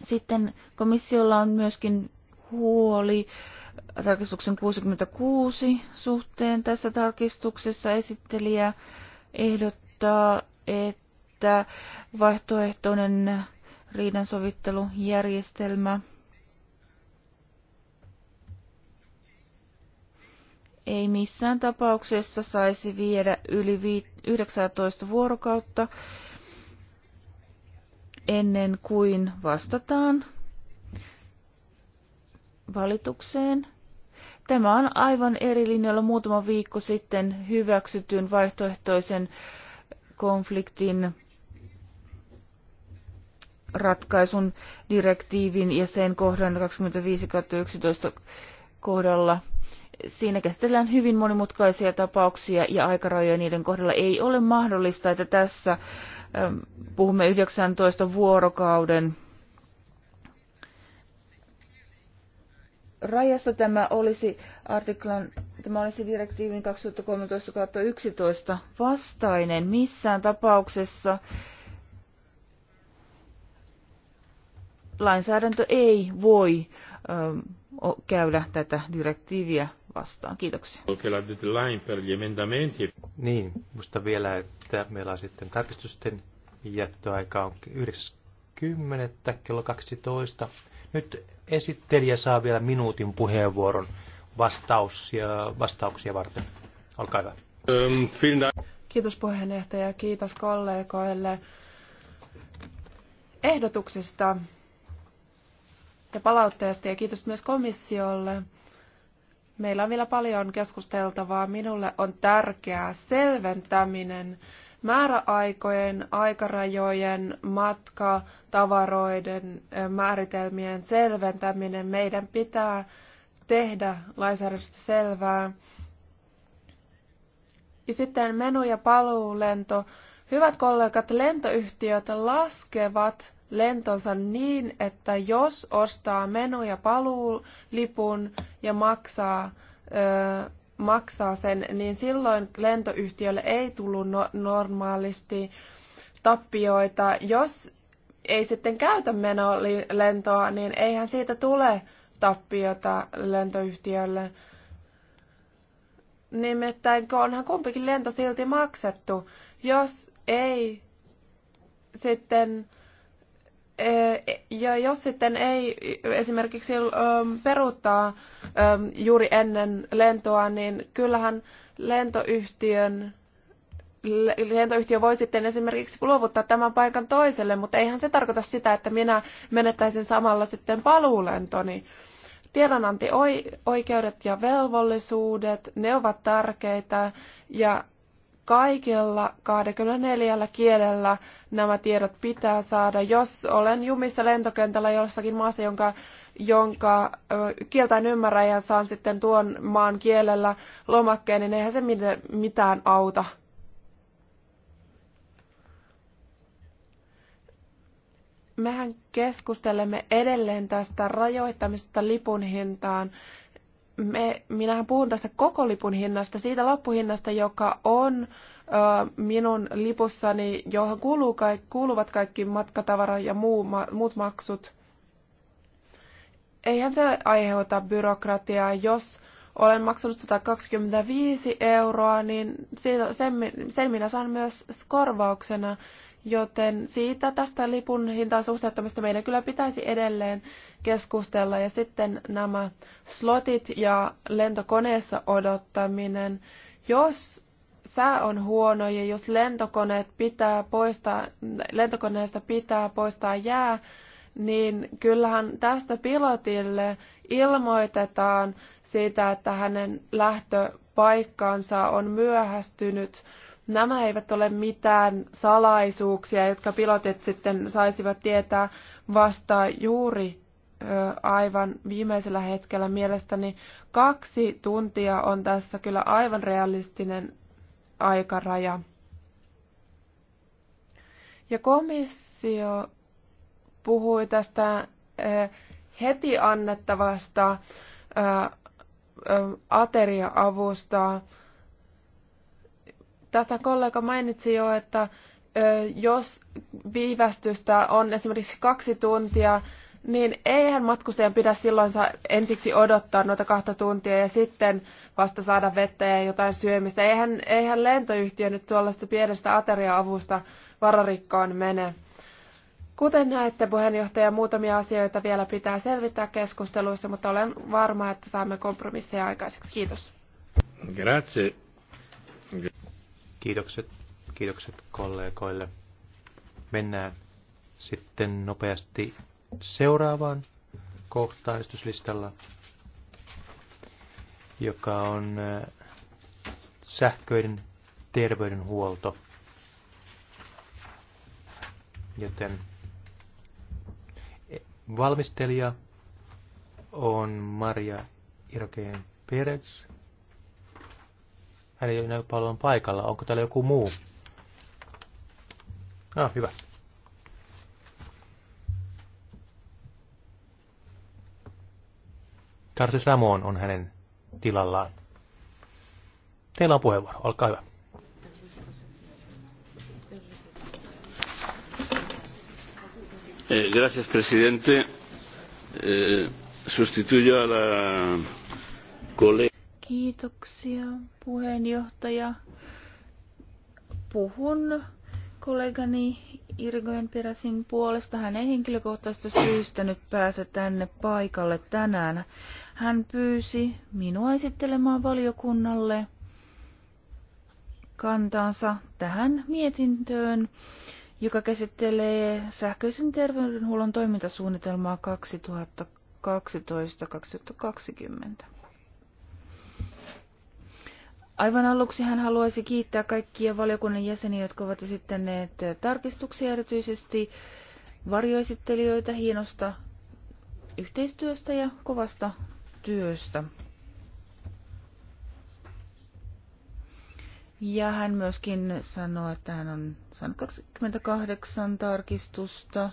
Sitten komissiolla on myöskin huoli tarkistuksen 66 suhteen. Tässä tarkistuksessa esittelijä ehdottaa, että vaihtoehtoinen riidansovittelujärjestelmä ei missään tapauksessa saisi viedä yli 19 vuorokautta ennen kuin vastataan valitukseen. Tämä on aivan eri linjalla muutama viikko sitten hyväksytyn vaihtoehtoisen konfliktin ratkaisun direktiivin ja sen kohdan 25-11 kohdalla Siinä käsitellään hyvin monimutkaisia tapauksia ja aikarajoja niiden kohdalla. Ei ole mahdollista, että tässä ähm, puhumme 19 vuorokauden rajassa tämä olisi artiklan, tämä olisi direktiivin 2013-11 vastainen missään tapauksessa. Lainsäädäntö ei voi ö, ähm, käydä tätä direktiiviä vastaan. Kiitoksia. Niin, musta vielä, että meillä on sitten tarkistusten jättöaika on 9.10. kello 12. Nyt esittelijä saa vielä minuutin puheenvuoron ja vastauksia varten. Olkaa hyvä. Ähm, kiitos puheenjohtaja, kiitos kollegoille ehdotuksista ja palautteesta ja kiitos myös komissiolle. Meillä on vielä paljon keskusteltavaa. Minulle on tärkeää selventäminen määräaikojen, aikarajojen, matka, tavaroiden, eh, määritelmien selventäminen. Meidän pitää tehdä lainsäädännöstä selvää. Ja sitten menu- ja paluulento. Hyvät kollegat, lentoyhtiöt laskevat lentonsa niin, että jos ostaa menu- ja paluulipun ja maksaa, ö, maksaa sen, niin silloin lentoyhtiölle ei tullut no- normaalisti tappioita. Jos ei sitten käytä menolentoa, niin eihän siitä tule tappiota lentoyhtiölle. Nimittäin onhan kumpikin lento silti maksettu. Jos ei sitten ja jos sitten ei esimerkiksi peruuttaa juuri ennen lentoa, niin kyllähän lentoyhtiön lentoyhtiö voi sitten esimerkiksi luovuttaa tämän paikan toiselle, mutta eihän se tarkoita sitä, että minä menettäisin samalla sitten paluulentoni. Tiedonanti oikeudet ja velvollisuudet, ne ovat tärkeitä ja kaikilla 24 kielellä nämä tiedot pitää saada. Jos olen jumissa lentokentällä jossakin maassa, jonka, jonka kieltä en ymmärrä ja saan sitten tuon maan kielellä lomakkeen, niin eihän se mitään auta. Mehän keskustelemme edelleen tästä rajoittamisesta lipun hintaan me, minähän puhun tästä koko lipun hinnasta, siitä loppuhinnasta, joka on ö, minun lipussani, johon kuuluu ka- kuuluvat kaikki matkatavara ja muu, ma, muut maksut. Eihän se aiheuta byrokratiaa, jos olen maksanut 125 euroa, niin siitä, sen, sen minä saan myös korvauksena. Joten siitä tästä lipun hintaan suhteuttamista meidän kyllä pitäisi edelleen keskustella. Ja sitten nämä slotit ja lentokoneessa odottaminen. Jos sää on huono ja jos lentokoneet pitää poistaa, lentokoneesta pitää poistaa jää, niin kyllähän tästä pilotille ilmoitetaan siitä, että hänen lähtöpaikkaansa on myöhästynyt Nämä eivät ole mitään salaisuuksia, jotka pilotit sitten saisivat tietää vasta juuri aivan viimeisellä hetkellä. Mielestäni kaksi tuntia on tässä kyllä aivan realistinen aikaraja. Ja komissio puhui tästä heti annettavasta ateriaavusta. avusta tässä kollega mainitsi jo, että jos viivästystä on esimerkiksi kaksi tuntia, niin eihän matkustajan pidä silloin ensiksi odottaa noita kahta tuntia ja sitten vasta saada vettä ja jotain syömistä. Eihän, eihän lentoyhtiö nyt tuollaista pienestä ateria-avusta vararikkoon mene. Kuten näette, puheenjohtaja, muutamia asioita vielä pitää selvittää keskusteluissa, mutta olen varma, että saamme kompromisseja aikaiseksi. Kiitos. Grazie. Kiitokset, kiitokset kollegoille. Mennään sitten nopeasti seuraavaan kohtaistuslistalla, joka on äh, sähköinen terveydenhuolto. Joten e, valmistelija on Maria Irokeen Perez. Hän ei näy paljon paikalla. Onko täällä joku muu? Ah, hyvä. Tarsis Ramon on hänen tilallaan. Teillä on puheenvuoro, olkaa hyvä. Eh, gracias, presidente. Eh, sustituyo a la colega. Kiitoksia puheenjohtaja. Puhun kollegani Irgojen Peräsin puolesta. Hän ei henkilökohtaisesta syystä nyt pääse tänne paikalle tänään. Hän pyysi minua esittelemään valiokunnalle kantansa tähän mietintöön, joka käsittelee sähköisen terveydenhuollon toimintasuunnitelmaa 2012-2020. Aivan aluksi hän haluaisi kiittää kaikkia valiokunnan jäseniä, jotka ovat esittäneet tarkistuksia erityisesti varjoesittelijöitä hienosta yhteistyöstä ja kovasta työstä. Ja hän myöskin sanoi, että hän on saanut 28 tarkistusta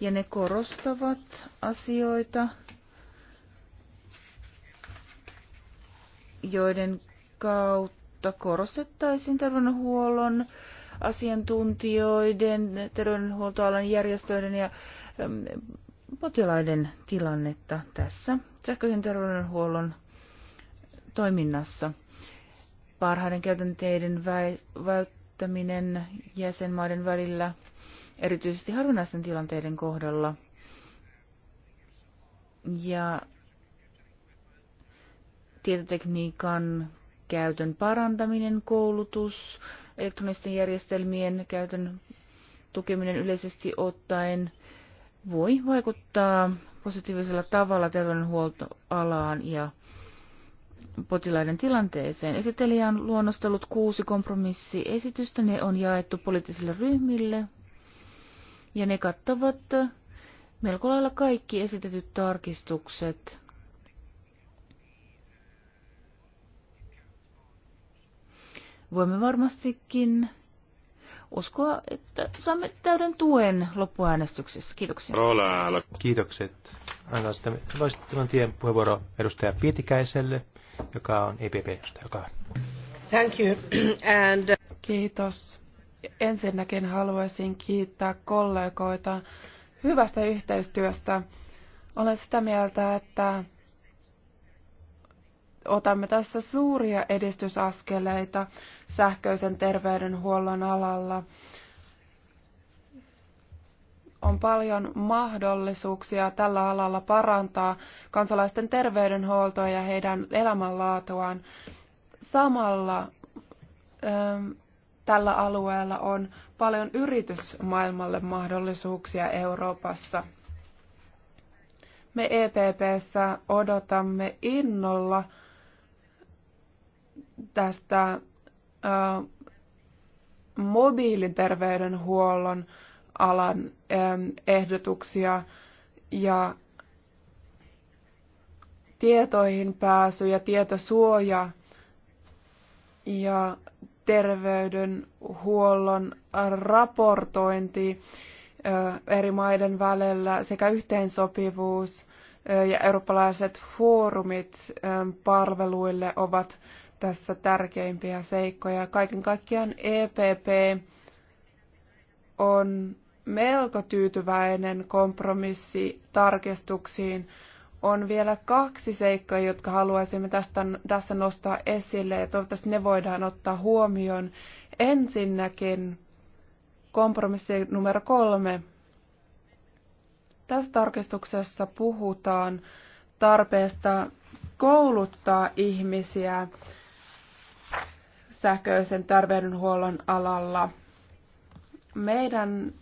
ja ne korostavat asioita, joiden kautta korostettaisiin terveydenhuollon asiantuntijoiden, terveydenhuoltoalan järjestöiden ja potilaiden tilannetta tässä sähköisen terveydenhuollon toiminnassa. Parhaiden käytänteiden välttäminen jäsenmaiden välillä, erityisesti harvinaisten tilanteiden kohdalla. Ja tietotekniikan käytön parantaminen, koulutus, elektronisten järjestelmien käytön tukeminen yleisesti ottaen voi vaikuttaa positiivisella tavalla terveydenhuoltoalaan ja potilaiden tilanteeseen. Esittelijä on luonnostellut kuusi kompromissiesitystä. Ne on jaettu poliittisille ryhmille ja ne kattavat melko lailla kaikki esitetyt tarkistukset. voimme varmastikin uskoa, että saamme täyden tuen loppuäänestyksessä. Kiitoksia. Kiitokset. Annan sitten loistettavan tien puheenvuoro edustaja Pietikäiselle, joka on epp Joka... Thank you. [clears throat] And... Uh, Kiitos. Ensinnäkin haluaisin kiittää kollegoita hyvästä yhteistyöstä. Olen sitä mieltä, että otamme tässä suuria edistysaskeleita sähköisen terveydenhuollon alalla. On paljon mahdollisuuksia tällä alalla parantaa kansalaisten terveydenhuoltoa ja heidän elämänlaatuaan. Samalla ähm, tällä alueella on paljon yritysmaailmalle mahdollisuuksia Euroopassa. Me EPPssä odotamme innolla tästä mobiiliterveydenhuollon alan ehdotuksia ja tietoihin pääsy ja tietosuoja ja terveydenhuollon raportointi eri maiden välillä sekä yhteensopivuus ja eurooppalaiset foorumit palveluille ovat tässä tärkeimpiä seikkoja. Kaiken kaikkiaan EPP on melko tyytyväinen tarkistuksiin. On vielä kaksi seikkaa, jotka haluaisimme tästä, tässä nostaa esille ja toivottavasti ne voidaan ottaa huomioon. Ensinnäkin kompromissi numero kolme. Tässä tarkistuksessa puhutaan tarpeesta kouluttaa ihmisiä sähköisen terveydenhuollon alalla. Meidän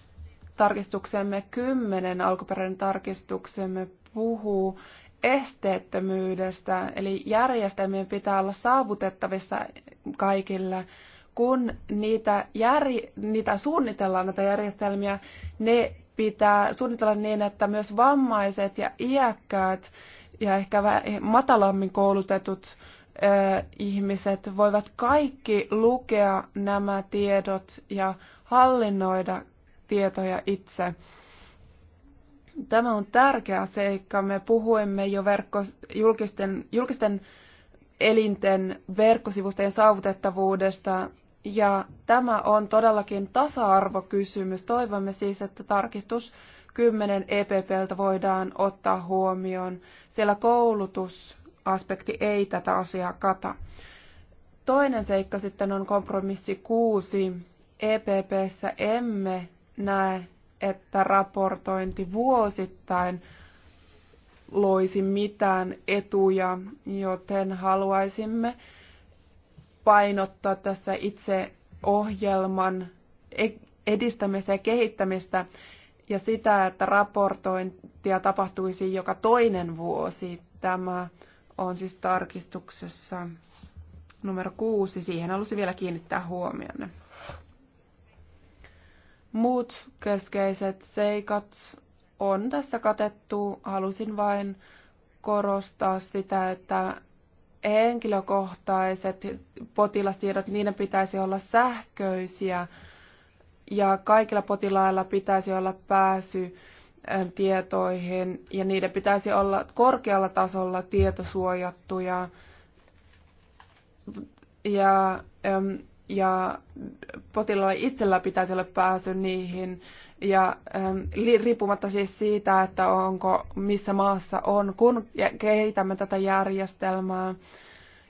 tarkistuksemme 10, alkuperäinen tarkistuksemme puhuu esteettömyydestä, eli järjestelmien pitää olla saavutettavissa kaikille. Kun niitä, jär, niitä suunnitellaan, näitä järjestelmiä, ne pitää suunnitella niin, että myös vammaiset ja iäkkäät ja ehkä matalammin koulutetut ihmiset voivat kaikki lukea nämä tiedot ja hallinnoida tietoja itse. Tämä on tärkeä seikka. Me puhuimme jo verkko, julkisten, julkisten elinten verkkosivustojen saavutettavuudesta, ja tämä on todellakin tasa-arvokysymys. Toivomme siis, että tarkistus 10 EPPltä voidaan ottaa huomioon, siellä koulutus aspekti ei tätä asiaa kata. Toinen seikka sitten on kompromissi kuusi. EPPssä emme näe, että raportointi vuosittain loisi mitään etuja, joten haluaisimme painottaa tässä itse ohjelman e- edistämistä ja kehittämistä ja sitä, että raportointia tapahtuisi joka toinen vuosi. Tämä on siis tarkistuksessa numero kuusi. Siihen halusin vielä kiinnittää huomionne. Muut keskeiset seikat on tässä katettu. Halusin vain korostaa sitä, että henkilökohtaiset potilastiedot, niiden pitäisi olla sähköisiä ja kaikilla potilailla pitäisi olla pääsy tietoihin ja niiden pitäisi olla korkealla tasolla tietosuojattuja ja, ja potilaalla itsellä pitäisi olla pääsy niihin ja riippumatta siis siitä, että onko missä maassa on, kun kehitämme tätä järjestelmää,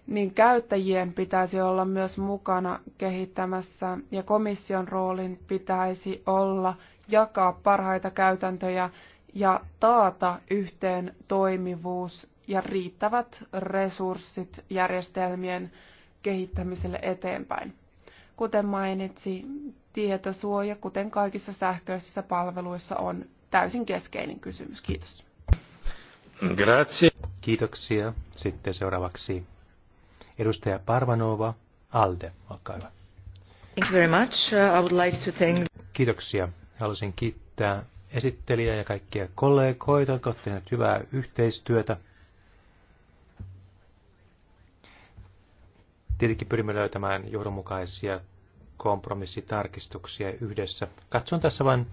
niin käyttäjien pitäisi olla myös mukana kehittämässä ja komission roolin pitäisi olla – jakaa parhaita käytäntöjä ja taata yhteen toimivuus ja riittävät resurssit järjestelmien kehittämiselle eteenpäin. Kuten mainitsi, tietosuoja, kuten kaikissa sähköisissä palveluissa, on täysin keskeinen kysymys. Kiitos. Grazie. Kiitoksia. Sitten seuraavaksi edustaja Parvanova, ALDE, olkaa hyvä. Thank you very much. Uh, I would like to thank... Kiitoksia. Haluaisin kiittää esittelijä ja kaikkia kollegoita, jotka ovat tehneet hyvää yhteistyötä. Tietenkin pyrimme löytämään johdonmukaisia kompromissitarkistuksia yhdessä. Katson tässä vain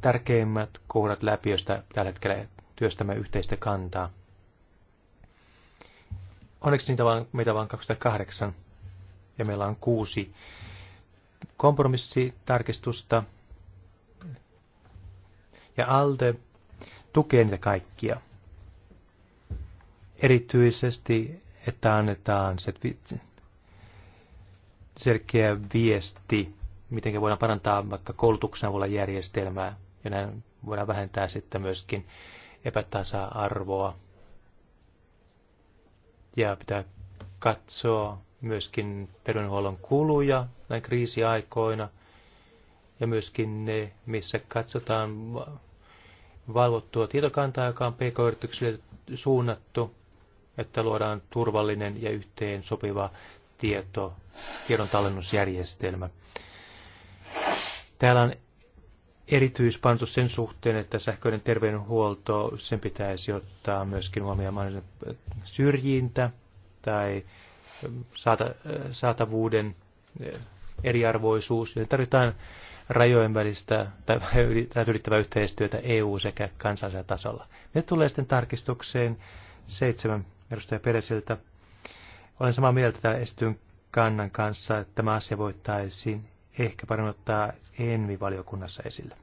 tärkeimmät kohdat läpi, joista tällä hetkellä työstämme yhteistä kantaa. Onneksi niitä vaan, meitä vaan 28 ja meillä on kuusi kompromissitarkistusta ja ALDE tukee niitä kaikkia. Erityisesti, että annetaan se selkeä viesti, miten voidaan parantaa vaikka koulutuksen avulla järjestelmää ja näin voidaan vähentää sitten myöskin epätasa-arvoa. Ja pitää katsoa myöskin terveydenhuollon kuluja näin kriisiaikoina ja myöskin ne, missä katsotaan valvottua tietokantaa, joka on pk-yrityksille suunnattu, että luodaan turvallinen ja yhteen sopiva tieto, tiedon tallennusjärjestelmä. Täällä on erityispantu sen suhteen, että sähköinen terveydenhuolto, sen pitäisi ottaa myöskin huomioon mahdollinen syrjintä tai saatavuuden eh, eriarvoisuus. Eli tarvitaan rajojen välistä tai [laughs] yrittävää yhteistyötä EU- sekä kansallisella tasolla. Nyt tulee sitten tarkistukseen seitsemän edustaja Peresiltä. Olen samaa mieltä tämän esityn kannan kanssa, että tämä asia voittaisiin ehkä paremmin ottaa ENVI-valiokunnassa esille.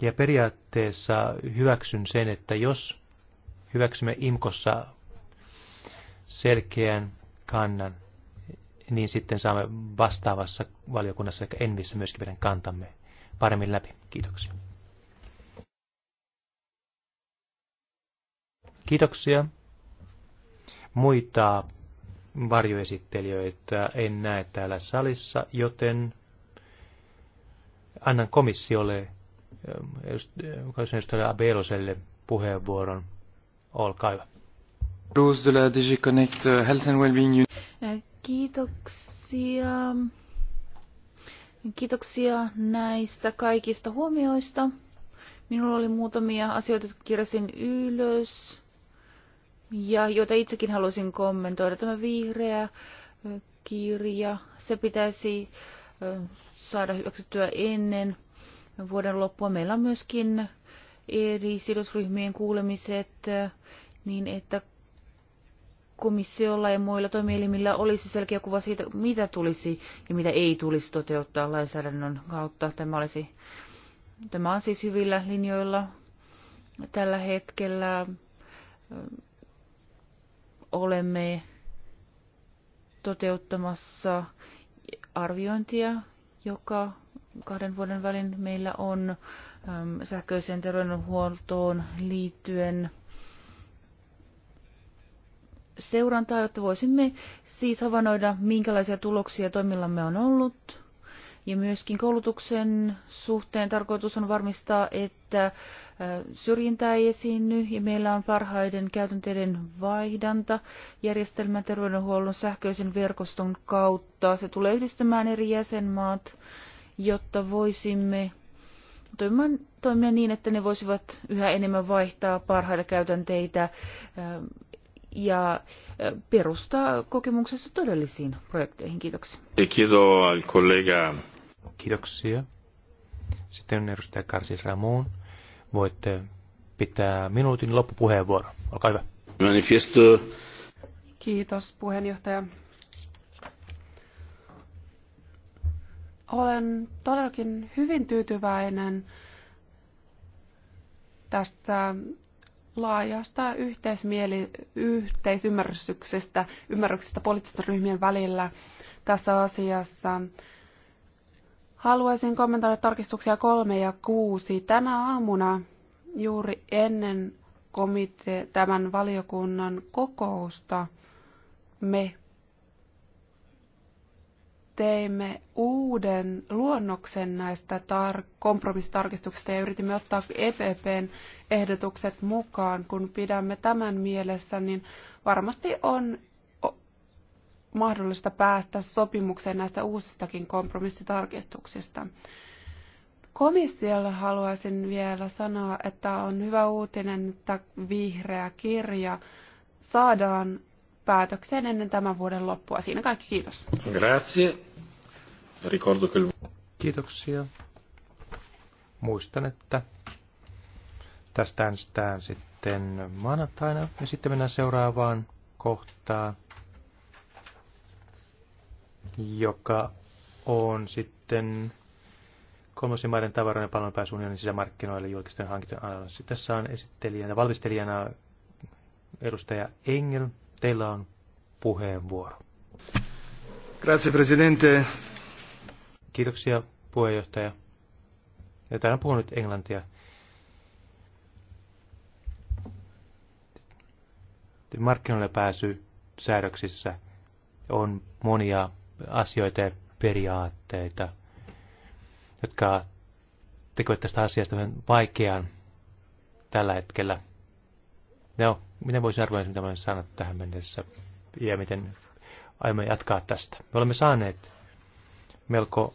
Ja periaatteessa hyväksyn sen, että jos hyväksymme IMKossa selkeän kannan, niin sitten saamme vastaavassa valiokunnassa, eli Envissä myöskin meidän kantamme paremmin läpi. Kiitoksia. Kiitoksia. Muita varjoesittelijöitä en näe täällä salissa, joten annan komissiolle, jos Abeloselle puheenvuoron. Olkaa hyvä. Bruce de la DG Connect uh, Health and Wellbeing eh, Kiitoksia. Kiitoksia näistä kaikista huomioista. Minulla oli muutamia asioita, jotka kirjasin ylös ja joita itsekin halusin kommentoida. Tämä vihreä kirja, se pitäisi saada hyväksyttyä ennen vuoden loppua. Meillä on myöskin eri sidosryhmien kuulemiset niin, että komissiolla ja muilla toimielimillä olisi selkeä kuva siitä, mitä tulisi ja mitä ei tulisi toteuttaa lainsäädännön kautta. Tämä, olisi, tämä on siis hyvillä linjoilla tällä hetkellä. Olemme toteuttamassa arviointia, joka kahden vuoden välin meillä on sähköiseen terveydenhuoltoon liittyen seurantaa, jotta voisimme siis havainnoida, minkälaisia tuloksia toimillamme on ollut. Ja myöskin koulutuksen suhteen tarkoitus on varmistaa, että syrjintää ei esiinny ja meillä on parhaiden käytänteiden vaihdanta järjestelmän terveydenhuollon sähköisen verkoston kautta. Se tulee yhdistämään eri jäsenmaat, jotta voisimme toimia niin, että ne voisivat yhä enemmän vaihtaa parhaita käytänteitä ja perustaa kokemuksessa todellisiin projekteihin. Kiitoksia. E Kiitoksia. Sitten edustaja Karsis Ramon. Voitte pitää minuutin loppupuheenvuoro. Olkaa hyvä. Manifesto. Kiitos puheenjohtaja. Olen todellakin hyvin tyytyväinen tästä laajasta yhteismieli, yhteisymmärryksestä ymmärryksestä poliittisten ryhmien välillä tässä asiassa. Haluaisin kommentoida tarkistuksia kolme ja kuusi. Tänä aamuna juuri ennen komite- tämän valiokunnan kokousta me teimme uuden luonnoksen näistä tar- kompromissitarkistuksista ja yritimme ottaa EPPn ehdotukset mukaan. Kun pidämme tämän mielessä, niin varmasti on mahdollista päästä sopimukseen näistä uusistakin kompromissitarkistuksista. Komissiolle haluaisin vielä sanoa, että on hyvä uutinen, että vihreä kirja saadaan päätökseen ennen tämän vuoden loppua. Siinä kaikki, kiitos. Grazie. Ricordo che... Kiitoksia. Muistan, että tästä äänestetään sitten maanantaina ja sitten mennään seuraavaan kohtaan, joka on sitten kolmosin maiden tavaroiden ja palvelunpääsunionin sisämarkkinoille julkisten hankintojen analyyssi. Tässä on esittelijänä, valmistelijana edustaja Engel. Teillä on puheenvuoro. Grazie, presidente. Kiitoksia, puheenjohtaja. Ja täällä puhun nyt englantia. Markkinoille pääsy säädöksissä on monia asioita ja periaatteita, jotka tekevät tästä asiasta vaikean tällä hetkellä. No, minä voisin arvioida, mitä olen saanut tähän mennessä ja miten aiomme jatkaa tästä. Me olemme saaneet melko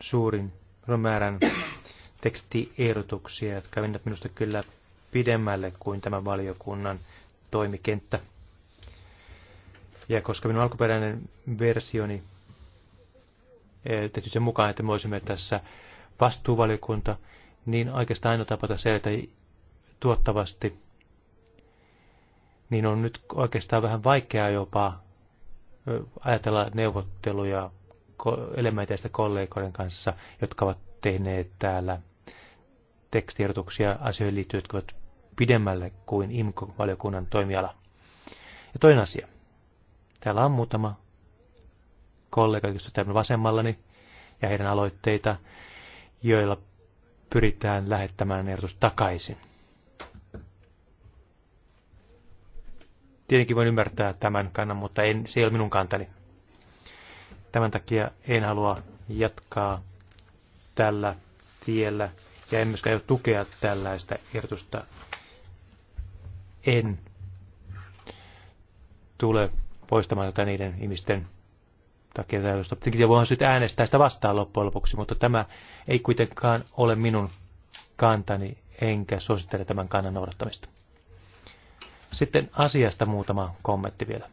suurin määrän tekstiehdotuksia, jotka menivät minusta kyllä pidemmälle kuin tämä valiokunnan toimikenttä. Ja koska minun alkuperäinen versioni eh, tehty sen mukaan, että me olisimme tässä vastuuvaliokunta, niin oikeastaan ainoa tapa tässä edetä tuottavasti niin on nyt oikeastaan vähän vaikeaa jopa ajatella neuvotteluja elementeistä kollegoiden kanssa, jotka ovat tehneet täällä tekstiedotuksia asioihin liittyen, jotka ovat pidemmälle kuin IMCO-valiokunnan toimiala. Ja toinen asia. Täällä on muutama kollega, jotka tämän vasemmallani, ja heidän aloitteita, joilla pyritään lähettämään ehdotus takaisin Tietenkin voin ymmärtää tämän kannan, mutta en, se ei ole minun kantani. Tämän takia en halua jatkaa tällä tiellä ja en myöskään jo tukea tällaista ehdotusta. En tule poistamaan tätä niiden ihmisten takia Tietenkin voi sitten äänestää sitä vastaan loppujen lopuksi, mutta tämä ei kuitenkaan ole minun kantani, enkä suosittele tämän kannan noudattamista. Sitten asiasta muutama kommentti vielä.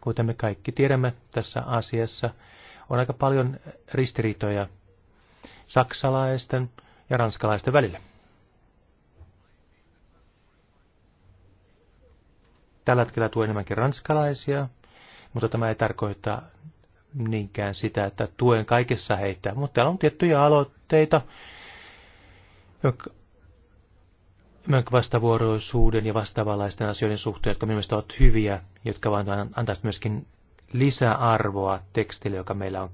Kuten me kaikki tiedämme tässä asiassa, on aika paljon ristiriitoja saksalaisten ja ranskalaisten välillä. Tällä hetkellä tuen enemmänkin ranskalaisia, mutta tämä ei tarkoita niinkään sitä, että tuen kaikessa heitä. Mutta täällä on tiettyjä aloitteita, jotka vastavuoroisuuden ja vastaavanlaisten asioiden suhteen, jotka minusta ovat hyviä, jotka vaan antaisivat myöskin lisäarvoa tekstille, joka meillä on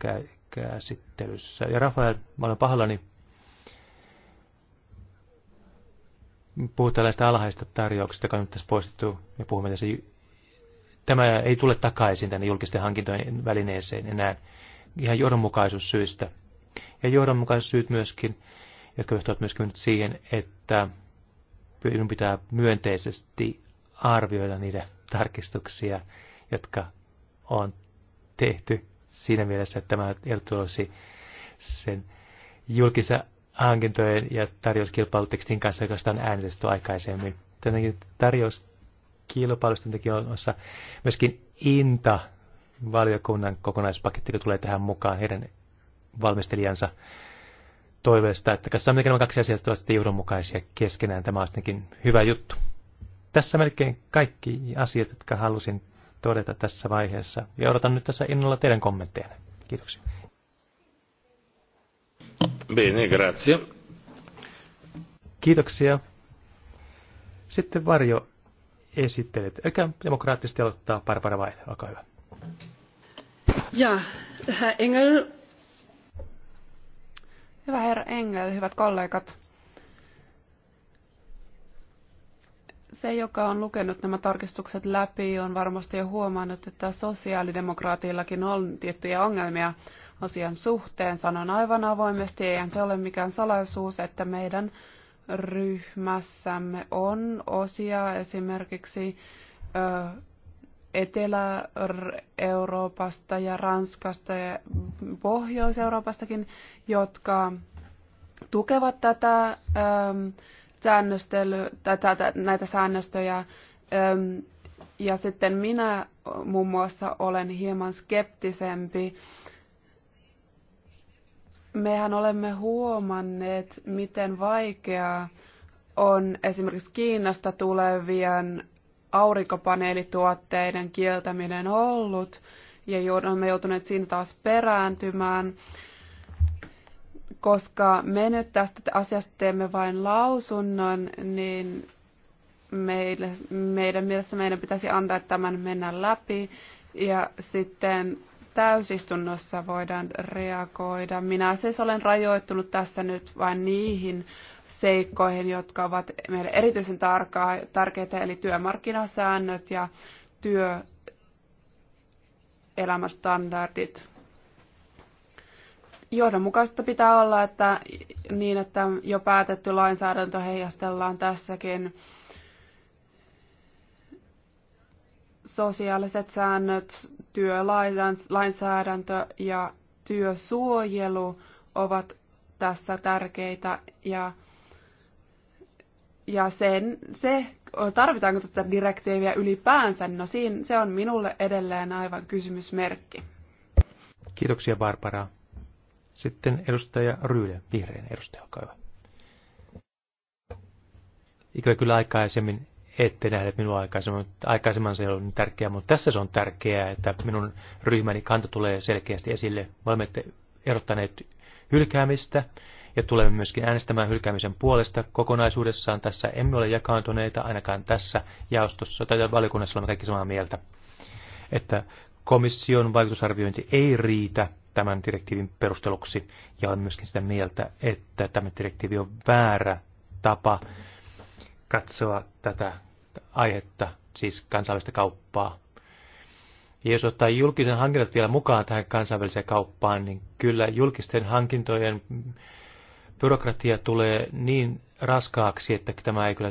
käsittelyssä. Ja Rafael, mä olen pahallani, puhut tällaista alhaista tarjouksista, joka on nyt tässä poistettu, ja puhumme tässä, tämä ei tule takaisin tänne julkisten hankintojen välineeseen enää ihan johdonmukaisuussyistä. Ja johdonmukaisuussyyt myöskin, jotka johtavat myöskin nyt siihen, että minun pitää myönteisesti arvioida niitä tarkistuksia, jotka on tehty siinä mielessä, että tämä ehdotus olisi sen julkisen hankintojen ja tarjouskilpailutekstin kanssa, joka on äänestetty aikaisemmin. Tietenkin on osa myöskin INTA valiokunnan kokonaispaketti, joka tulee tähän mukaan, heidän valmistelijansa toiveesta, että tässä on nämä kaksi asiaa ovat johdonmukaisia keskenään. Tämä on hyvä juttu. Tässä melkein kaikki asiat, jotka halusin todeta tässä vaiheessa. Ja odotan nyt tässä innolla teidän kommentteja. Kiitoksia. Bene, grazie. Kiitoksia. Sitten Varjo esittelet. Eikä demokraattisesti aloittaa Barbara Vain, olkaa hyvä. Ja, herra Engel, Hyvä herra Engel, hyvät kollegat. Se, joka on lukenut nämä tarkistukset läpi, on varmasti jo huomannut, että sosiaalidemokraatillakin on tiettyjä ongelmia asian suhteen. Sanon aivan avoimesti, eihän se ole mikään salaisuus, että meidän ryhmässämme on osia esimerkiksi ö, Etelä-Euroopasta ja Ranskasta ja Pohjois-Euroopastakin, jotka tukevat tätä, äm, säännöstely, tätä, tätä, näitä säännöstöjä. Äm, ja sitten minä muun muassa olen hieman skeptisempi. Mehän olemme huomanneet, miten vaikeaa on esimerkiksi Kiinasta tulevien aurinkopaneelituotteiden kieltäminen ollut, ja olemme joutuneet siinä taas perääntymään, koska me nyt tästä asiasta teemme vain lausunnon, niin meille, meidän mielessä meidän pitäisi antaa tämän mennä läpi, ja sitten täysistunnossa voidaan reagoida. Minä siis olen rajoittunut tässä nyt vain niihin seikkoihin, jotka ovat meille erityisen tärkeitä, eli työmarkkinasäännöt ja työelämästandardit. Johdonmukaista pitää olla, että niin, että jo päätetty lainsäädäntö heijastellaan tässäkin. Sosiaaliset säännöt, työlainsäädäntö ja työsuojelu ovat tässä tärkeitä ja ja sen, se, tarvitaanko tätä direktiiviä ylipäänsä, no siinä, se on minulle edelleen aivan kysymysmerkki. Kiitoksia Barbara. Sitten edustaja Ryyle, vihreän edustaja, olkaa hyvä. Ikävä kyllä aikaisemmin ette nähneet minua aikaisemmin. Aikaisemmin se ei ollut tärkeää, mutta tässä se on tärkeää, että minun ryhmäni kanta tulee selkeästi esille. Me olemme erottaneet hylkäämistä ja tulemme myöskin äänestämään hylkäämisen puolesta kokonaisuudessaan. Tässä emme ole jakaantuneita, ainakaan tässä jaostossa tai valiokunnassa olemme kaikki samaa mieltä, että komission vaikutusarviointi ei riitä tämän direktiivin perusteluksi ja olemme myöskin sitä mieltä, että tämä direktiivi on väärä tapa katsoa tätä aihetta, siis kansainvälistä kauppaa. Ja jos ottaa julkisen hankinnat vielä mukaan tähän kansainväliseen kauppaan, niin kyllä julkisten hankintojen byrokratia tulee niin raskaaksi, että tämä ei kyllä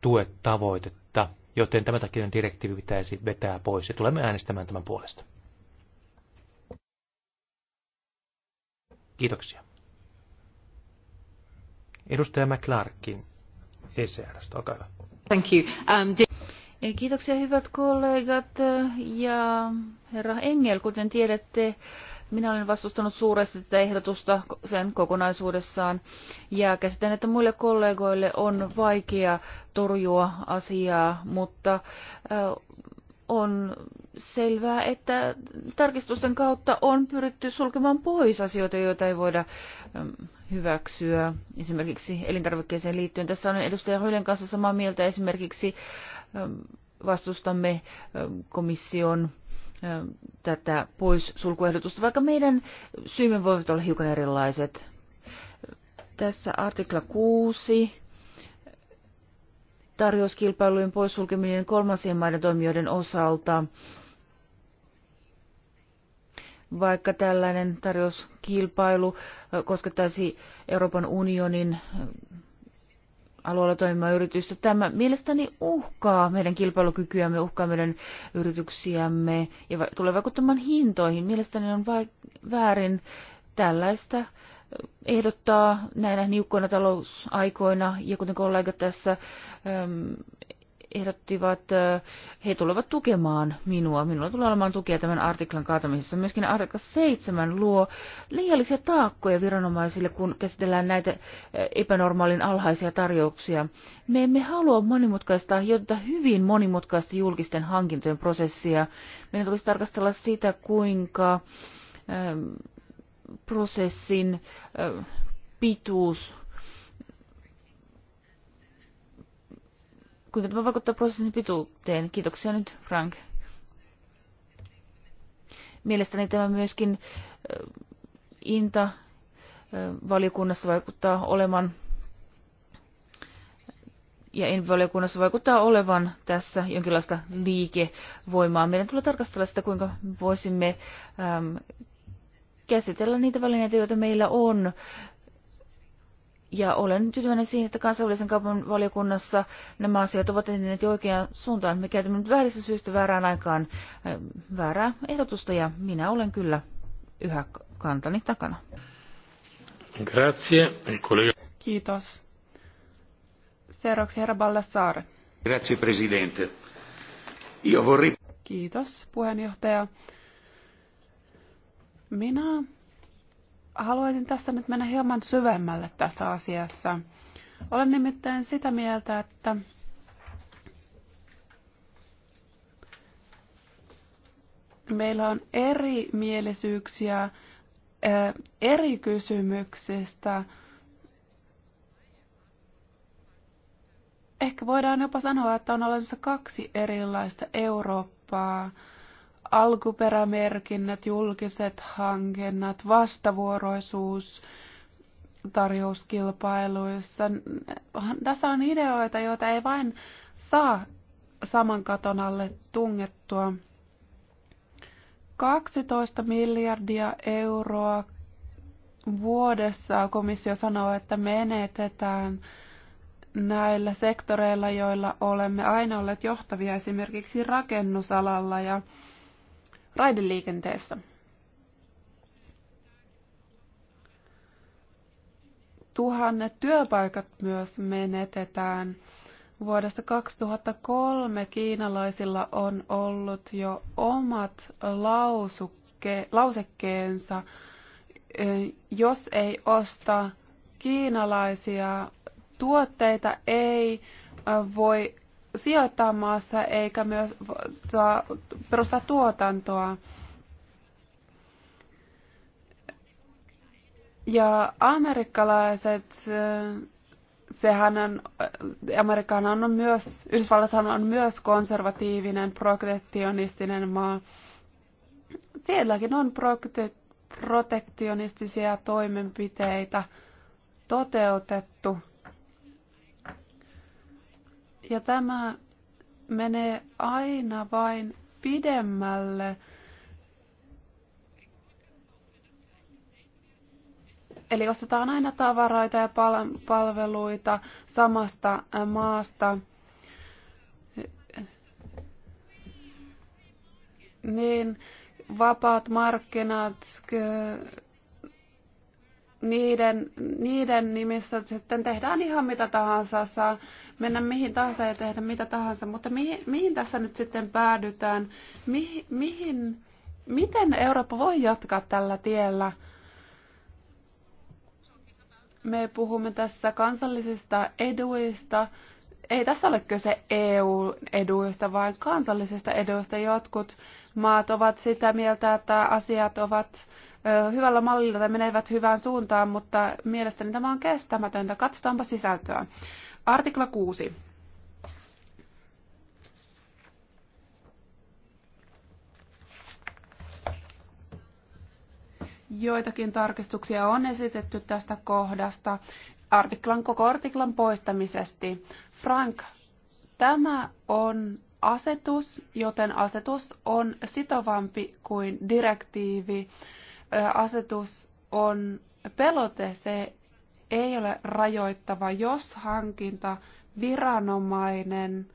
tue tavoitetta, joten tämän takia direktiivi pitäisi vetää pois ja tulemme äänestämään tämän puolesta. Kiitoksia. Edustaja McClarkin ECRstä, olkaa hyvä. Thank you. Um, Kiitoksia hyvät kollegat ja herra Engel, kuten tiedätte, minä olen vastustanut suuresti tätä ehdotusta sen kokonaisuudessaan ja käsitän, että muille kollegoille on vaikea torjua asiaa, mutta on selvää, että tarkistusten kautta on pyritty sulkemaan pois asioita, joita ei voida hyväksyä. Esimerkiksi elintarvikkeeseen liittyen. Tässä on edustaja Hoilen kanssa samaa mieltä. Esimerkiksi vastustamme komission tätä pois sulkuehdotusta, vaikka meidän syymme voivat olla hiukan erilaiset. Tässä artikla 6 tarjouskilpailujen poissulkeminen kolmansien maiden toimijoiden osalta. Vaikka tällainen tarjouskilpailu koskettaisi Euroopan unionin alueella toimiva yritys. Tämä mielestäni uhkaa meidän kilpailukykyämme, uhkaa meidän yrityksiämme ja va- tulee vaikuttamaan hintoihin. Mielestäni on va- väärin tällaista ehdottaa näinä niukkoina talousaikoina, ja kuten kollega tässä äm, ehdottivat, he tulevat tukemaan minua. Minulla tulee olemaan tukea tämän artiklan kaatamisessa. Myöskin artikla 7 luo liiallisia taakkoja viranomaisille, kun käsitellään näitä epänormaalin alhaisia tarjouksia. Me emme halua monimutkaistaa jotta hyvin monimutkaista julkisten hankintojen prosessia. Meidän tulisi tarkastella sitä, kuinka prosessin pituus kuinka tämä vaikuttaa prosessin pituuteen. Kiitoksia nyt, Frank. Mielestäni tämä myöskin Inta valiokunnassa vaikuttaa olevan ja valiokunnassa vaikuttaa olevan tässä jonkinlaista liikevoimaa. Meidän tulee tarkastella sitä, kuinka voisimme ähm, käsitellä niitä välineitä, joita meillä on ja olen tyytyväinen siihen, että kansainvälisen kaupan valiokunnassa nämä asiat ovat edenneet oikeaan suuntaan. Me käytämme nyt väärissä syystä väärään aikaan eh, väärää ehdotusta ja minä olen kyllä yhä kantani takana. Grazie, kollega. Kiitos. Seuraavaksi herra Ballassaare. Grazie, presidente. Io vorrei... Kiitos, puheenjohtaja. Minä haluaisin tässä nyt mennä hieman syvemmälle tässä asiassa. Olen nimittäin sitä mieltä, että meillä on eri mielisyyksiä eri kysymyksistä. Ehkä voidaan jopa sanoa, että on olemassa kaksi erilaista Eurooppaa alkuperämerkinnät, julkiset hankinnat, vastavuoroisuus tarjouskilpailuissa. Tässä on ideoita, joita ei vain saa saman katon alle tungettua. 12 miljardia euroa vuodessa komissio sanoo, että menetetään näillä sektoreilla, joilla olemme aina olleet johtavia esimerkiksi rakennusalalla ja raideliikenteessä. Tuhannet työpaikat myös menetetään. Vuodesta 2003 kiinalaisilla on ollut jo omat lausukke, lausekkeensa. Jos ei osta kiinalaisia tuotteita, ei voi sijoittaa maassa eikä myös saa perustaa tuotantoa. Ja amerikkalaiset, sehän on, Amerikan on myös, Yhdysvallathan on myös konservatiivinen, protektionistinen maa. Sielläkin on prote, protektionistisia toimenpiteitä toteutettu – ja tämä menee aina vain pidemmälle. Eli ostetaan aina tavaroita ja palveluita samasta äh, maasta. Niin vapaat markkinat niiden, niiden nimissä sitten tehdään ihan mitä tahansa, saa mennä mihin tahansa ja tehdä mitä tahansa, mutta mihin, mihin tässä nyt sitten päädytään? Mihin, mihin, miten Eurooppa voi jatkaa tällä tiellä? Me puhumme tässä kansallisista eduista. Ei tässä ole kyse EU-eduista, vaan kansallisista eduista. Jotkut maat ovat sitä mieltä, että asiat ovat hyvällä mallilla tai menevät hyvään suuntaan, mutta mielestäni tämä on kestämätöntä. Katsotaanpa sisältöä. Artikla 6. Joitakin tarkistuksia on esitetty tästä kohdasta artiklan, koko artiklan poistamisesti. Frank, tämä on asetus, joten asetus on sitovampi kuin direktiivi asetus on pelote, se ei ole rajoittava, jos hankinta viranomainen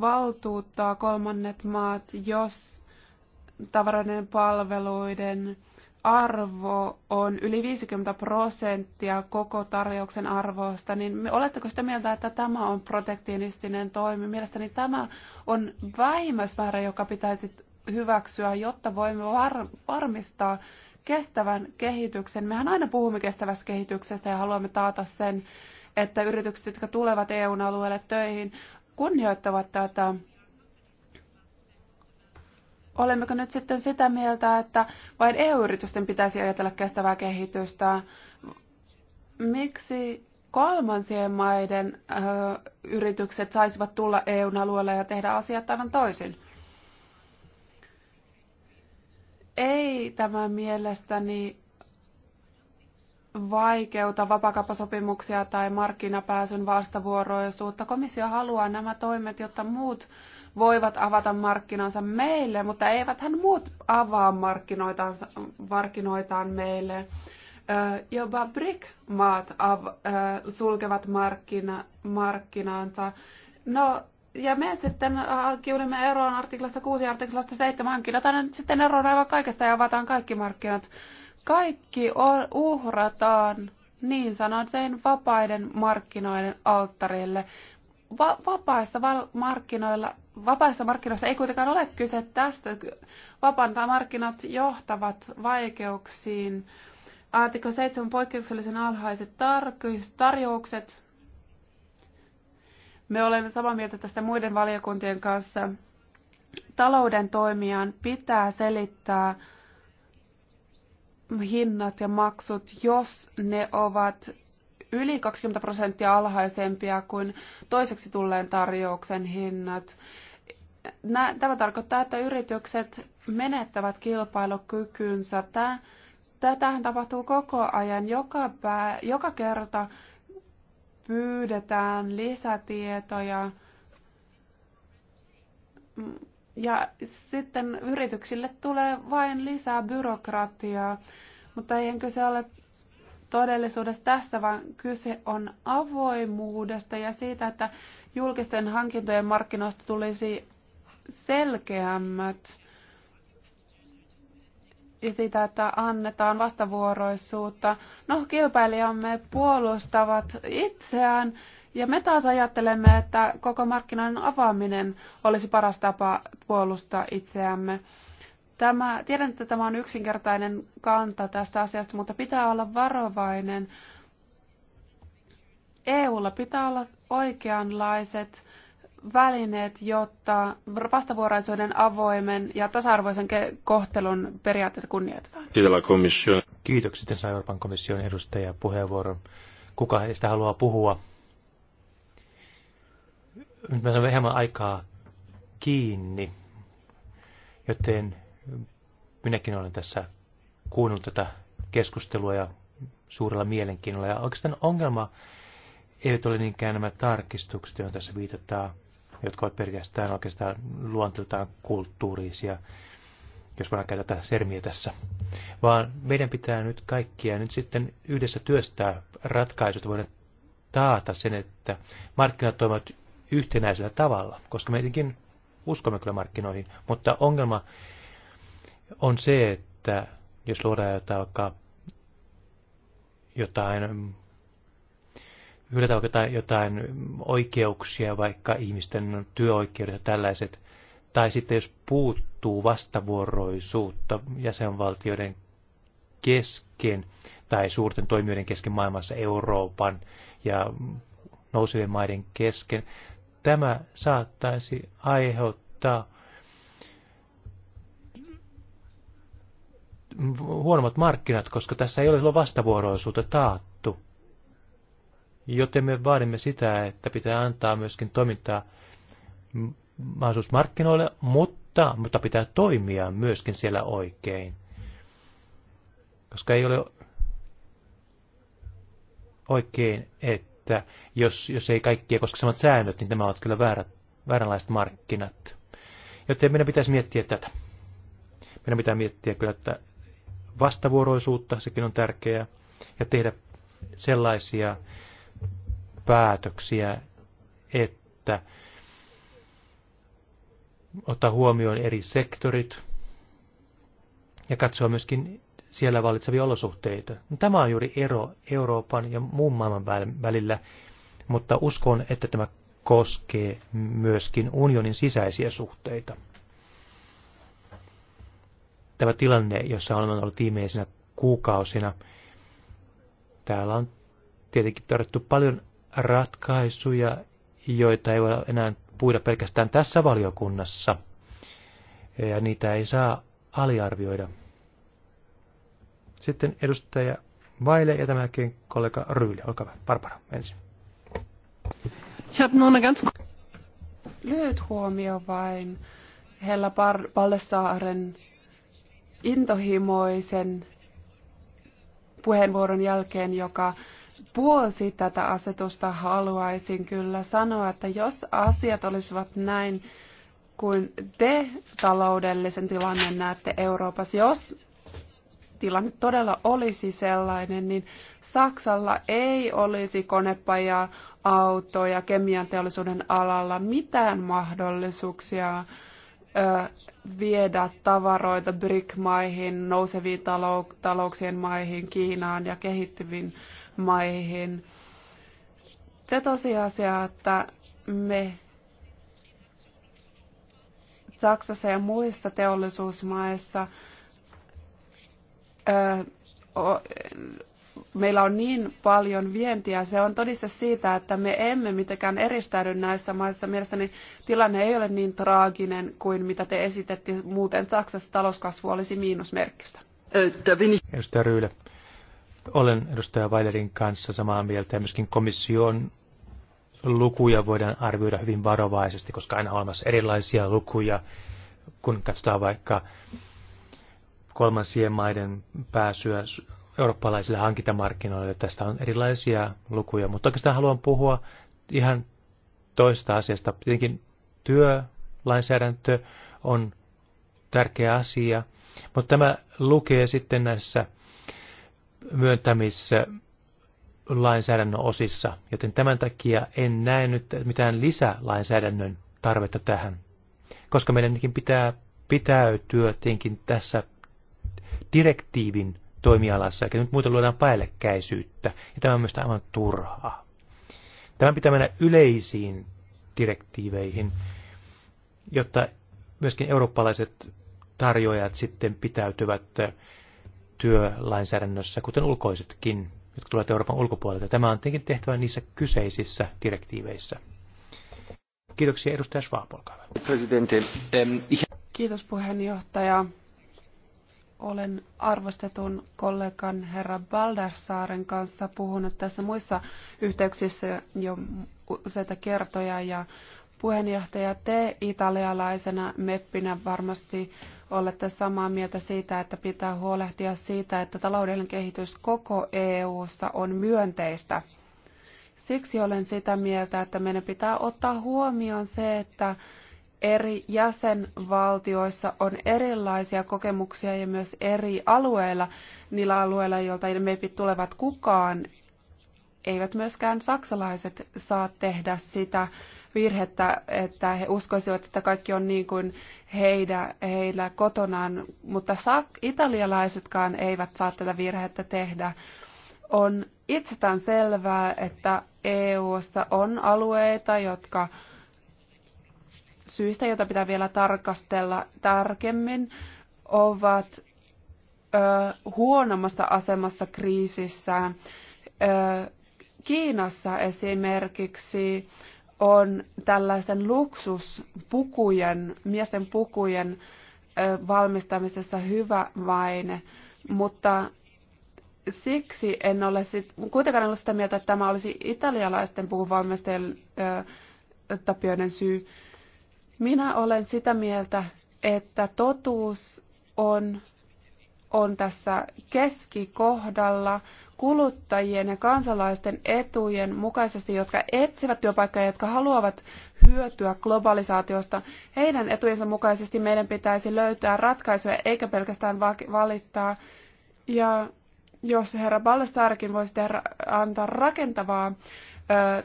valtuuttaa kolmannet maat, jos tavaroiden palveluiden arvo on yli 50 prosenttia koko tarjouksen arvosta, niin oletteko sitä mieltä, että tämä on protektionistinen toimi? Mielestäni tämä on vähimmäismäärä, joka pitäisi hyväksyä, jotta voimme var- varmistaa kestävän kehityksen. Mehän aina puhumme kestävästä kehityksestä ja haluamme taata sen, että yritykset, jotka tulevat EUn alueelle töihin, kunnioittavat tätä olemmeko nyt sitten sitä mieltä, että vain EU-yritysten pitäisi ajatella kestävää kehitystä? Miksi kolmansien maiden ö, yritykset saisivat tulla EUn alueelle ja tehdä asiat aivan toisin? Ei tämä mielestäni vaikeuta vapakapasopimuksia tai markkinapääsyn vastavuoroisuutta. Komissio haluaa nämä toimet, jotta muut voivat avata markkinansa meille, mutta eivät hän muut avaa markkinoitaan, markkinoitaan meille. Jopa BRIC-maat sulkevat markkina, markkinansa. No, ja me sitten kiulimme eroon artiklasta 6 ja artiklasta 7 hankinnataan sitten eroon aivan kaikesta ja avataan kaikki markkinat. Kaikki uhrataan niin sanotuin vapaiden markkinoiden alttarille va- vapaissa val- markkinoilla vapaissa markkinoissa ei kuitenkaan ole kyse tästä. Vapaan markkinat johtavat vaikeuksiin. Artikla 7 poikkeuksellisen alhaiset tarjoukset. Me olemme samaa mieltä tästä muiden valiokuntien kanssa. Talouden toimijan pitää selittää hinnat ja maksut, jos ne ovat yli 20 prosenttia alhaisempia kuin toiseksi tulleen tarjouksen hinnat. Tämä tarkoittaa, että yritykset menettävät kilpailukykynsä. Tätähän tapahtuu koko ajan. Joka, pää, joka kerta pyydetään lisätietoja ja sitten yrityksille tulee vain lisää byrokratiaa, mutta eihän se ole todellisuudessa tässä, vaan kyse on avoimuudesta ja siitä, että julkisten hankintojen markkinoista tulisi selkeämmät ja siitä, että annetaan vastavuoroisuutta. No, kilpailijamme puolustavat itseään ja me taas ajattelemme, että koko markkinan avaaminen olisi paras tapa puolustaa itseämme. Tämä, tiedän, että tämä on yksinkertainen kanta tästä asiasta, mutta pitää olla varovainen. EUlla pitää olla oikeanlaiset välineet, jotta vastavuoroisuuden avoimen ja tasa-arvoisen kohtelun periaatteet kunnioitetaan. Kiitoksia. Sitten Euroopan komission edustaja puheenvuoron. Kuka heistä haluaa puhua? Nyt mä saan vähemmän aikaa kiinni, joten Minäkin olen tässä kuunnellut tätä keskustelua ja suurella mielenkiinnolla. Ja oikeastaan ongelma ei ole niinkään nämä tarkistukset, joihin tässä viitataan, jotka ovat pelkästään oikeastaan luonteeltaan kulttuurisia, jos voidaan käydä tätä sermiä tässä. Vaan meidän pitää nyt kaikkia nyt sitten yhdessä työstää ratkaisut, voidaan taata sen, että markkinat toimivat yhtenäisellä tavalla, koska me uskomme kyllä markkinoihin, mutta ongelma on se, että jos luodaan jotain vaikka jotain vaikka jotain, jotain oikeuksia, vaikka ihmisten työoikeudet ja tällaiset, tai sitten jos puuttuu vastavuoroisuutta jäsenvaltioiden kesken tai suurten toimijoiden kesken maailmassa Euroopan ja nousevien maiden kesken, tämä saattaisi aiheuttaa huonommat markkinat, koska tässä ei ole silloin vastavuoroisuutta taattu. Joten me vaadimme sitä, että pitää antaa myöskin toimintaa mahdollisuus markkinoille, mutta, mutta pitää toimia myöskin siellä oikein. Koska ei ole oikein, että jos, jos ei kaikkia koske samat säännöt, niin nämä ovat kyllä väärät, vääränlaiset markkinat. Joten meidän pitäisi miettiä tätä. Meidän pitää miettiä kyllä, että vastavuoroisuutta, sekin on tärkeää, ja tehdä sellaisia päätöksiä, että ottaa huomioon eri sektorit ja katsoa myöskin siellä vallitsevia olosuhteita. No, tämä on juuri ero Euroopan ja muun maailman välillä, mutta uskon, että tämä koskee myöskin unionin sisäisiä suhteita tämä tilanne, jossa olemme olleet viimeisenä kuukausina. Täällä on tietenkin tarjottu paljon ratkaisuja, joita ei voi enää puida pelkästään tässä valiokunnassa. Ja niitä ei saa aliarvioida. Sitten edustaja Vaile ja tämäkin kollega Ryyli. Olkaa hyvä. Barbara ensin. No, no, Lyhyt huomio vain. Hella Bar- intohimoisen puheenvuoron jälkeen, joka puolsi tätä asetusta, haluaisin kyllä sanoa, että jos asiat olisivat näin kuin te taloudellisen tilanne näette Euroopassa, jos tilanne todella olisi sellainen, niin Saksalla ei olisi konepaja, autoja, kemianteollisuuden alalla mitään mahdollisuuksia viedä tavaroita BRIC-maihin, nouseviin talouksien maihin, Kiinaan ja kehittyviin maihin. Se tosiasia, että me Saksassa ja muissa teollisuusmaissa meillä on niin paljon vientiä, se on todiste siitä, että me emme mitenkään eristäydy näissä maissa. Mielestäni tilanne ei ole niin traaginen kuin mitä te esitette. Muuten Saksassa talouskasvu olisi miinusmerkkistä. Edustaja Ryylä, olen edustaja Weilerin kanssa samaa mieltä ja myöskin komission lukuja voidaan arvioida hyvin varovaisesti, koska aina on olemassa erilaisia lukuja, kun katsotaan vaikka kolmansien maiden pääsyä eurooppalaisille hankintamarkkinoille. Tästä on erilaisia lukuja, mutta oikeastaan haluan puhua ihan toista asiasta. Tietenkin työlainsäädäntö on tärkeä asia, mutta tämä lukee sitten näissä myöntämissä lainsäädännön osissa, joten tämän takia en näe nyt mitään lisälainsäädännön tarvetta tähän, koska meidänkin pitää pitäytyä tietenkin tässä direktiivin toimialassa, eikä nyt muuten luodaan päällekkäisyyttä, ja tämä on myös aivan turhaa. Tämän pitää mennä yleisiin direktiiveihin, jotta myöskin eurooppalaiset tarjoajat sitten pitäytyvät työlainsäädännössä, kuten ulkoisetkin, jotka tulevat Euroopan ulkopuolelta. Tämä on tietenkin tehtävä niissä kyseisissä direktiiveissä. Kiitoksia edustaja Schwab, olkaa hyvä. Kiitos puheenjohtaja olen arvostetun kollegan herra Baldassaaren kanssa puhunut tässä muissa yhteyksissä jo useita kertoja ja puheenjohtaja, te italialaisena meppinä varmasti olette samaa mieltä siitä, että pitää huolehtia siitä, että taloudellinen kehitys koko EU:ssa on myönteistä. Siksi olen sitä mieltä, että meidän pitää ottaa huomioon se, että eri jäsenvaltioissa on erilaisia kokemuksia ja myös eri alueilla, niillä alueilla, joilta mepit tulevat kukaan, eivät myöskään saksalaiset saa tehdä sitä virhettä, että he uskoisivat, että kaikki on niin kuin heidä, heillä kotonaan, mutta italialaisetkaan eivät saa tätä virhettä tehdä. On itsestään selvää, että EU:ssa on alueita, jotka syistä, joita pitää vielä tarkastella tarkemmin, ovat ö, huonommassa asemassa kriisissä. Ö, Kiinassa esimerkiksi on tällaisten luksuspukujen, miesten pukujen ö, valmistamisessa hyvä vaine, mutta siksi en ole sit, kuitenkaan en ole sitä mieltä, että tämä olisi italialaisten pukuvalmistajien tapioiden syy. Ö, minä olen sitä mieltä, että totuus on, on tässä keskikohdalla kuluttajien ja kansalaisten etujen mukaisesti, jotka etsivät työpaikkoja, jotka haluavat hyötyä globalisaatiosta. Heidän etujensa mukaisesti meidän pitäisi löytää ratkaisuja eikä pelkästään valittaa. Ja jos herra Ballestaarikin voisi tehdä, antaa rakentavaa,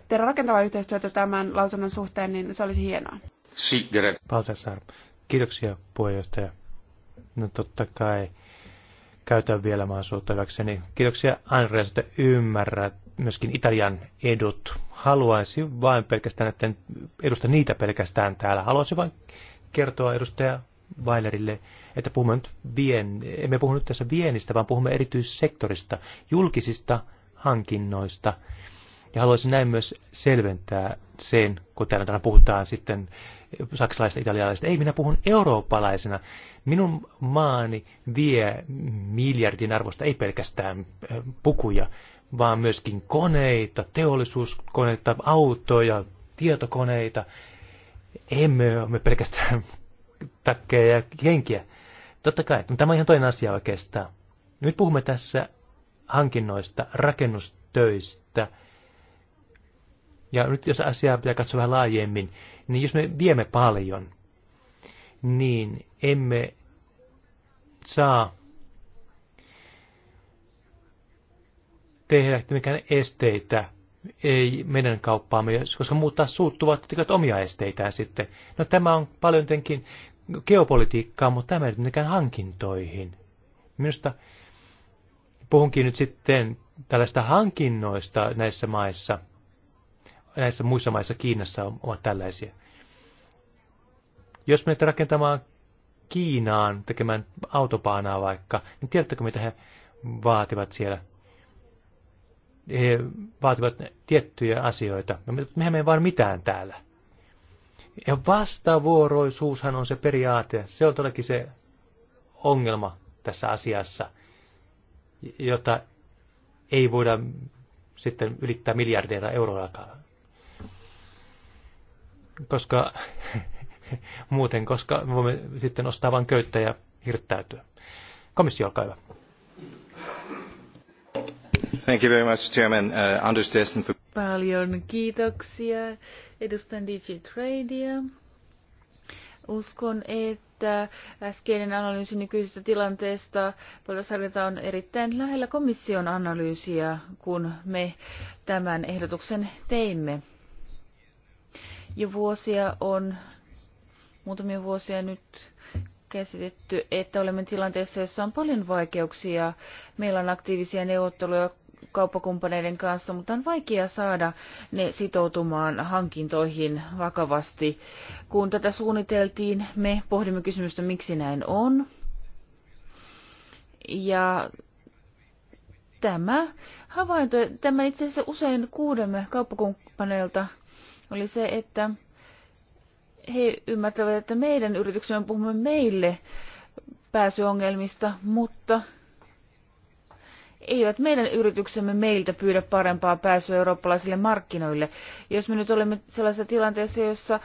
tehdä rakentavaa yhteistyötä tämän lausunnon suhteen, niin se olisi hienoa. Si, Baltasar. Kiitoksia puheenjohtaja. No totta kai käytän vielä mahdollisuutta hyväkseni. Kiitoksia Andreas, että ymmärrät myöskin Italian edut. Haluaisin vain pelkästään, että edusta niitä pelkästään täällä. Haluaisin vain kertoa edustaja Weilerille, että puhumme nyt vien, emme puhu nyt tässä vienistä, vaan puhumme erityissektorista, julkisista hankinnoista, ja haluaisin näin myös selventää sen, kun täällä puhutaan sitten saksalaisista, italialaisista. Ei, minä puhun eurooppalaisena. Minun maani vie miljardin arvosta, ei pelkästään pukuja, vaan myöskin koneita, teollisuuskoneita, autoja, tietokoneita. Emme ole pelkästään [laughs] takkeja ja kenkiä. Totta kai, mutta no, tämä on ihan toinen asia oikeastaan. Nyt puhumme tässä hankinnoista, rakennustöistä – ja nyt jos asiaa pitää katsoa vähän laajemmin, niin jos me viemme paljon, niin emme saa tehdä mikään esteitä ei meidän kauppaamme, koska muut taas suuttuvat tekevät omia esteitään sitten. No tämä on paljon jotenkin geopolitiikkaa, mutta tämä ei mitenkään hankintoihin. Minusta puhunkin nyt sitten tällaista hankinnoista näissä maissa – näissä muissa maissa Kiinassa ovat tällaisia. Jos menette rakentamaan Kiinaan tekemään autopaanaa vaikka, niin tiedättekö mitä he vaativat siellä? He vaativat tiettyjä asioita. No, mehän ei vaan mitään täällä. Ja vastavuoroisuushan on se periaate. Se on todellakin se ongelma tässä asiassa, jota ei voida sitten ylittää miljardeilla euroilla koska [laughs] muuten, koska voimme sitten ostaa vain köyttä ja hirttäytyä. Komissio, olkaa hyvä. Thank you very much, Chairman. Uh, Anders for... Paljon kiitoksia. Edustan Digitradia. Uskon, että äskeinen analyysi nykyisestä tilanteesta Paltasarjata on erittäin lähellä komission analyysiä, kun me tämän ehdotuksen teimme jo vuosia on, muutamia vuosia nyt käsitetty, että olemme tilanteessa, jossa on paljon vaikeuksia. Meillä on aktiivisia neuvotteluja kauppakumppaneiden kanssa, mutta on vaikea saada ne sitoutumaan hankintoihin vakavasti. Kun tätä suunniteltiin, me pohdimme kysymystä, miksi näin on. Ja tämä havainto, tämä itse asiassa usein kuudemme kauppakumppaneilta oli se, että he ymmärtävät, että meidän yrityksemme puhumme meille pääsyongelmista, mutta eivät meidän yrityksemme meiltä pyydä parempaa pääsyä eurooppalaisille markkinoille. Jos me nyt olemme sellaisessa tilanteessa, jossa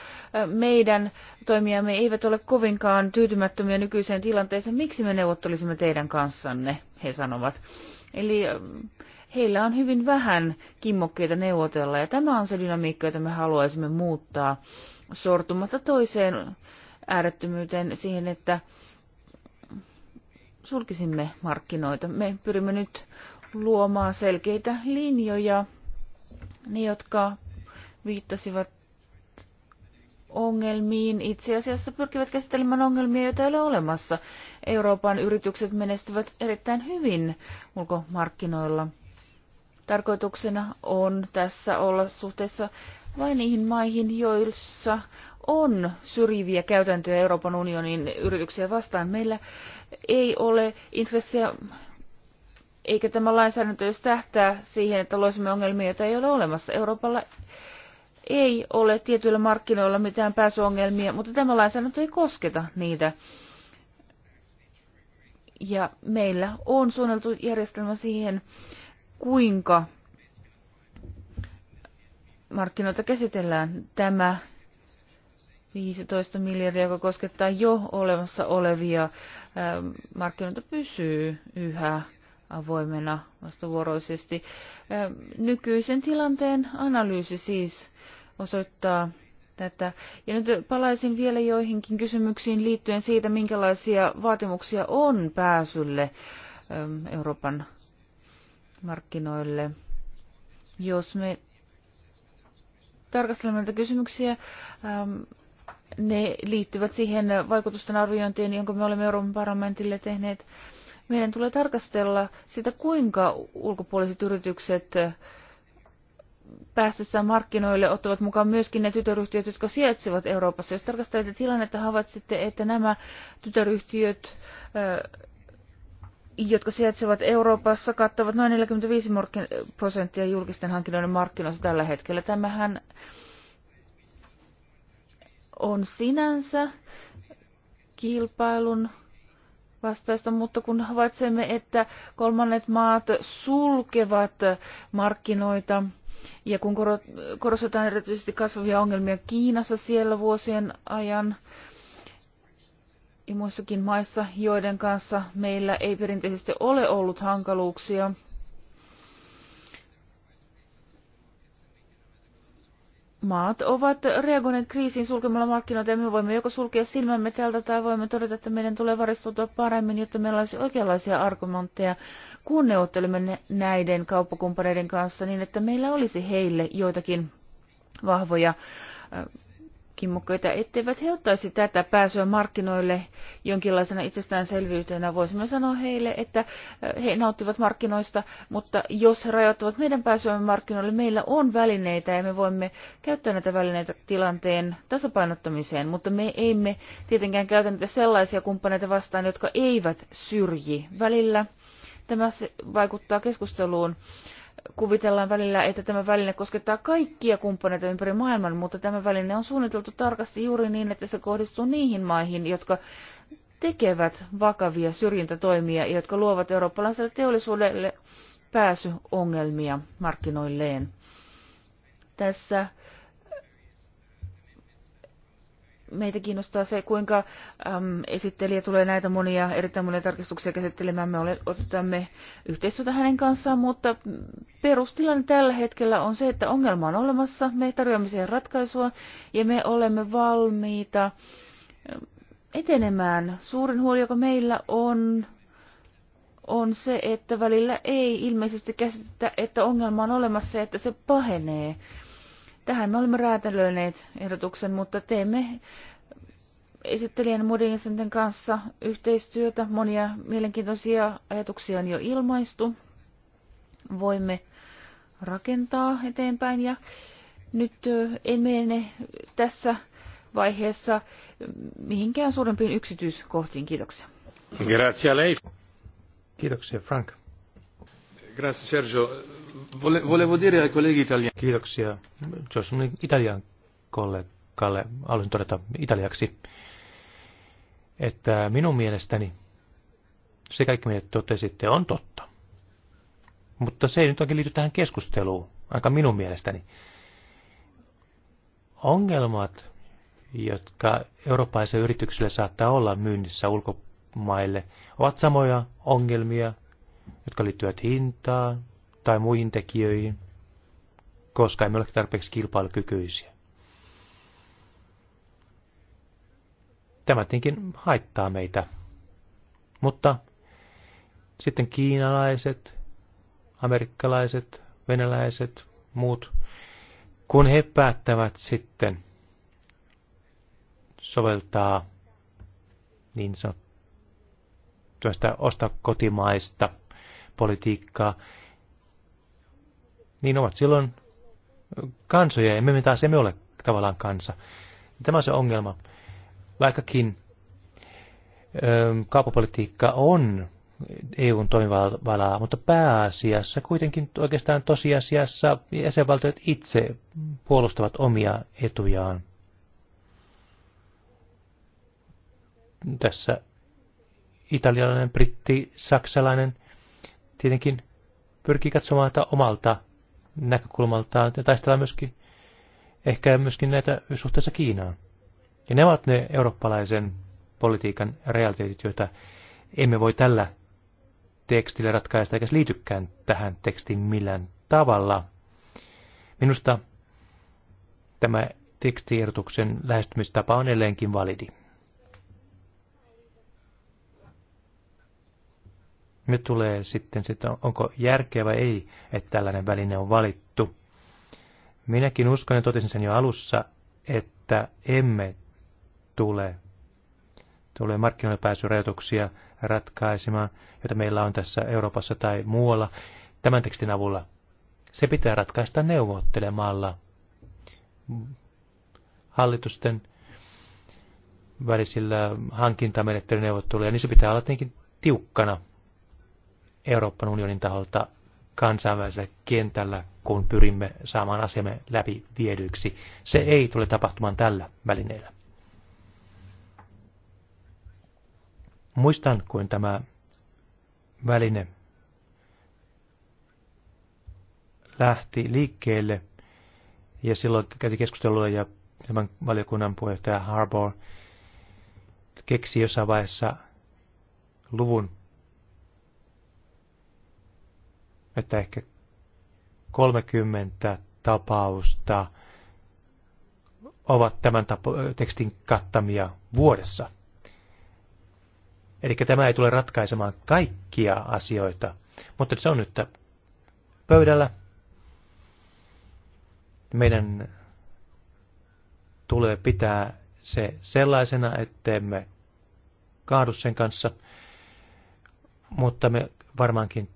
meidän toimijamme eivät ole kovinkaan tyytymättömiä nykyiseen tilanteeseen, miksi me neuvottelisimme teidän kanssanne, he sanovat. Eli heillä on hyvin vähän kimmokkeita neuvotella, ja tämä on se dynamiikka, jota me haluaisimme muuttaa sortumatta toiseen äärettömyyteen siihen, että sulkisimme markkinoita. Me pyrimme nyt luomaan selkeitä linjoja, ne jotka viittasivat ongelmiin itse asiassa pyrkivät käsittelemään ongelmia, joita ei ole olemassa. Euroopan yritykset menestyvät erittäin hyvin ulkomarkkinoilla. Tarkoituksena on tässä olla suhteessa vain niihin maihin, joissa on syrjiviä käytäntöjä Euroopan unionin yrityksiä vastaan. Meillä ei ole intressejä, eikä tämä lainsäädäntö edes tähtää siihen, että loisimme ongelmia, joita ei ole olemassa. Euroopalla ei ole tietyillä markkinoilla mitään pääsyongelmia, mutta tämä lainsäädäntö ei kosketa niitä. Ja meillä on suunniteltu järjestelmä siihen, kuinka markkinoita käsitellään. Tämä 15 miljardia, joka koskettaa jo olemassa olevia markkinoita, pysyy yhä avoimena vastavuoroisesti. Nykyisen tilanteen analyysi siis osoittaa tätä. Ja nyt palaisin vielä joihinkin kysymyksiin liittyen siitä, minkälaisia vaatimuksia on pääsylle Euroopan markkinoille. Jos me tarkastelemme näitä kysymyksiä, ähm, ne liittyvät siihen vaikutusten arviointiin, jonka me olemme Euroopan parlamentille tehneet. Meidän tulee tarkastella sitä, kuinka ulkopuoliset yritykset päästessään markkinoille ottavat mukaan myöskin ne tytäryhtiöt, jotka sijaitsevat Euroopassa. Jos tarkastelette tilannetta, havaitsette, että nämä tytäryhtiöt jotka sijaitsevat Euroopassa, kattavat noin 45 prosenttia julkisten hankinnoiden markkinoista tällä hetkellä. Tämähän on sinänsä kilpailun vastaista, mutta kun havaitsemme, että kolmannet maat sulkevat markkinoita ja kun korostetaan erityisesti kasvavia ongelmia Kiinassa siellä vuosien ajan, ja muissakin maissa, joiden kanssa meillä ei perinteisesti ole ollut hankaluuksia. Maat ovat reagoineet kriisiin sulkemalla markkinoita ja me voimme joko sulkea silmämme tältä tai voimme todeta, että meidän tulee varistautua paremmin, jotta meillä olisi oikeanlaisia argumentteja, kun neuvottelemme näiden kauppakumppaneiden kanssa niin, että meillä olisi heille joitakin vahvoja kimmukkeita, etteivät he ottaisi tätä pääsyä markkinoille jonkinlaisena itsestäänselvyytenä. Voisimme sanoa heille, että eh, he nauttivat markkinoista, mutta jos he rajoittavat meidän pääsyämme markkinoille, meillä on välineitä ja me voimme käyttää näitä välineitä tilanteen tasapainottamiseen, mutta me emme tietenkään käytä niitä sellaisia kumppaneita vastaan, jotka eivät syrji välillä. Tämä vaikuttaa keskusteluun kuvitellaan välillä, että tämä väline koskettaa kaikkia kumppaneita ympäri maailman, mutta tämä väline on suunniteltu tarkasti juuri niin, että se kohdistuu niihin maihin, jotka tekevät vakavia syrjintätoimia, jotka luovat eurooppalaiselle teollisuudelle pääsyongelmia markkinoilleen. Tässä meitä kiinnostaa se, kuinka äm, esittelijä tulee näitä monia erittäin monia tarkistuksia käsittelemään. Me otamme yhteistyötä hänen kanssaan, mutta perustilanne tällä hetkellä on se, että ongelma on olemassa. Me tarjoamme siihen ratkaisua ja me olemme valmiita etenemään. Suurin huoli, joka meillä on, on se, että välillä ei ilmeisesti käsitetä, että ongelma on olemassa ja että se pahenee. Tähän me olemme räätälöineet ehdotuksen, mutta teemme esittelijän muiden kanssa yhteistyötä. Monia mielenkiintoisia ajatuksia on jo ilmaistu. Voimme rakentaa eteenpäin ja nyt en mene tässä vaiheessa mihinkään suurempiin yksityiskohtiin. Kiitoksia. Grazie Leif. Kiitoksia Frank. Sergio. Kiitoksia. Jos on Italian kollegalle, haluaisin todeta italiaksi, että minun mielestäni se kaikki, mitä totesitte, on totta. Mutta se ei nyt oikein liity tähän keskusteluun, aika minun mielestäni. Ongelmat, jotka eurooppalaisille yrityksille saattaa olla myynnissä ulkomaille, ovat samoja ongelmia jotka liittyvät hintaan tai muihin tekijöihin, koska emme ole tarpeeksi kilpailukykyisiä. Tämä tietenkin haittaa meitä. Mutta sitten kiinalaiset, amerikkalaiset, venäläiset, muut, kun he päättävät sitten soveltaa niin sanottua ostaa kotimaista politiikkaa, niin ovat silloin kansoja, ja me taas emme ole tavallaan kansa. Tämä on se ongelma. Vaikkakin kauppapolitiikka on EUn toimivalaa, mutta pääasiassa kuitenkin oikeastaan tosiasiassa jäsenvaltiot itse puolustavat omia etujaan. Tässä italialainen, britti, saksalainen tietenkin pyrkii katsomaan tätä omalta näkökulmaltaan ja taistellaan myöskin, ehkä myöskin näitä suhteessa Kiinaan. Ja ne ovat ne eurooppalaisen politiikan realiteetit, joita emme voi tällä tekstillä ratkaista, eikä se liitykään tähän tekstiin millään tavalla. Minusta tämä tekstiehdotuksen lähestymistapa on edelleenkin validi. Nyt tulee sitten, sitten onko järkeä vai ei, että tällainen väline on valittu. Minäkin uskon ja totesin sen jo alussa, että emme tule, tule markkinoille pääsyrajoituksia ratkaisemaan, joita meillä on tässä Euroopassa tai muualla tämän tekstin avulla. Se pitää ratkaista neuvottelemalla hallitusten välisillä hankintamenettelyneuvotteluja, niin se pitää olla tietenkin tiukkana. Euroopan unionin taholta kansainvälisellä kentällä, kun pyrimme saamaan asiamme läpi viedyksi, Se ei tule tapahtumaan tällä välineellä. Muistan, kuin tämä väline lähti liikkeelle, ja silloin käytiin keskustelua, ja tämän valiokunnan puheenjohtaja Harbour keksi jossain vaiheessa luvun että ehkä 30 tapausta ovat tämän tekstin kattamia vuodessa. Eli tämä ei tule ratkaisemaan kaikkia asioita, mutta se on nyt pöydällä. Meidän tulee pitää se sellaisena, ettemme kaadu sen kanssa, mutta me varmaankin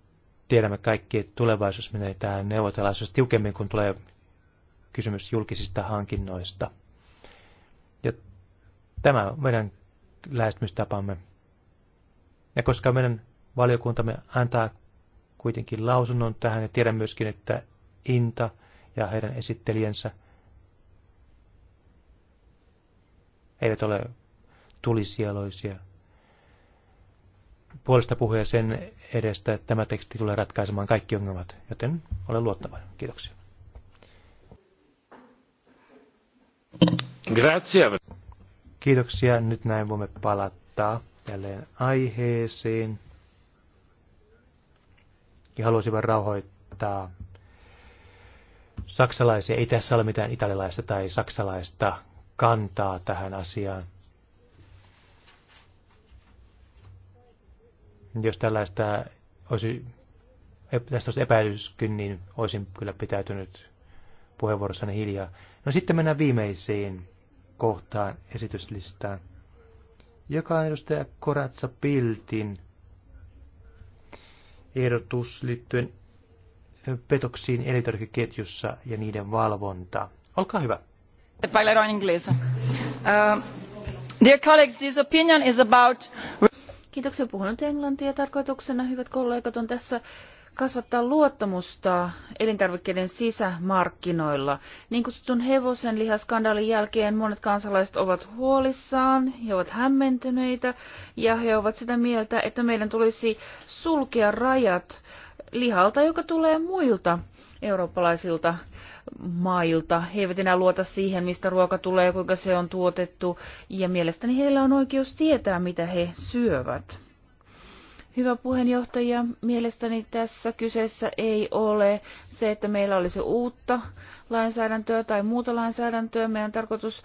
tiedämme kaikki, että tulevaisuus menee tähän neuvotellaan tiukemmin, kun tulee kysymys julkisista hankinnoista. Ja tämä on meidän lähestymistapamme. Ja koska meidän valiokuntamme antaa kuitenkin lausunnon tähän, ja tiedän myöskin, että Inta ja heidän esittelijänsä eivät ole tulisieloisia – puolesta puhuja sen edestä, että tämä teksti tulee ratkaisemaan kaikki ongelmat, joten olen luottavainen. Kiitoksia. Grazie. Kiitoksia. Nyt näin voimme palata jälleen aiheeseen. Ja haluaisin vain rauhoittaa saksalaisia. Ei tässä ole mitään italialaista tai saksalaista kantaa tähän asiaan. jos tällaista olisi, tästä olisi epäilyskin, niin olisin kyllä pitäytynyt puheenvuorossani hiljaa. No sitten mennään viimeiseen kohtaan esityslistaan, joka on edustaja Koratsa Piltin ehdotus liittyen petoksiin elintarvikeketjussa ja niiden valvonta. Olkaa hyvä. Uh, dear colleagues, this opinion is about Kiitoksia puhunut englantia. Tarkoituksena, hyvät kollegat, on tässä kasvattaa luottamusta elintarvikkeiden sisämarkkinoilla. Niin kutsutun hevosen lihaskandaalin jälkeen monet kansalaiset ovat huolissaan, he ovat hämmentyneitä ja he ovat sitä mieltä, että meidän tulisi sulkea rajat lihalta, joka tulee muilta eurooppalaisilta mailta. He eivät enää luota siihen, mistä ruoka tulee, kuinka se on tuotettu, ja mielestäni heillä on oikeus tietää, mitä he syövät. Hyvä puheenjohtaja, mielestäni tässä kyseessä ei ole se, että meillä olisi uutta lainsäädäntöä tai muuta lainsäädäntöä. Meidän tarkoitus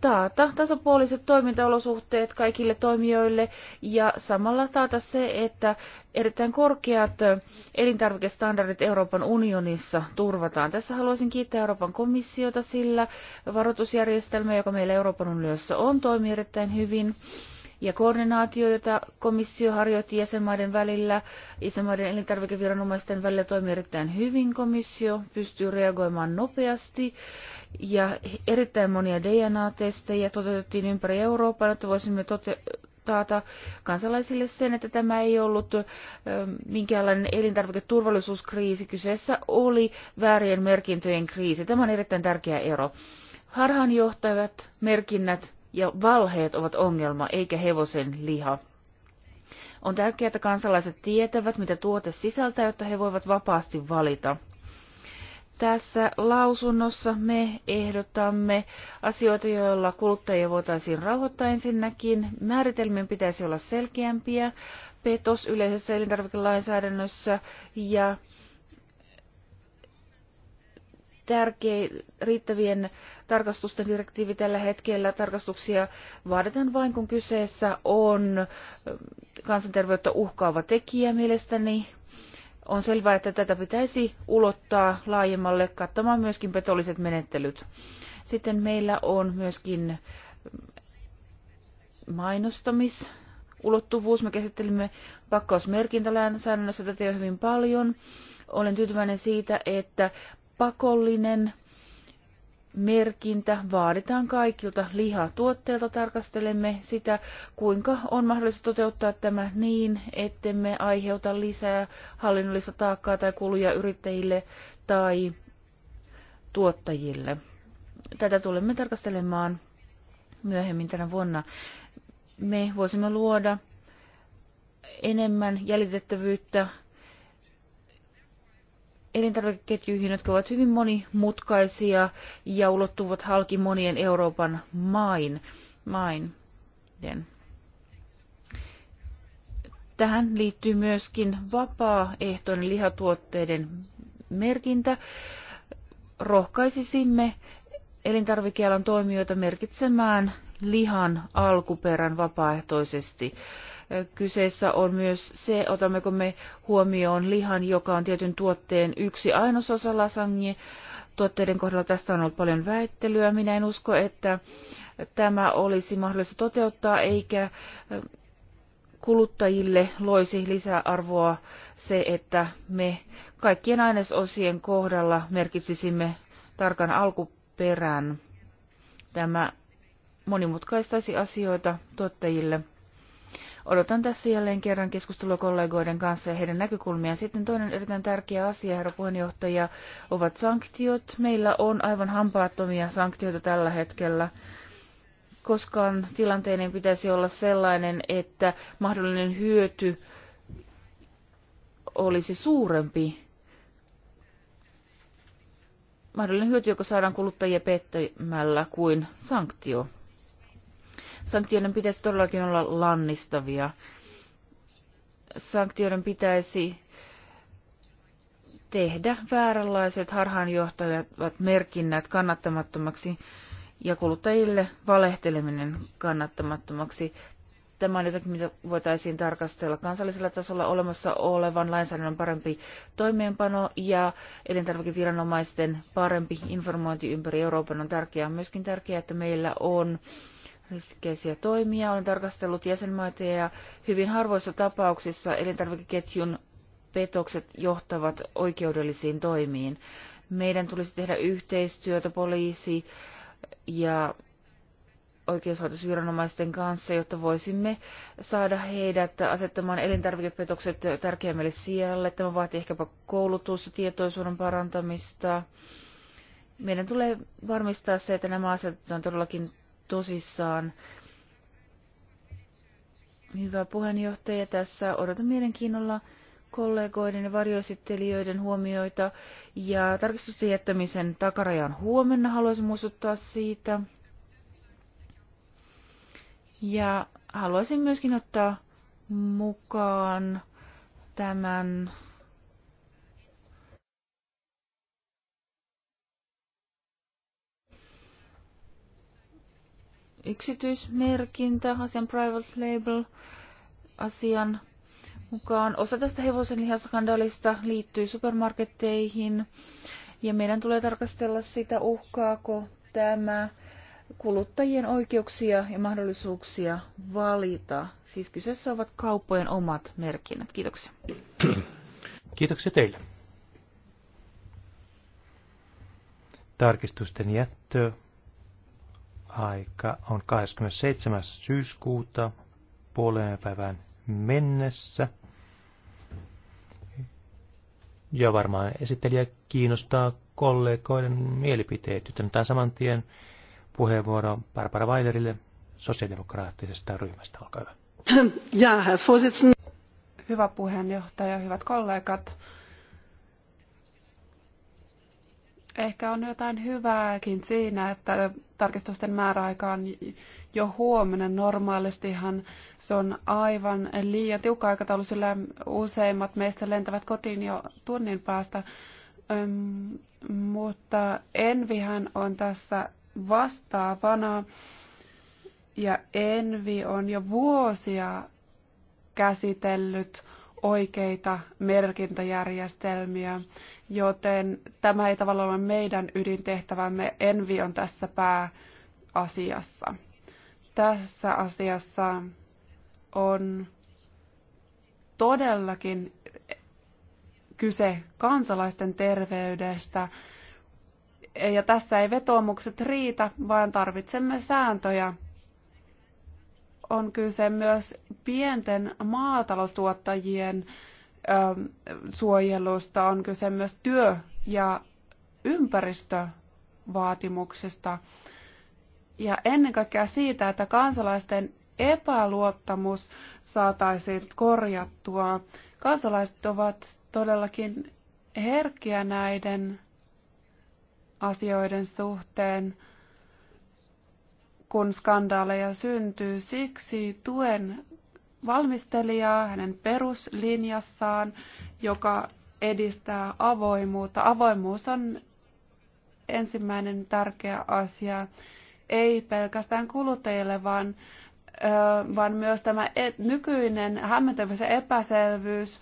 taata tasapuoliset toimintaolosuhteet kaikille toimijoille ja samalla taata se, että erittäin korkeat elintarvikestandardit Euroopan unionissa turvataan. Tässä haluaisin kiittää Euroopan komissiota, sillä varoitusjärjestelmä, joka meillä Euroopan unionissa on, toimii erittäin hyvin ja koordinaatio, jota komissio harjoitti jäsenmaiden välillä, jäsenmaiden elintarvikeviranomaisten välillä toimii erittäin hyvin. Komissio pystyy reagoimaan nopeasti ja erittäin monia DNA-testejä toteutettiin ympäri Eurooppaa, että voisimme tote- taata kansalaisille sen, että tämä ei ollut ö, minkäänlainen elintarviketurvallisuuskriisi. Kyseessä oli väärien merkintöjen kriisi. Tämä on erittäin tärkeä ero. Harhaanjohtavat merkinnät ja valheet ovat ongelma, eikä hevosen liha. On tärkeää, että kansalaiset tietävät, mitä tuote sisältää, jotta he voivat vapaasti valita. Tässä lausunnossa me ehdotamme asioita, joilla kuluttajia voitaisiin rauhoittaa ensinnäkin. Määritelmien pitäisi olla selkeämpiä. Petos yleisessä elintarvikelainsäädännössä ja tärkeä, riittävien tarkastusten direktiivi tällä hetkellä. Tarkastuksia vaaditaan vain, kun kyseessä on kansanterveyttä uhkaava tekijä mielestäni. On selvää, että tätä pitäisi ulottaa laajemmalle kattamaan myöskin petolliset menettelyt. Sitten meillä on myöskin mainostamis ulottuvuus. Me käsittelimme pakkausmerkintälainsäädännössä tätä jo hyvin paljon. Olen tyytyväinen siitä, että pakollinen merkintä vaaditaan kaikilta lihatuotteilta. Tarkastelemme sitä, kuinka on mahdollista toteuttaa tämä niin, ettemme aiheuta lisää hallinnollista taakkaa tai kuluja yrittäjille tai tuottajille. Tätä tulemme tarkastelemaan myöhemmin tänä vuonna. Me voisimme luoda enemmän jäljitettävyyttä elintarvikeketjuihin, jotka ovat hyvin monimutkaisia ja ulottuvat halki monien Euroopan main. main. Tähän liittyy myöskin vapaaehtoinen lihatuotteiden merkintä. Rohkaisisimme elintarvikealan toimijoita merkitsemään lihan alkuperän vapaaehtoisesti kyseessä on myös se, otammeko me huomioon lihan, joka on tietyn tuotteen yksi ainososa lasagne. Tuotteiden kohdalla tästä on ollut paljon väittelyä. Minä en usko, että tämä olisi mahdollista toteuttaa, eikä kuluttajille loisi lisäarvoa se, että me kaikkien ainesosien kohdalla merkitsisimme tarkan alkuperän. Tämä monimutkaistaisi asioita tuottajille. Odotan tässä jälleen kerran keskustelua kollegoiden kanssa ja heidän näkökulmiaan. Sitten toinen erittäin tärkeä asia, herra puheenjohtaja, ovat sanktiot. Meillä on aivan hampaattomia sanktioita tällä hetkellä koskaan tilanteinen pitäisi olla sellainen, että mahdollinen hyöty olisi suurempi. Mahdollinen hyöty, joka saadaan kuluttajia pettämällä kuin sanktio sanktioiden pitäisi todellakin olla lannistavia. Sanktioiden pitäisi tehdä vääränlaiset harhaanjohtajat merkinnät kannattamattomaksi ja kuluttajille valehteleminen kannattamattomaksi. Tämä on jotakin, mitä voitaisiin tarkastella kansallisella tasolla olemassa olevan lainsäädännön parempi toimeenpano ja elintarvikeviranomaisten parempi informointi ympäri Euroopan on tärkeää. On myöskin tärkeää, että meillä on riskeisiä toimia. Olen tarkastellut jäsenmaita ja hyvin harvoissa tapauksissa elintarvikeketjun petokset johtavat oikeudellisiin toimiin. Meidän tulisi tehdä yhteistyötä poliisi ja oikeuslaitosviranomaisten kanssa, jotta voisimme saada heidät asettamaan elintarvikepetokset tärkeämmälle sijalle. Tämä vaatii ehkäpä koulutus- ja tietoisuuden parantamista. Meidän tulee varmistaa se, että nämä asiat on todellakin tosissaan. Hyvä puheenjohtaja, tässä odotan mielenkiinnolla kollegoiden ja varjoesittelijöiden huomioita. Ja tarkistusten jättämisen takaraja on huomenna, haluaisin muistuttaa siitä. Ja haluaisin myöskin ottaa mukaan tämän yksityismerkintä, asian private label, asian mukaan. Osa tästä hevosen lihaskandaalista liittyy supermarketteihin ja meidän tulee tarkastella sitä, uhkaako tämä kuluttajien oikeuksia ja mahdollisuuksia valita. Siis kyseessä ovat kauppojen omat merkinnät. Kiitoksia. [clears throat] Kiitoksia teille. Tarkistusten jättö aika on 27. syyskuuta puoleen päivän mennessä. Ja varmaan esittelijä kiinnostaa kollegoiden mielipiteet, joten saman tien puheenvuoro Barbara Weilerille sosiaalidemokraattisesta ryhmästä. Olkaa hyvä. Ja, Herr Hyvä puheenjohtaja, hyvät kollegat. Ehkä on jotain hyvääkin siinä, että tarkistusten määräaika on jo huomenna. Normaalistihan se on aivan liian tiukka aikataulu, sillä useimmat meistä lentävät kotiin jo tunnin päästä. Öm, mutta Envihän on tässä vastaavana. Ja Envi on jo vuosia käsitellyt oikeita merkintäjärjestelmiä joten tämä ei tavallaan ole meidän ydintehtävämme. Envi on tässä pääasiassa. Tässä asiassa on todellakin kyse kansalaisten terveydestä. Ja tässä ei vetoomukset riitä, vaan tarvitsemme sääntöjä. On kyse myös pienten maataloustuottajien Ähm, suojelusta, on kyse myös työ- ja ympäristövaatimuksista ja ennen kaikkea siitä, että kansalaisten epäluottamus saataisiin korjattua. Kansalaiset ovat todellakin herkkiä näiden asioiden suhteen, kun skandaaleja syntyy. Siksi tuen valmistelijaa hänen peruslinjassaan, joka edistää avoimuutta. Avoimuus on ensimmäinen tärkeä asia, ei pelkästään kuluttajille, vaan, ö, vaan myös tämä et, nykyinen hämmentävyys ja epäselvyys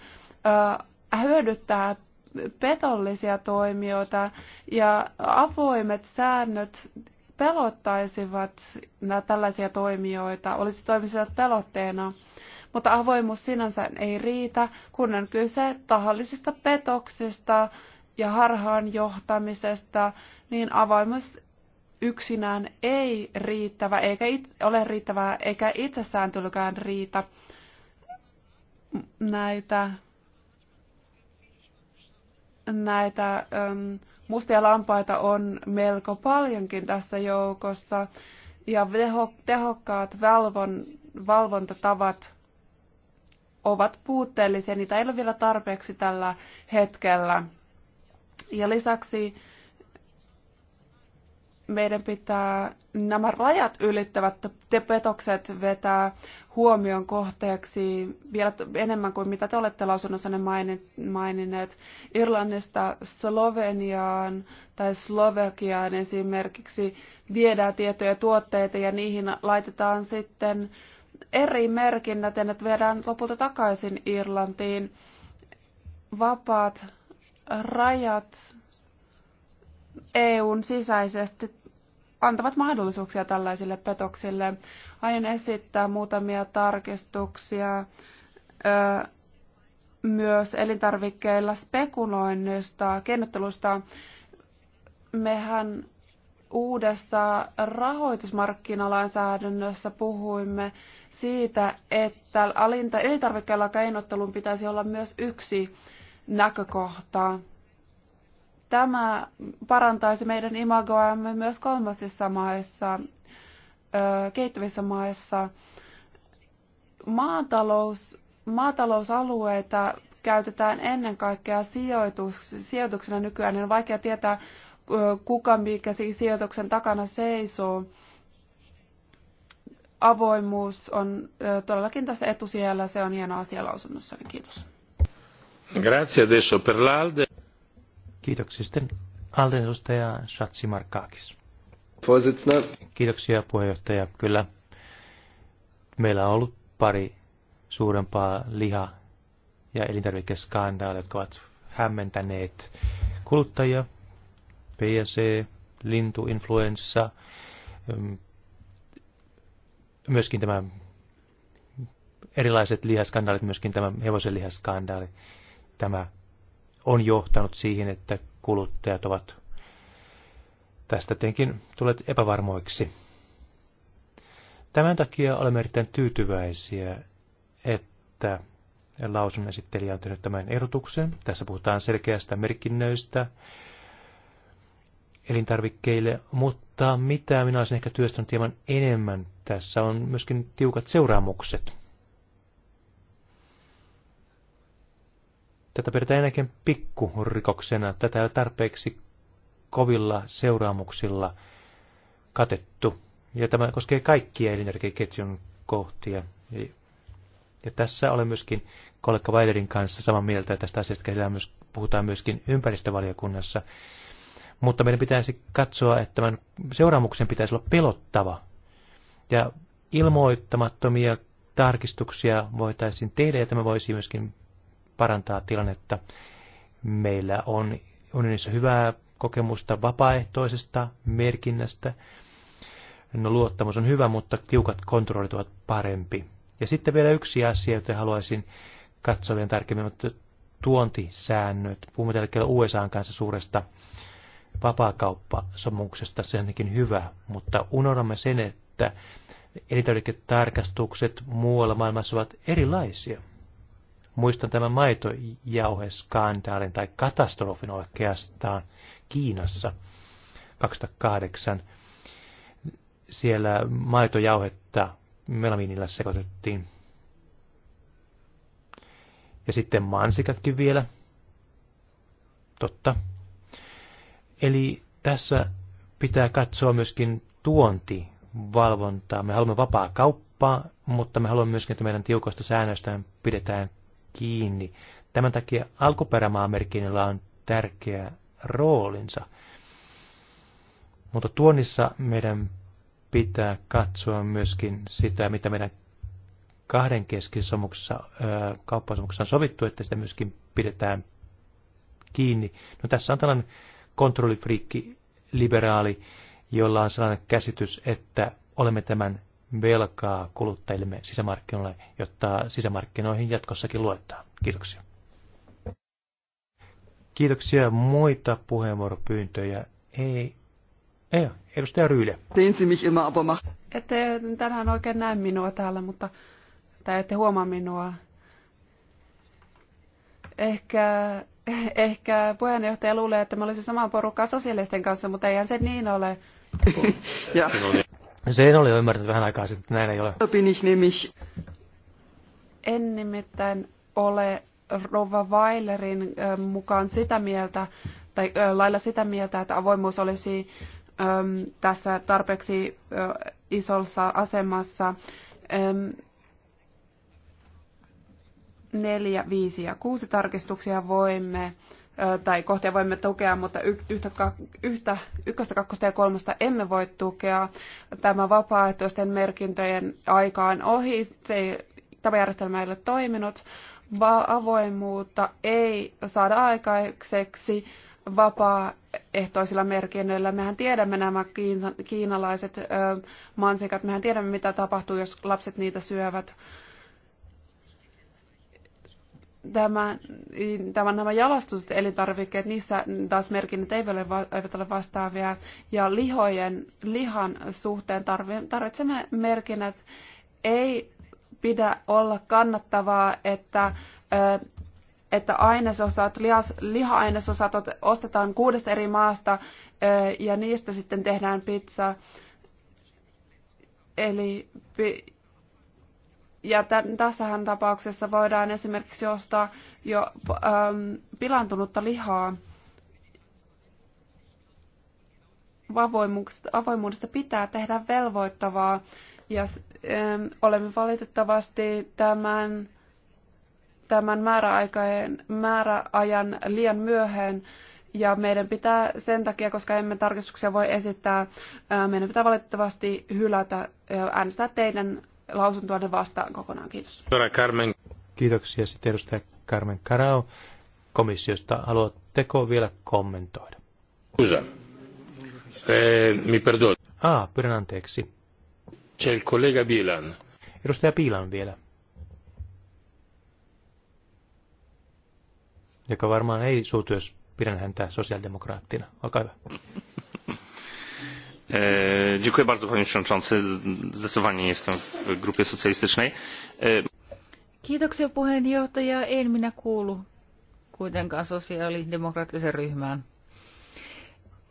ö, hyödyttää petollisia toimijoita ja avoimet säännöt pelottaisivat nämä tällaisia toimijoita, olisi toimisivat pelotteena mutta avoimuus sinänsä ei riitä, kun on kyse tahallisista petoksista ja harhaan johtamisesta, niin avoimuus yksinään ei riittävä, eikä it, ole riittävää, eikä itsesääntelykään riitä näitä, näitä ähm, mustia lampaita on melko paljonkin tässä joukossa. Ja tehokkaat valvon, valvontatavat ovat puutteellisia, niitä ei ole vielä tarpeeksi tällä hetkellä. Ja lisäksi meidän pitää nämä rajat ylittävät te petokset vetää huomion kohteeksi vielä enemmän kuin mitä te olette lausunnossanne maininneet. Irlannista Sloveniaan tai Slovakiaan esimerkiksi viedään tietoja tuotteita ja niihin laitetaan sitten eri merkinnät ja ne viedään lopulta takaisin Irlantiin. Vapaat rajat EUn sisäisesti antavat mahdollisuuksia tällaisille petoksille. Aion esittää muutamia tarkistuksia myös elintarvikkeilla spekuloinnista, keinottelusta. Mehän uudessa rahoitusmarkkinalainsäädännössä puhuimme siitä, että alinta elintarvikkeella keinottelun pitäisi olla myös yksi näkökohta. Tämä parantaisi meidän imagoamme myös kolmasissa maissa, kehittyvissä maissa. Maatalous, maatalousalueita käytetään ennen kaikkea sijoituksena nykyään. Niin on vaikea tietää, kuka mikä sijoituksen takana seisoo. Avoimuus on todellakin tässä etusijalla, se on hieno asia lausunnossa. Kiitos. Grazie adesso per l'Alde. Kiitoksia sitten Alden edustaja Shatsi Markakis. Kiitoksia puheenjohtaja. Kyllä meillä on ollut pari suurempaa liha- ja elintarvikeskandaalia, jotka ovat hämmentäneet kuluttajia PSC, e, lintuinfluenssa, mm, myöskin tämä erilaiset lihaskandaalit, myöskin tämä hevosen lihaskandaali, tämä on johtanut siihen, että kuluttajat ovat tästä tietenkin tulleet epävarmoiksi. Tämän takia olemme erittäin tyytyväisiä, että lausun esittelijä on tehnyt tämän erotuksen. Tässä puhutaan selkeästä merkinnöistä, elintarvikkeille, mutta mitä minä olisin ehkä työstänyt hieman enemmän tässä on myöskin tiukat seuraamukset. Tätä pidetään ennenkin pikkurikoksena. Tätä ei ole tarpeeksi kovilla seuraamuksilla katettu. Ja tämä koskee kaikkia elintarvikeketjun kohtia. Ja tässä olen myöskin kollega Weilerin kanssa samaa mieltä tästä asiasta, puhutaan myöskin ympäristövaliokunnassa mutta meidän pitäisi katsoa, että tämän seuraamuksen pitäisi olla pelottava. Ja ilmoittamattomia tarkistuksia voitaisiin tehdä, ja tämä voisi myöskin parantaa tilannetta. Meillä on unionissa hyvää kokemusta vapaaehtoisesta merkinnästä. No luottamus on hyvä, mutta tiukat kontrollit ovat parempi. Ja sitten vielä yksi asia, jota haluaisin katsoa vielä tarkemmin, mutta tuontisäännöt. Puhumme tällä hetkellä USA kanssa suuresta vapaakauppasomuksesta, se ainakin hyvä, mutta unohdamme sen, että elintarviketarkastukset muualla maailmassa ovat erilaisia. Muistan tämän maitojauheskandaalin tai katastrofin oikeastaan Kiinassa 2008. Siellä maitojauhetta melamiinilla sekoitettiin. Ja sitten mansikatkin vielä. Totta, Eli tässä pitää katsoa myöskin tuontivalvontaa. Me haluamme vapaa kauppaa, mutta me haluamme myöskin, että meidän tiukoista säännöistä pidetään kiinni. Tämän takia alkuperämaamerkinnillä on tärkeä roolinsa. Mutta tuonnissa meidän pitää katsoa myöskin sitä, mitä meidän kahden keskisomuksessa, kauppasomuksessa on sovittu, että sitä myöskin pidetään kiinni. No tässä on tällainen kontrollifriikki liberaali, jolla on sellainen käsitys, että olemme tämän velkaa kuluttajillemme sisämarkkinoille, jotta sisämarkkinoihin jatkossakin luetaan. Kiitoksia. Kiitoksia. Muita puheenvuoropyyntöjä ei. Ei, edustaja Ryyle. Ette tänään oikein näe minua täällä, mutta... Tai ette huomaa minua. Ehkä ehkä puheenjohtaja luulee, että mä olisin samaa porukkaa sosiaalisten kanssa, mutta eihän se niin ole. [laughs] ja. Se ei ole jo ymmärtänyt vähän aikaa sitten, että näin ei ole. En nimittäin ole Rova Weilerin mukaan sitä mieltä, tai lailla sitä mieltä, että avoimuus olisi tässä tarpeeksi isolla isossa asemassa neljä, viisi ja kuusi tarkistuksia voimme, tai kohtia voimme tukea, mutta yhtä, yhtä, ykköstä, kakkosta ja kolmosta emme voi tukea. Tämä vapaaehtoisten merkintöjen aika on ohi, se ei, tämä järjestelmä ei ole toiminut. Va- avoimuutta ei saada aikaiseksi vapaaehtoisilla merkinnöillä. Mehän tiedämme nämä kiinalaiset ö, mansikat, mehän tiedämme mitä tapahtuu, jos lapset niitä syövät tämä, tämä, nämä jalostetut elintarvikkeet, niissä taas merkinnät eivät ole, eivät ole vastaavia. Ja lihojen, lihan suhteen tarvitsemme merkinnät. Ei pidä olla kannattavaa, että, että ainesosat, lihas, liha-ainesosat ostetaan kuudesta eri maasta ja niistä sitten tehdään pizza. Eli ja tämän, tässähän tapauksessa voidaan esimerkiksi ostaa jo ähm, pilantunutta lihaa. Avoimuudesta, avoimuudesta pitää tehdä velvoittavaa. Ja ähm, olemme valitettavasti tämän, tämän määräajan liian myöhään. Ja meidän pitää sen takia, koska emme tarkistuksia voi esittää, äh, meidän pitää valitettavasti hylätä, äh, äänestää teidän lausuntoa vastaan kokonaan. Kiitos. Carmen. Kiitoksia. Sitten edustaja Carmen Carao komissiosta. Haluatteko vielä kommentoida? Scusa. Eh, mi perdon. Ah, pyydän anteeksi. C'è il collega Bilan. Edustaja Piilan vielä. Joka varmaan ei suutu, jos pidän häntä sosiaalidemokraattina. Olkaa hyvä. E, dziękuję bardzo panie przewodniczący. Zdecydowanie nie jestem w grupie socjalistycznej. E, en minä kuulu kuitenkaan sosiaalidemokraattisen ryhmään.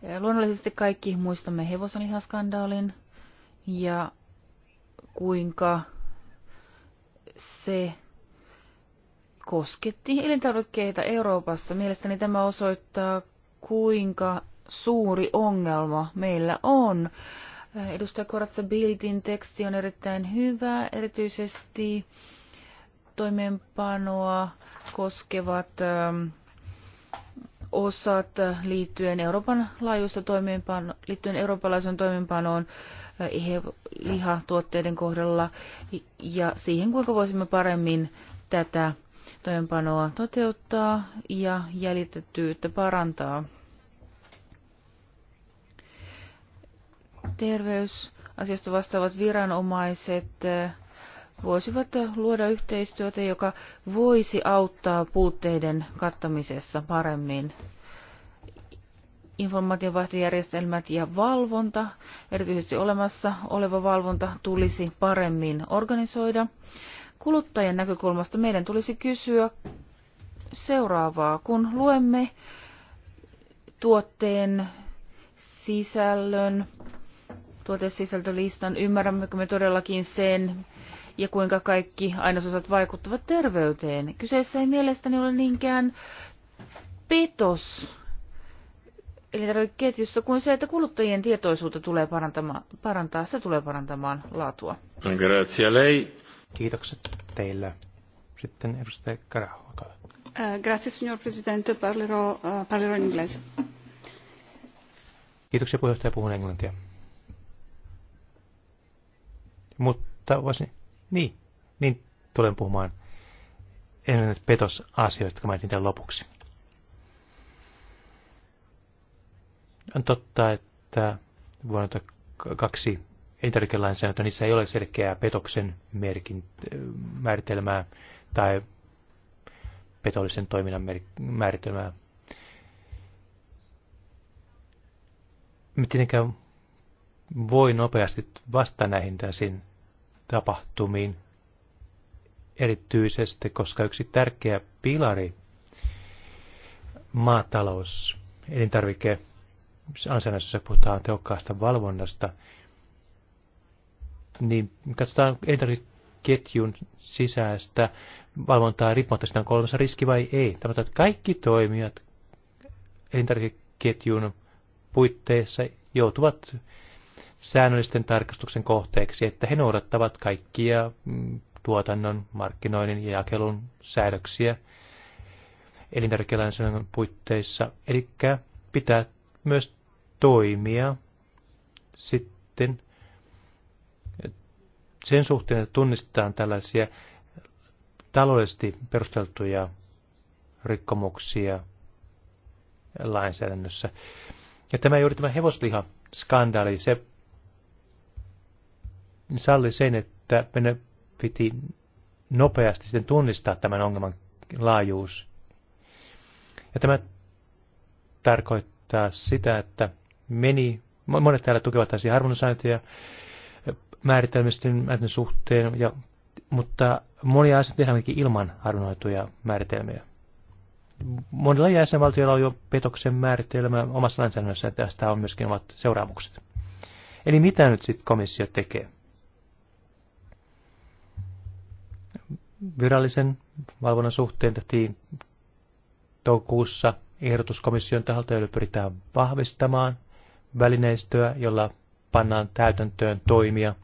E, luonnollisesti kaikki muistamme hevosenlihaskandaalin ja kuinka se kosketti elintarvikkeita Euroopassa. Mielestäni tämä osoittaa, kuinka suuri ongelma meillä on. Edustaja Koratsa Biltin teksti on erittäin hyvä, erityisesti toimeenpanoa koskevat ähm, osat liittyen Euroopan laajuista toimeenpano, liittyen eurooppalaisen toimeenpanoon äh, lihatuotteiden kohdalla ja siihen, kuinka voisimme paremmin tätä toimeenpanoa toteuttaa ja jäljitettyyttä parantaa. terveysasiasta vastaavat viranomaiset eh, voisivat luoda yhteistyötä, joka voisi auttaa puutteiden kattamisessa paremmin. Informaatiovaihtojärjestelmät ja valvonta, erityisesti olemassa oleva valvonta, tulisi paremmin organisoida. Kuluttajan näkökulmasta meidän tulisi kysyä seuraavaa. Kun luemme tuotteen sisällön, tuotesisältölistan, ymmärrämmekö me todellakin sen ja kuinka kaikki ainesosat vaikuttavat terveyteen. Kyseessä ei mielestäni ole niinkään petos elintarvikeketjussa kuin se, että kuluttajien tietoisuutta tulee parantaa, se tulee parantamaan laatua. Grazie lei. Kiitokset teille. Sitten edustaja Karaho, eh, Grazie signor Presidente, parlerò, eh, parlerò in inglese. Kiitoksia puheenjohtaja, puhun englantia. Mutta voisin, niin, niin tulen puhumaan ennen petosasioista, kun mä tämän lopuksi. On totta, että vuonna kaksi elintarvikelainsäädäntöä, niissä ei ole selkeää petoksen merkin, määritelmää tai petollisen toiminnan määritelmää. Me tietenkään voi nopeasti vastata näihin täysin tapahtumiin erityisesti, koska yksi tärkeä pilari maatalous, elintarvike, ansainnassa puhutaan tehokkaasta valvonnasta, niin katsotaan elintarvikeketjun sisäistä valvontaa riippumatta, sitä onko kolmessa riski vai ei. Tämä että kaikki toimijat elintarvikeketjun puitteissa joutuvat säännöllisten tarkastuksen kohteeksi, että he noudattavat kaikkia mm, tuotannon, markkinoinnin ja jakelun säädöksiä elintarvikelainsäädännön puitteissa. Eli pitää myös toimia sitten sen suhteen, että tunnistetaan tällaisia taloudellisesti perusteltuja rikkomuksia lainsäädännössä. Ja tämä juuri tämä skandaali, se niin salli sen, että meidän piti nopeasti sitten tunnistaa tämän ongelman laajuus. Ja tämä tarkoittaa sitä, että meni, monet täällä tukevat tällaisia harmonisointia määritelmisten suhteen, ja, mutta monia asioita tehdään ilman harmonoituja määritelmiä. Monilla jäsenvaltioilla on jo petoksen määritelmä omassa lainsäädännössä, ja tästä on myöskin omat seuraamukset. Eli mitä nyt sitten komissio tekee? virallisen valvonnan suhteen tehtiin toukokuussa ehdotuskomission taholta, jolla pyritään vahvistamaan välineistöä, jolla pannaan täytäntöön toimia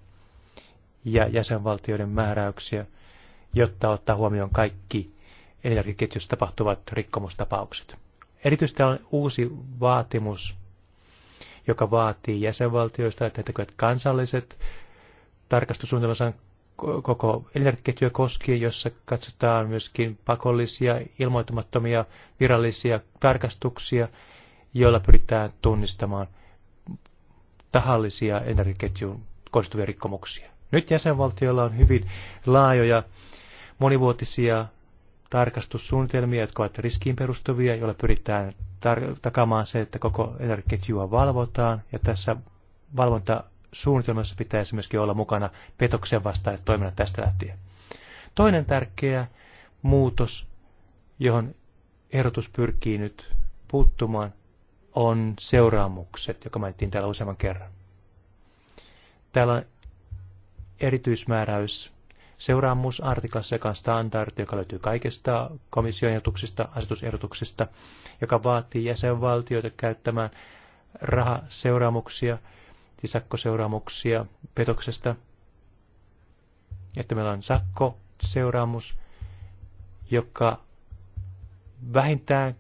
ja jäsenvaltioiden määräyksiä, jotta ottaa huomioon kaikki energiaketjussa tapahtuvat rikkomustapaukset. Erityisesti on uusi vaatimus, joka vaatii jäsenvaltioista, että tekevät kansalliset tarkastussuunnitelmansa koko elintarvikeketjua koskien, jossa katsotaan myöskin pakollisia, ilmoitumattomia, virallisia tarkastuksia, joilla pyritään tunnistamaan tahallisia elintarvikeketjuun koostuvia rikkomuksia. Nyt jäsenvaltioilla on hyvin laajoja, monivuotisia tarkastussuunnitelmia, jotka ovat riskiin perustuvia, joilla pyritään takamaan se, että koko elintarvikeketjua valvotaan, ja tässä valvonta suunnitelmassa pitäisi myöskin olla mukana petoksen vastaajat toiminnan tästä lähtien. Toinen tärkeä muutos, johon ehdotus pyrkii nyt puuttumaan, on seuraamukset, joka mainittiin täällä useamman kerran. Täällä on erityismääräys seuraamusartiklassa, joka on standardi, joka löytyy kaikista komission ehdotuksista, asetusehdotuksista, joka vaatii jäsenvaltioita käyttämään rahaseuraamuksia – siis sakkoseuraamuksia petoksesta, että meillä on sakkoseuraamus, joka vähintään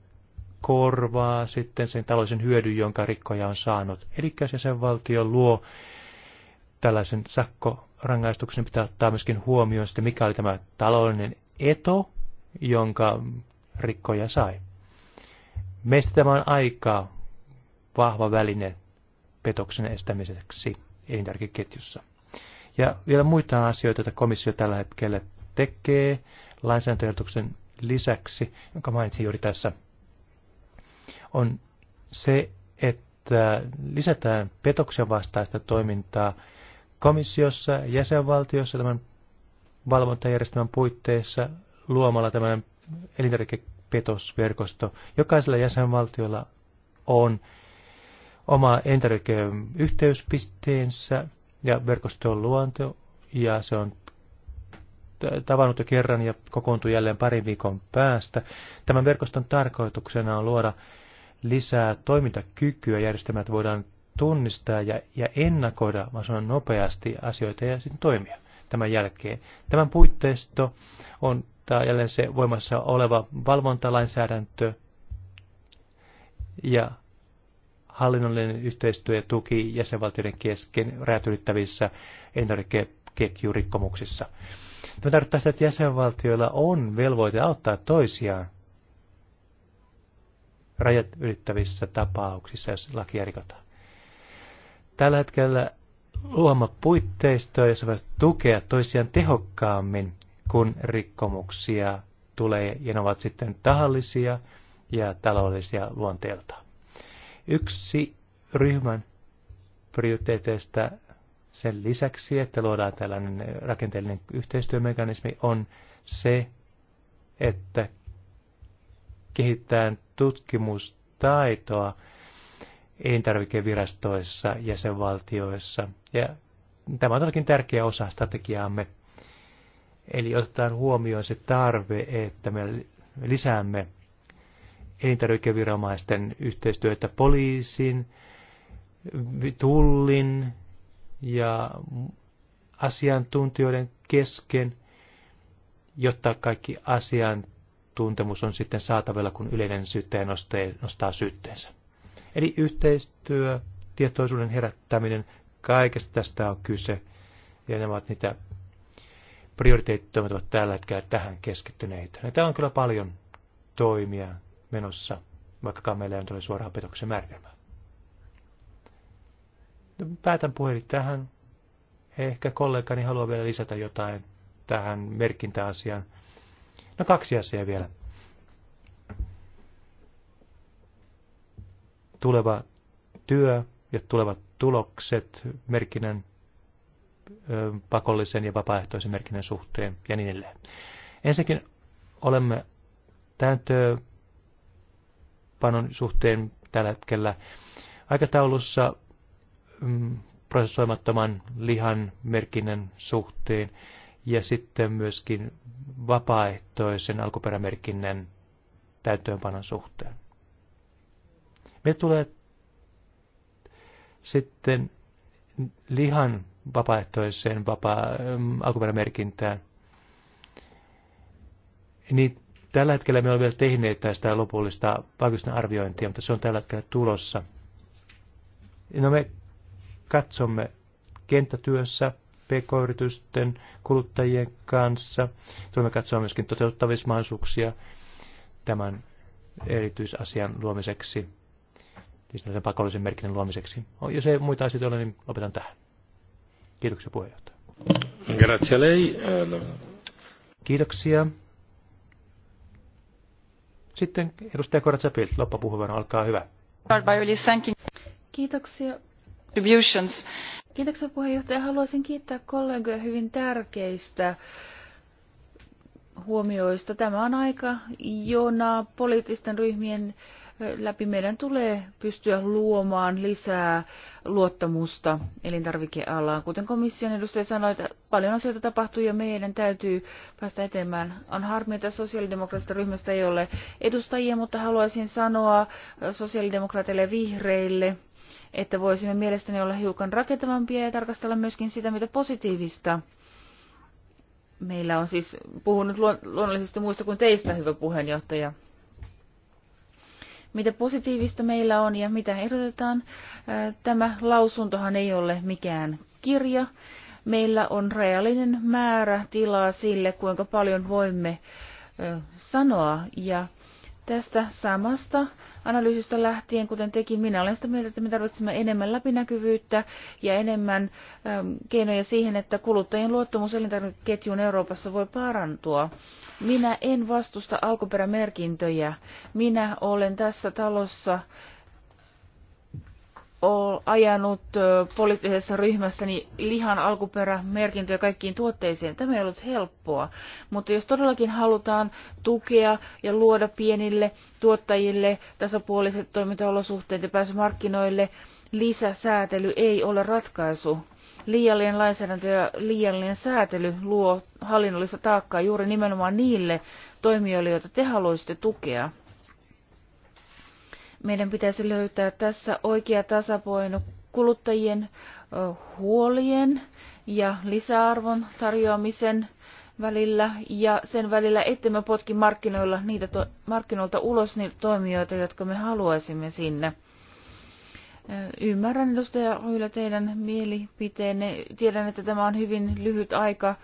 korvaa sitten sen taloisen hyödyn, jonka rikkoja on saanut. Eli valtio luo tällaisen sakkorangaistuksen, pitää ottaa myöskin huomioon että mikä oli tämä taloudellinen eto, jonka rikkoja sai. Meistä tämä on aika vahva väline petoksen estämiseksi elintarvikeketjussa. Ja vielä muita asioita, joita komissio tällä hetkellä tekee lainsäädäntöehdotuksen lisäksi, jonka mainitsin juuri tässä, on se, että lisätään petoksen vastaista toimintaa komissiossa ja jäsenvaltiossa tämän valvontajärjestelmän puitteissa luomalla tämän elintarvikepetosverkosto. Jokaisella jäsenvaltiolla on oma Interreg-yhteyspisteensä ja verkoston luonto, ja se on tavannut jo kerran ja kokoontuu jälleen parin viikon päästä. Tämän verkoston tarkoituksena on luoda lisää toimintakykyä järjestelmät voidaan tunnistaa ja, ja ennakoida sanon nopeasti asioita ja sitten toimia tämän jälkeen. Tämän puitteisto on tämä jälleen se voimassa oleva valvontalainsäädäntö ja hallinnollinen yhteistyö ja tuki jäsenvaltioiden kesken räätylittävissä elintarvikeketjurikkomuksissa. Tämä tarkoittaa sitä, että jäsenvaltioilla on velvoite auttaa toisiaan rajat ylittävissä tapauksissa, jos lakia rikotaan. Tällä hetkellä luoma puitteistoa, jossa voi tukea toisiaan tehokkaammin, kun rikkomuksia tulee ja ne ovat sitten tahallisia ja taloudellisia luonteeltaan. Yksi ryhmän prioriteeteista sen lisäksi, että luodaan tällainen rakenteellinen yhteistyömekanismi, on se, että kehittää tutkimustaitoa elintarvikevirastoissa, valtioissa. Ja tämä on todellakin tärkeä osa strategiaamme. Eli otetaan huomioon se tarve, että me lisäämme elintarvikeviranomaisten yhteistyötä poliisin, tullin ja asiantuntijoiden kesken, jotta kaikki asiantuntemus on sitten saatavilla, kun yleinen syyttäjä nostaa syytteensä. Eli yhteistyö, tietoisuuden herättäminen, kaikesta tästä on kyse. Ja nämä ovat niitä prioriteettitoimet ovat tällä hetkellä tähän keskittyneitä. Ja täällä on kyllä paljon toimia menossa, vaikka meillä ei ole suoraan petoksen määritelmää. Päätän puhelin tähän. Ehkä kollegani haluaa vielä lisätä jotain tähän merkintäasiaan. No kaksi asiaa vielä. Tuleva työ ja tulevat tulokset merkinnän pakollisen ja vapaaehtoisen merkinnän suhteen ja niin edelleen. Ensinnäkin olemme täytö panon suhteen tällä hetkellä aikataulussa mm, prosessoimattoman lihan merkinnän suhteen ja sitten myöskin vapaaehtoisen alkuperämerkinnän täyttöönpanon suhteen. Me tulee sitten lihan vapaaehtoiseen vapaa, mm, alkuperämerkintään. Niin Tällä hetkellä me olemme vielä tehneet tästä lopullista vaikutusten arviointia, mutta se on tällä hetkellä tulossa. No me katsomme kenttätyössä pk-yritysten kuluttajien kanssa. Tulemme katsomaan myöskin toteuttamismahdollisuuksia tämän erityisasian luomiseksi, siis tällaisen pakollisen merkinnän luomiseksi. No, jos ei muita asioita ole, niin lopetan tähän. Kiitoksia puheenjohtaja. Grazie lei. Kiitoksia. Sitten edustaja Koratsa Pilt, loppupuheenvuoro, olkaa hyvä. Kiitoksia. Kiitoksia puheenjohtaja. Haluaisin kiittää kollegoja hyvin tärkeistä huomioista. Tämä on aika, jona poliittisten ryhmien äh, läpi meidän tulee pystyä luomaan lisää luottamusta elintarvikealaan. Kuten komission edustaja sanoi, että paljon asioita tapahtuu ja meidän täytyy päästä eteenpäin. On harmi, että sosiaalidemokraattisesta ryhmästä ei ole edustajia, mutta haluaisin sanoa sosiaalidemokraateille ja vihreille, että voisimme mielestäni olla hiukan rakentavampia ja tarkastella myöskin sitä, mitä positiivista meillä on siis, puhunut luonnollisesti muista kuin teistä, hyvä puheenjohtaja, mitä positiivista meillä on ja mitä ehdotetaan. Tämä lausuntohan ei ole mikään kirja. Meillä on rajallinen määrä tilaa sille, kuinka paljon voimme sanoa ja Tästä samasta analyysistä lähtien, kuten tekin, minä olen sitä mieltä, että me tarvitsemme enemmän läpinäkyvyyttä ja enemmän äm, keinoja siihen, että kuluttajien luottamus elintarvikeketjuun Euroopassa voi parantua. Minä en vastusta alkuperämerkintöjä. Minä olen tässä talossa äh, ajanut poliittisessa ryhmässäni niin lihan alkuperämerkintöjä kaikkiin tuotteisiin. Tämä ei ollut helppoa, mutta jos todellakin halutaan tukea ja luoda pienille tuottajille tasapuoliset toimintaolosuhteet ja pääsy markkinoille, lisäsäätely ei ole ratkaisu. Liiallinen lainsäädäntö ja liiallinen säätely luo hallinnollista taakkaa juuri nimenomaan niille toimijoille, joita te haluaisitte tukea. Meidän pitäisi löytää tässä oikea tasapaino kuluttajien huolien ja lisäarvon tarjoamisen välillä ja sen välillä, että me potki markkinoilla niitä to- markkinoilta ulos niitä toimijoita, jotka me haluaisimme sinne. Ymmärrän, edustaja Hyylä, teidän mielipiteenne. Tiedän, että tämä on hyvin lyhyt aika,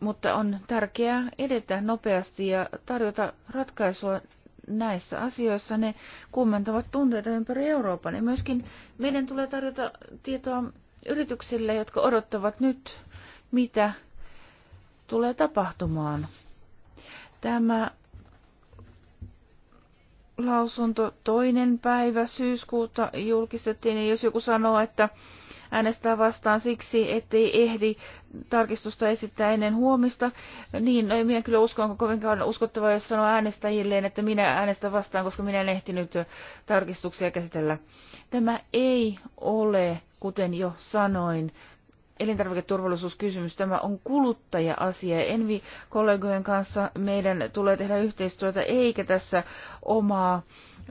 mutta on tärkeää edetä nopeasti ja tarjota ratkaisua näissä asioissa. Ne kuumentavat tunteita ympäri Euroopan. Ja myöskin meidän tulee tarjota tietoa yrityksille, jotka odottavat nyt, mitä tulee tapahtumaan. Tämä lausunto toinen päivä syyskuuta julkistettiin, ja jos joku sanoo, että äänestää vastaan siksi, ettei ehdi tarkistusta esittää ennen huomista. Niin, no, minä kyllä uskon, onko kovinkaan uskottavaa, jos sanoo äänestäjilleen, että minä äänestän vastaan, koska minä en ehtinyt tarkistuksia käsitellä. Tämä ei ole, kuten jo sanoin, elintarviketurvallisuuskysymys. Tämä on kuluttaja-asia. Envi-kollegojen kanssa meidän tulee tehdä yhteistyötä, eikä tässä omaa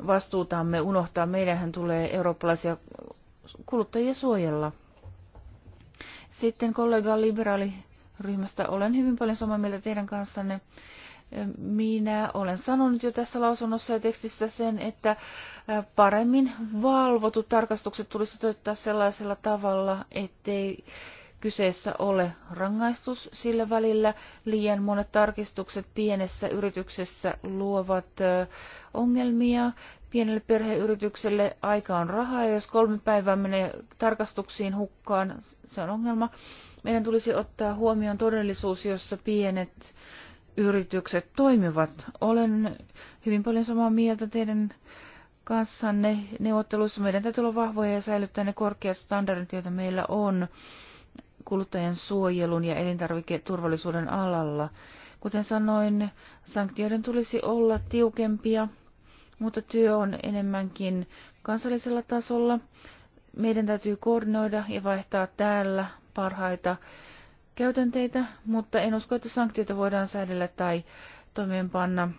vastuutamme unohtaa. Meidänhän tulee eurooppalaisia kuluttajia suojella. Sitten kollega liberaaliryhmästä olen hyvin paljon samaa mieltä teidän kanssanne. Minä olen sanonut jo tässä lausunnossa ja tekstissä sen, että paremmin valvotut tarkastukset tulisi toteuttaa sellaisella tavalla, ettei kyseessä ole rangaistus sillä välillä. Liian monet tarkistukset pienessä yrityksessä luovat ongelmia. Pienelle perheyritykselle aika on rahaa ja jos kolme päivää menee tarkastuksiin hukkaan, se on ongelma. Meidän tulisi ottaa huomioon todellisuus, jossa pienet yritykset toimivat. Olen hyvin paljon samaa mieltä teidän kanssanne neuvotteluissa. Meidän täytyy olla vahvoja ja säilyttää ne korkeat standardit, joita meillä on kuluttajan suojelun ja elintarviketurvallisuuden alalla. Kuten sanoin, sanktioiden tulisi olla tiukempia, mutta työ on enemmänkin kansallisella tasolla. Meidän täytyy koordinoida ja vaihtaa täällä parhaita käytänteitä, mutta en usko, että sanktioita voidaan säädellä tai toimeenpanna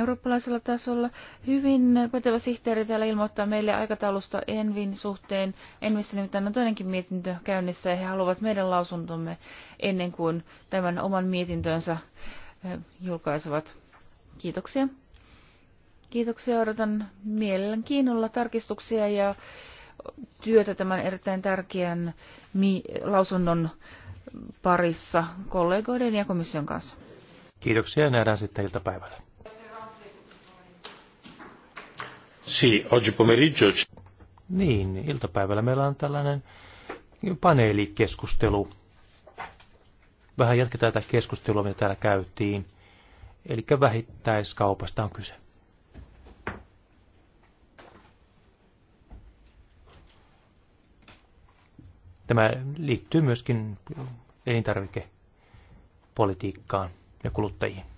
eurooppalaisella tasolla. Hyvin pätevä sihteeri täällä ilmoittaa meille aikataulusta Envin suhteen. Envissä nimittäin on toinenkin mietintö käynnissä ja he haluavat meidän lausuntomme ennen kuin tämän oman mietintönsä eh, julkaisevat. Kiitoksia. Kiitoksia, odotan mielenkiinnolla tarkistuksia ja työtä tämän erittäin tärkeän lausunnon parissa kollegoiden ja komission kanssa. Kiitoksia ja nähdään sitten iltapäivällä. Niin, iltapäivällä meillä on tällainen paneelikeskustelu. Vähän jatketaan tätä keskustelua, mitä täällä käytiin. Eli vähittäiskaupasta on kyse. Tämä liittyy myöskin elintarvikepolitiikkaan ja kuluttajiin.